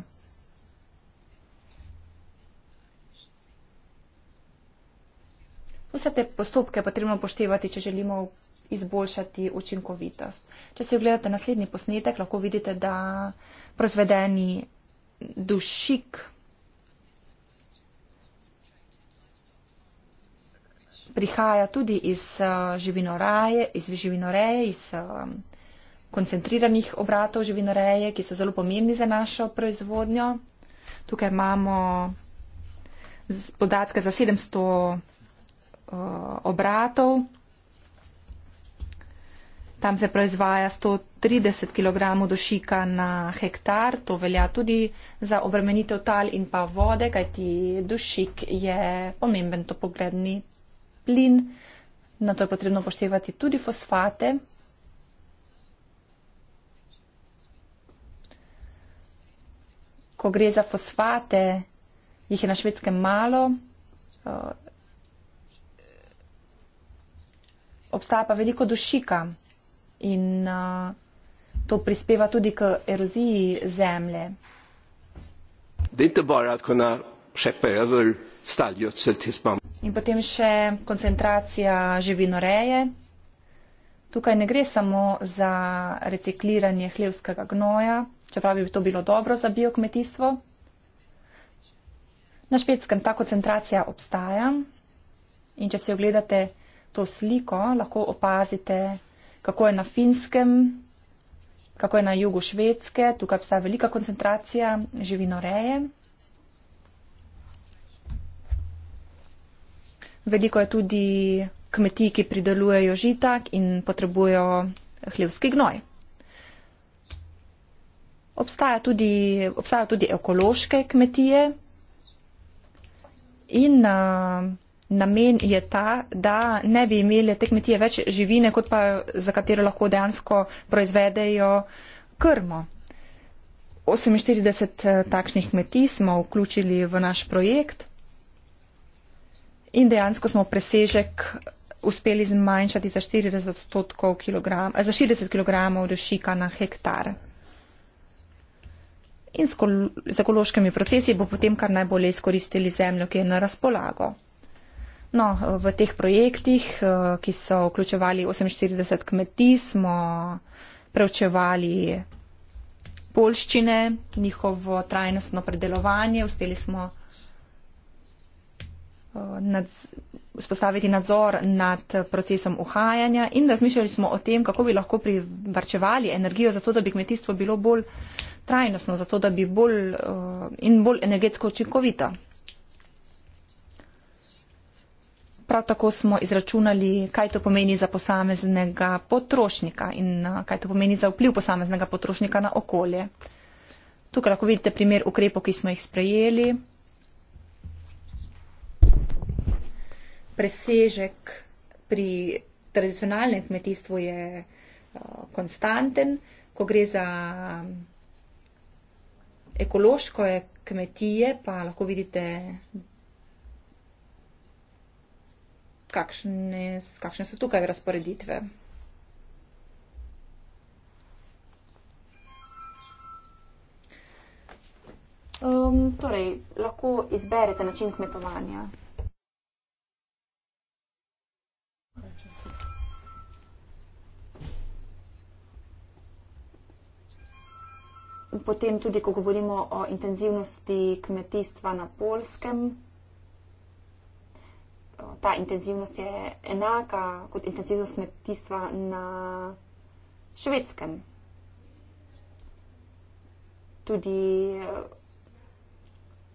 vse te postopke potrebno upoštevati, če želimo izboljšati učinkovitost. Če si ogledate naslednji posnetek, lahko vidite, da proizvedeni dušik. Prihaja tudi iz eh, živinoreje, iz, živinoreje, iz um, koncentriranih obratov živinoreje, ki so zelo pomembni za našo proizvodnjo. Tukaj imamo podatke za 700 Eh, obratov. Tam se proizvaja 130 kg dušika na hektar, to velja tudi za obremenitev tal in pa vode, kajti dušik je pomemben topogredni plin. Na to je potrebno poštevati tudi fosfate. Ko gre za fosfate, jih je na švedskem malo, eh, obstaja pa veliko dušika in uh, to prispeva tudi k eroziji zemlje. In potem še koncentracija živinoreje. Tukaj ne gre samo za recikliranje hlevskega gnoja, čeprav bi to bilo dobro za biokmetijstvo. Na Švedskem ta koncentracija obstaja in če si jo gledate, to sliko lahko opazite, kako je na finskem, kako je na jugu švedske. Tukaj obstaja velika koncentracija živinoreje. Veliko je tudi kmetij, ki pridelujejo žitak in potrebujejo hlevski gnoj. Obstaja tudi, obstajajo tudi ekološke kmetije in uh, namen je ta, da ne bi imeli te kmetije več živine, kot pa za katero lahko dejansko proizvedejo krmo. 48 eh, takšnih kmetij smo vključili v naš projekt in dejansko smo presežek uspeli zmanjšati za 40, kg, eh, za 40 kg dušika na hektar. In z ekološkimi procesi bo potem kar najbolje izkoristili zemljo, ki je na razpolago. No, v teh projektih, eh, ki so vključevali 48 kmetij, smo preučevali polščine, njihovo trajnostno predelovanje, uspeli smo eh, nad, spostaviti nadzor nad procesom uhajanja in razmišljali smo o tem, kako bi lahko privrčevali energijo, zato da bi kmetijstvo bilo bolj trajnostno, zato da bi bolj eh, in bolj energetsko učinkovito. prav tako smo izračunali, kaj to pomeni za posameznega potrošnika in kaj to pomeni za vpliv posameznega potrošnika na okolje. Tukaj lahko vidite primer ukrepov, ki smo jih sprejeli. Presežek pri tradicionalnem kmetijstvu je konstanten, ko gre za ekološko kmetije, pa lahko vidite kakšne, kakšne so tukaj razporeditve. Um, torej, lahko izberete način kmetovanja. Potem tudi, ko govorimo o intenzivnosti kmetijstva na polskem, ta intenzivnost je enaka kot intenzivnost kmetijstva na švedskem. Tudi eh,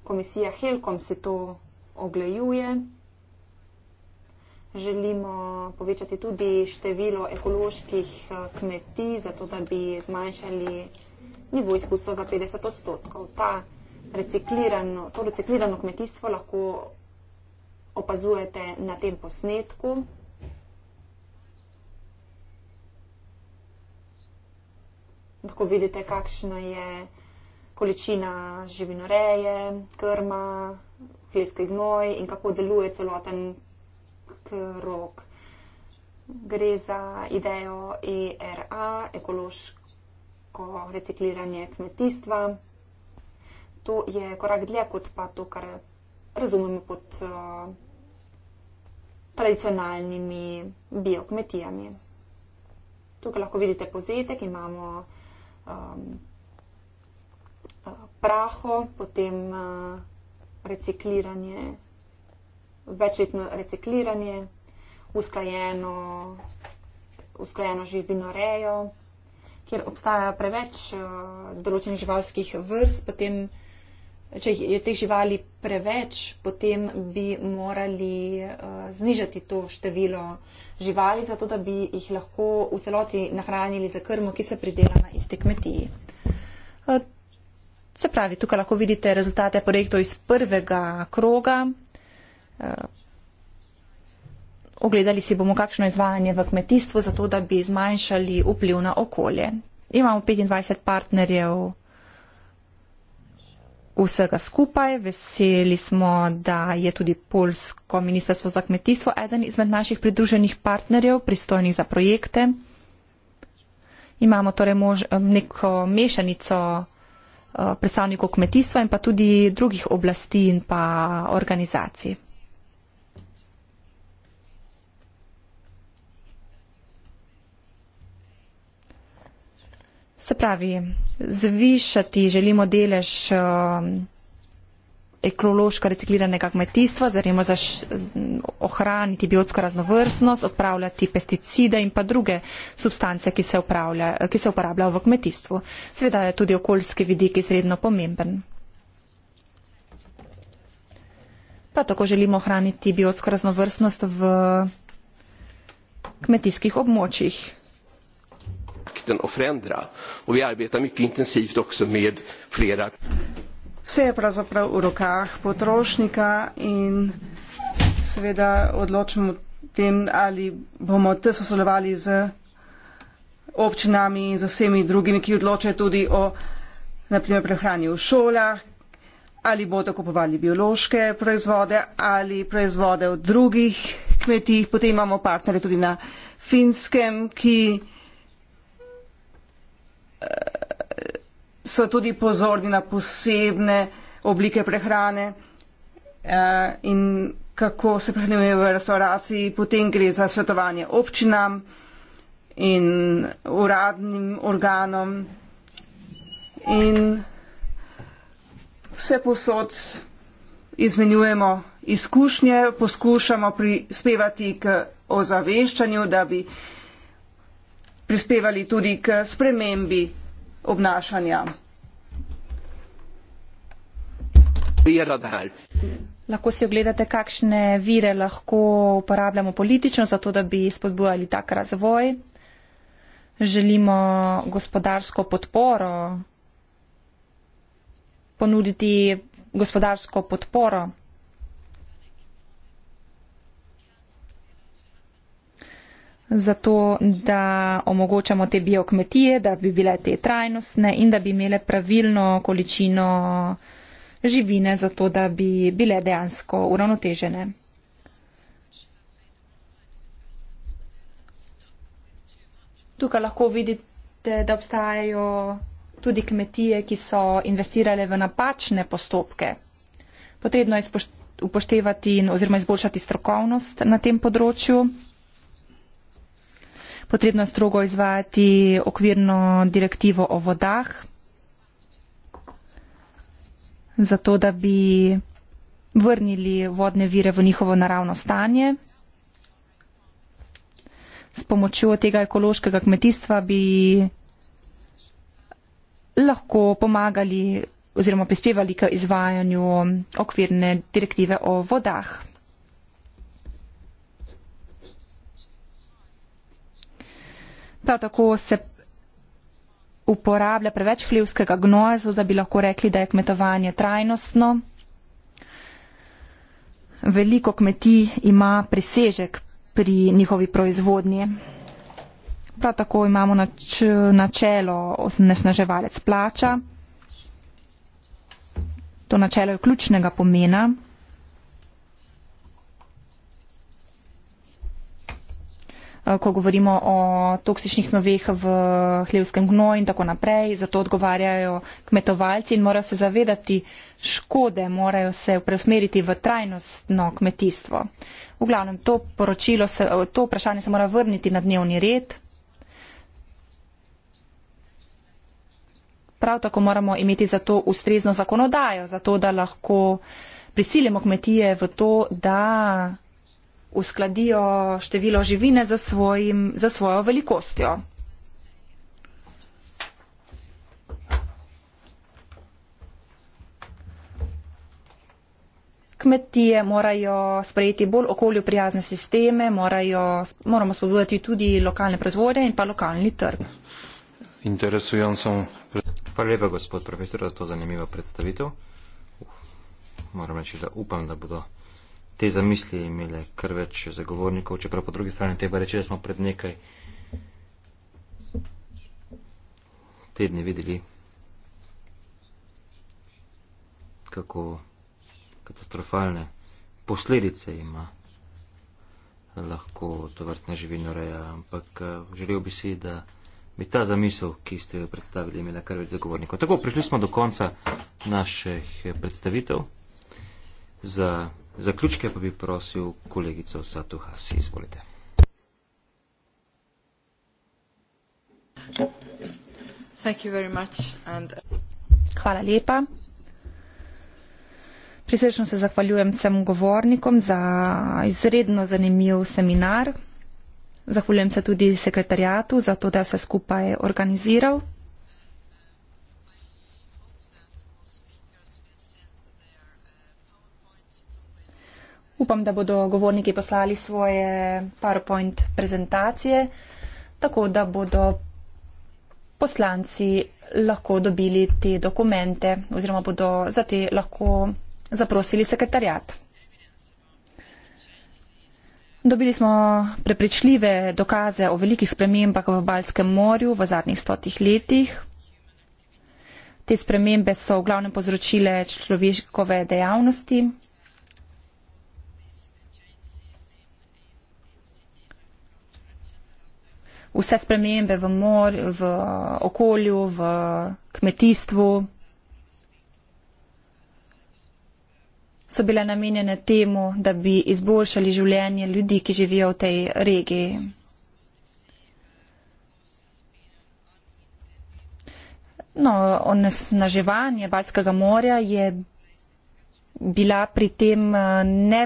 komisija Helkom se to oglejuje. Želimo povečati tudi število ekoloških eh, kmetij, zato da bi zmanjšali nivo izpustov za 50 odstotkov. Reciklirano, to reciklirano kmetijstvo lahko opazujete na tem posnetku. Lahko vidite, kakšna je količina živinoreje, krma, hlevski gnoj in kako deluje celoten krok. Gre za idejo ERA, ekološko recikliranje kmetijstva. To je korak dlje kot pa to, kar razumemo pod uh, tradicionalnimi biokmetijami. Tukaj lahko vidite pozetek, imamo um, praho, potem uh, recikliranje, večletno recikliranje, usklajeno, usklajeno živinorejo, kjer obstaja preveč uh, določenih živalskih vrst, potem uh, če je teh živali preveč, potem bi morali uh, znižati to število živali, zato da bi jih lahko v celoti nahranili za krmo, ki se pridela na iste kmetiji. Uh, se pravi, tukaj lahko vidite rezultate projektov iz prvega kroga. Uh, Ogledali si bomo, kakšno je izvajanje v kmetijstvu, zato da bi zmanjšali vpliv na okolje. Imamo 25 partnerjev vsega skupaj. Veseli smo, da je tudi Polsko ministrstvo za kmetijstvo eden izmed naših pridruženih partnerjev, pristojnih za projekte. Imamo torej mož, neko mešanico eh, predstavnikov kmetijstva in pa tudi drugih oblasti in pa organizacij. Se pravi, zvišati želimo delež eh, ekološko recikliranega kmetijstva, zarimo za ohraniti biotsko raznovrstnost, odpravljati pesticide in pa druge substance, ki se, ki se uporabljajo v kmetijstvu. Seveda je tudi okoljski vidik izredno pomemben. Prav tako želimo ohraniti biotsko raznovrstnost v kmetijskih območjih takten och förändra. Och vi arbetar mycket intensivt också med flera. Vse je pravzaprav v rokah potrošnika in seveda odločimo o tem, ali bomo te sosolovali z občinami in z vsemi drugimi, ki odločajo tudi o naprimer, prehrani v šolah, ali bodo kupovali biološke proizvode ali proizvode v drugih kmetijih. Potem imamo partnere tudi na finskem, ki so tudi pozorni na posebne oblike prehrane eh, in kako se prehranjujejo v restauraciji. Potem gre za svetovanje občinam in uradnim organom in vse posod izmenjujemo izkušnje, poskušamo prispevati k ozaveščanju, da bi uh, prispevali tudi k spremembi obnašanja. Lahko si ogledate, kakšne vire lahko uporabljamo politično, zato da bi spodbujali tak razvoj. Želimo gospodarsko podporo, ponuditi gospodarsko podporo zato da omogočamo te biokmetije, da bi bile te trajnostne in da bi imele pravilno količino živine, zato da bi bile dejansko uravnotežene. Tukaj lahko vidite, da obstajajo tudi kmetije, ki so investirale v napačne postopke. Potrebno je upoštevati oziroma izboljšati strokovnost na tem področju potrebno strogo izvajati okvirno direktivo o vodah, zato da bi vrnili vodne vire v njihovo naravno stanje. S pomočjo tega ekološkega kmetijstva bi lahko pomagali oziroma prispevali k izvajanju okvirne direktive o vodah. Prav tako se uporablja preveč hlivskega gnoja, da bi lahko rekli, da je kmetovanje trajnostno. Veliko kmetij ima presežek pri njihovi proizvodnji. Prav tako imamo nač načelo osnaževalec plača. To načelo je ključnega pomena. Eh, ko govorimo o toksičnih snoveh v hlevskem gnoju in tako naprej. Zato odgovarjajo kmetovalci in morajo se zavedati škode, morajo se preusmeriti v trajnostno kmetijstvo. V glavnem, to, se, to vprašanje se mora vrniti na dnevni red. Prav tako moramo imeti za to ustrezno zakonodajo, zato da lahko prisilimo kmetije v to, da uskladijo število živine za, svojim, za svojo velikostjo. Kmetije morajo sprejeti bolj okolju prijazne sisteme, morajo, moramo spodbujati tudi lokalne proizvode in pa lokalni trg. Hvala lepa, gospod profesor, za to zanimivo predstavitev. Uh, moram reči, da upam, da bodo te zamisli imele kar več zagovornikov, čeprav po drugi strani treba reči, da smo pred nekaj tedni videli, kako katastrofalne posledice ima lahko to vrstne živinoreja, ampak eh, želel bi si, da bi ta zamisel, ki ste jo predstavili, imela kar več zagovornikov. Tako, prišli smo do konca naših eh, predstavitev za Zaključke pa bi prosil kolegico Satuhasi, izvolite. Thank you very much and... Uh, Hvala lepa. Prisrečno se zahvaljujem vsem govornikom za izredno zanimiv seminar. Zahvaljujem se tudi sekretarjatu za to, da je vse skupaj organiziral. Upam, da bodo govorniki poslali svoje PowerPoint prezentacije, tako da bodo poslanci lahko dobili te dokumente oziroma bodo za te lahko zaprosili sekretarjat. Dobili smo prepričljive dokaze o velikih spremembah v Balskem morju v zadnjih stotih letih. Te spremembe so v glavnem povzročile človeškove dejavnosti, vse spremembe v morju, v okolju, v kmetijstvu so bile namenjene temu, da bi izboljšali življenje ljudi, ki živijo v tej regiji. No, onesnaževanje Balskega morja je bila pri tem eh, ne,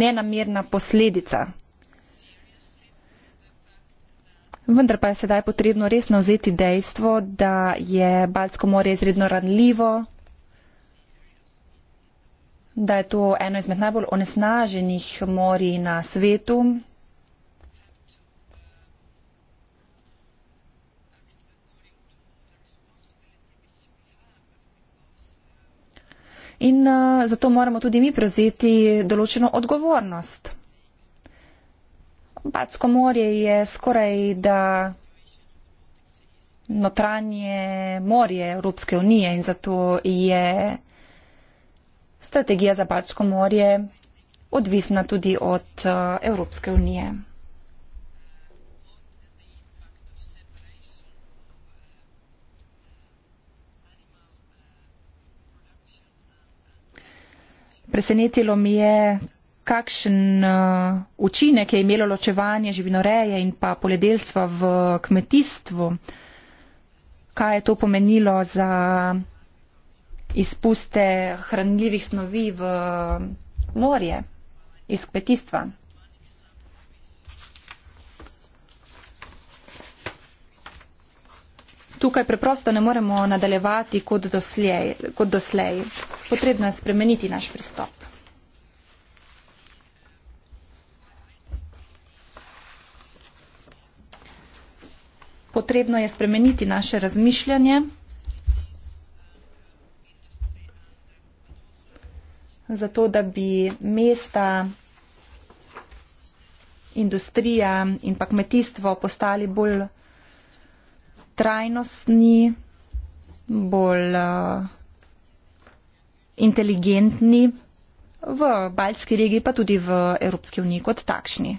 nenamerna posledica vendar pa je sedaj potrebno resno vzeti dejstvo, da je Balsko more izredno ranljivo, da je to eno izmed najbolj onesnaženih morij na svetu. In uh, zato moramo tudi mi prevzeti določeno odgovornost. Batsko morje je skoraj da notranje morje Evropske unije in zato je strategija za Batsko morje odvisna tudi od eh, Evropske unije. Presenetilo mi je, kakšen uh, učinek je imelo ločevanje živinoreje in pa poljedelstva v kmetijstvu, kaj je to pomenilo za izpuste hranljivih snovi v morje iz kmetijstva. Tukaj preprosto ne moremo nadaljevati kot doslej. Kot doslej. Potrebno je spremeniti naš pristop. Potrebno je spremeniti naše razmišljanje. Zato, da bi mesta, industrija in pa kmetijstvo postali bolj trajnostni, bolj eh, inteligentni v Baljski regiji, pa tudi v Evropski uniji kot takšni.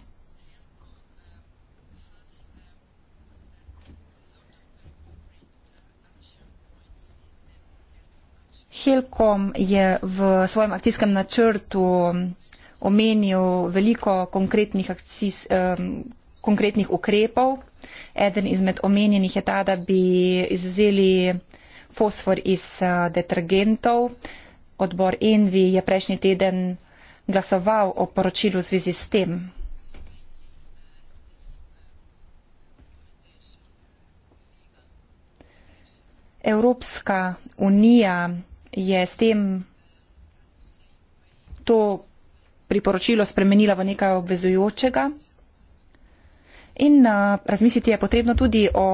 Helkom je v svojem akcijskem načrtu um, omenil veliko konkretnih, akcis, eh, um, konkretnih ukrepov. Eden izmed omenjenih je ta, da bi izvzeli fosfor iz uh, detergentov. Odbor Envi je prejšnji teden glasoval o poročilu v zvezi s tem. Evropska unija je s tem to priporočilo spremenila v nekaj obvezujočega. In uh, razmisliti je potrebno tudi o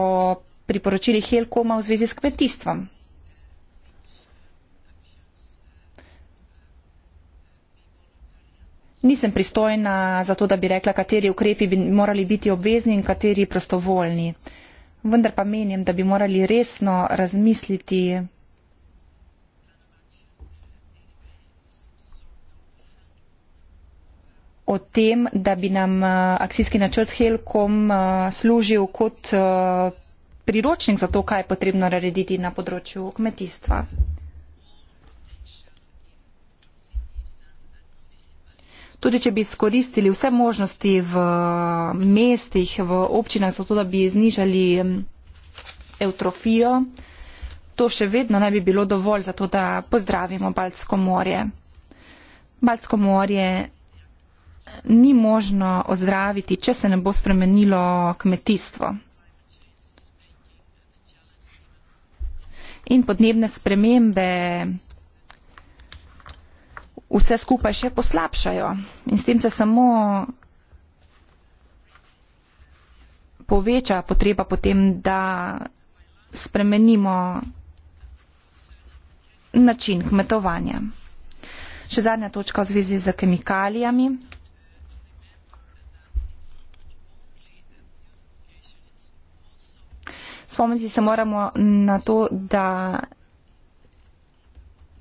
priporočili Helkoma v zvezi s kmetijstvom. Nisem pristojna za to, da bi rekla, kateri ukrepi bi morali biti obvezni in kateri prostovoljni. Vendar pa menim, da bi morali resno razmisliti o tem, da bi nam eh, akcijski načrt Helkom eh, služil kot eh, priročnik za to, kaj je potrebno narediti na področju kmetijstva. Tudi če bi skoristili vse možnosti v mestih, v občinah, zato da bi znižali mm, eutrofijo, to še vedno ne bi bilo dovolj za to, da pozdravimo Baltsko morje. Baltsko morje ni možno ozdraviti, če se ne bo spremenilo kmetijstvo. In podnebne spremembe vse skupaj še poslabšajo. In s tem se samo poveča potreba potem, da spremenimo način kmetovanja. Še zadnja točka v zvezi z kemikalijami. spomniti se moramo na to, da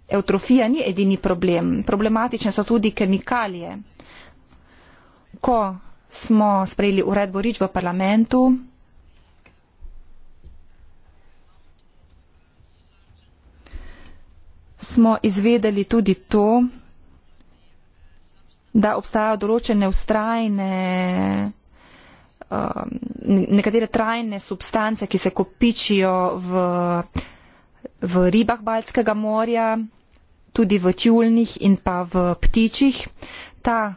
eutrofija ni edini problem. Problematične so tudi kemikalije. Ko smo sprejeli uredbo Rič v parlamentu, smo izvedeli tudi to, da obstajajo določene ustrajne Um, nekatere trajne substance, ki se kopičijo v, v ribah Baltskega morja, tudi v tjulnih in pa v ptičih. Ta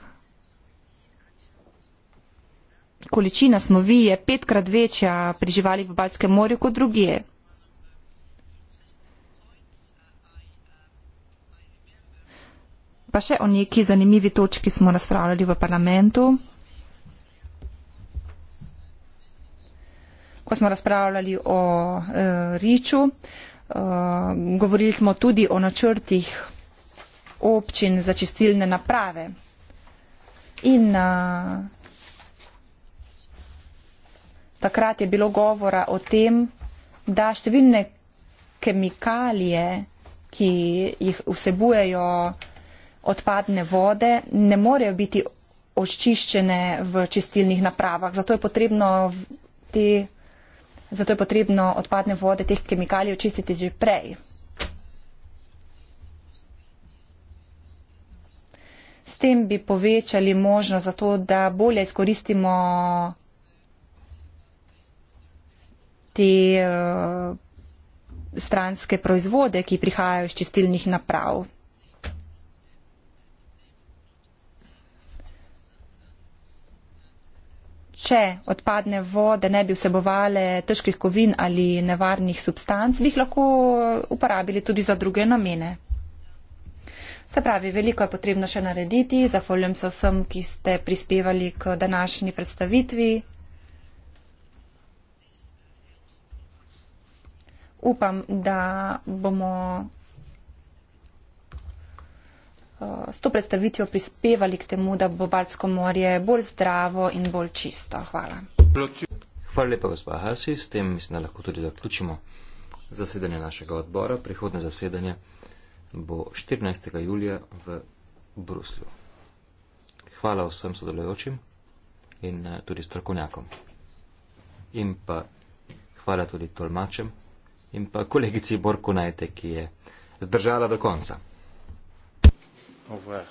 količina snovi je petkrat večja pri živalih v Baltskem morju kot drugje. Pa še o neki zanimivi točki smo razpravljali v parlamentu. ko smo razpravljali o uh, Riču. Uh, govorili smo tudi o načrtih občin za čistilne naprave. In uh, takrat je bilo govora o tem, da številne kemikalije, ki jih vsebujejo odpadne vode, ne morejo biti očiščene v čistilnih napravah. Zato je potrebno te zato je potrebno odpadne vode teh kemikalij očistiti že prej. S tem bi povečali možnost za to, da bolje izkoristimo te uh, stranske proizvode, ki prihajajo iz čistilnih naprav. če odpadne vode ne bi vsebovale težkih kovin ali nevarnih substanc, bi jih lahko uporabili tudi za druge namene. Se pravi, veliko je potrebno še narediti. Zahvaljujem se vsem, ki ste prispevali k današnji predstavitvi. Upam, da bomo s to predstavitvijo prispevali k temu, da bo Balsko morje bolj zdravo in bolj čisto. Hvala. Hvala lepa, gospod Hasi. S tem mislim, da lahko tudi zaključimo zasedanje našega odbora. Prihodne zasedanje bo 14. julija v Bruslju. Hvala vsem sodelujočim in eh, tudi strokovnjakom. In pa hvala tudi tolmačem in pa kolegici Borko Najte, ki je zdržala do konca au revoir.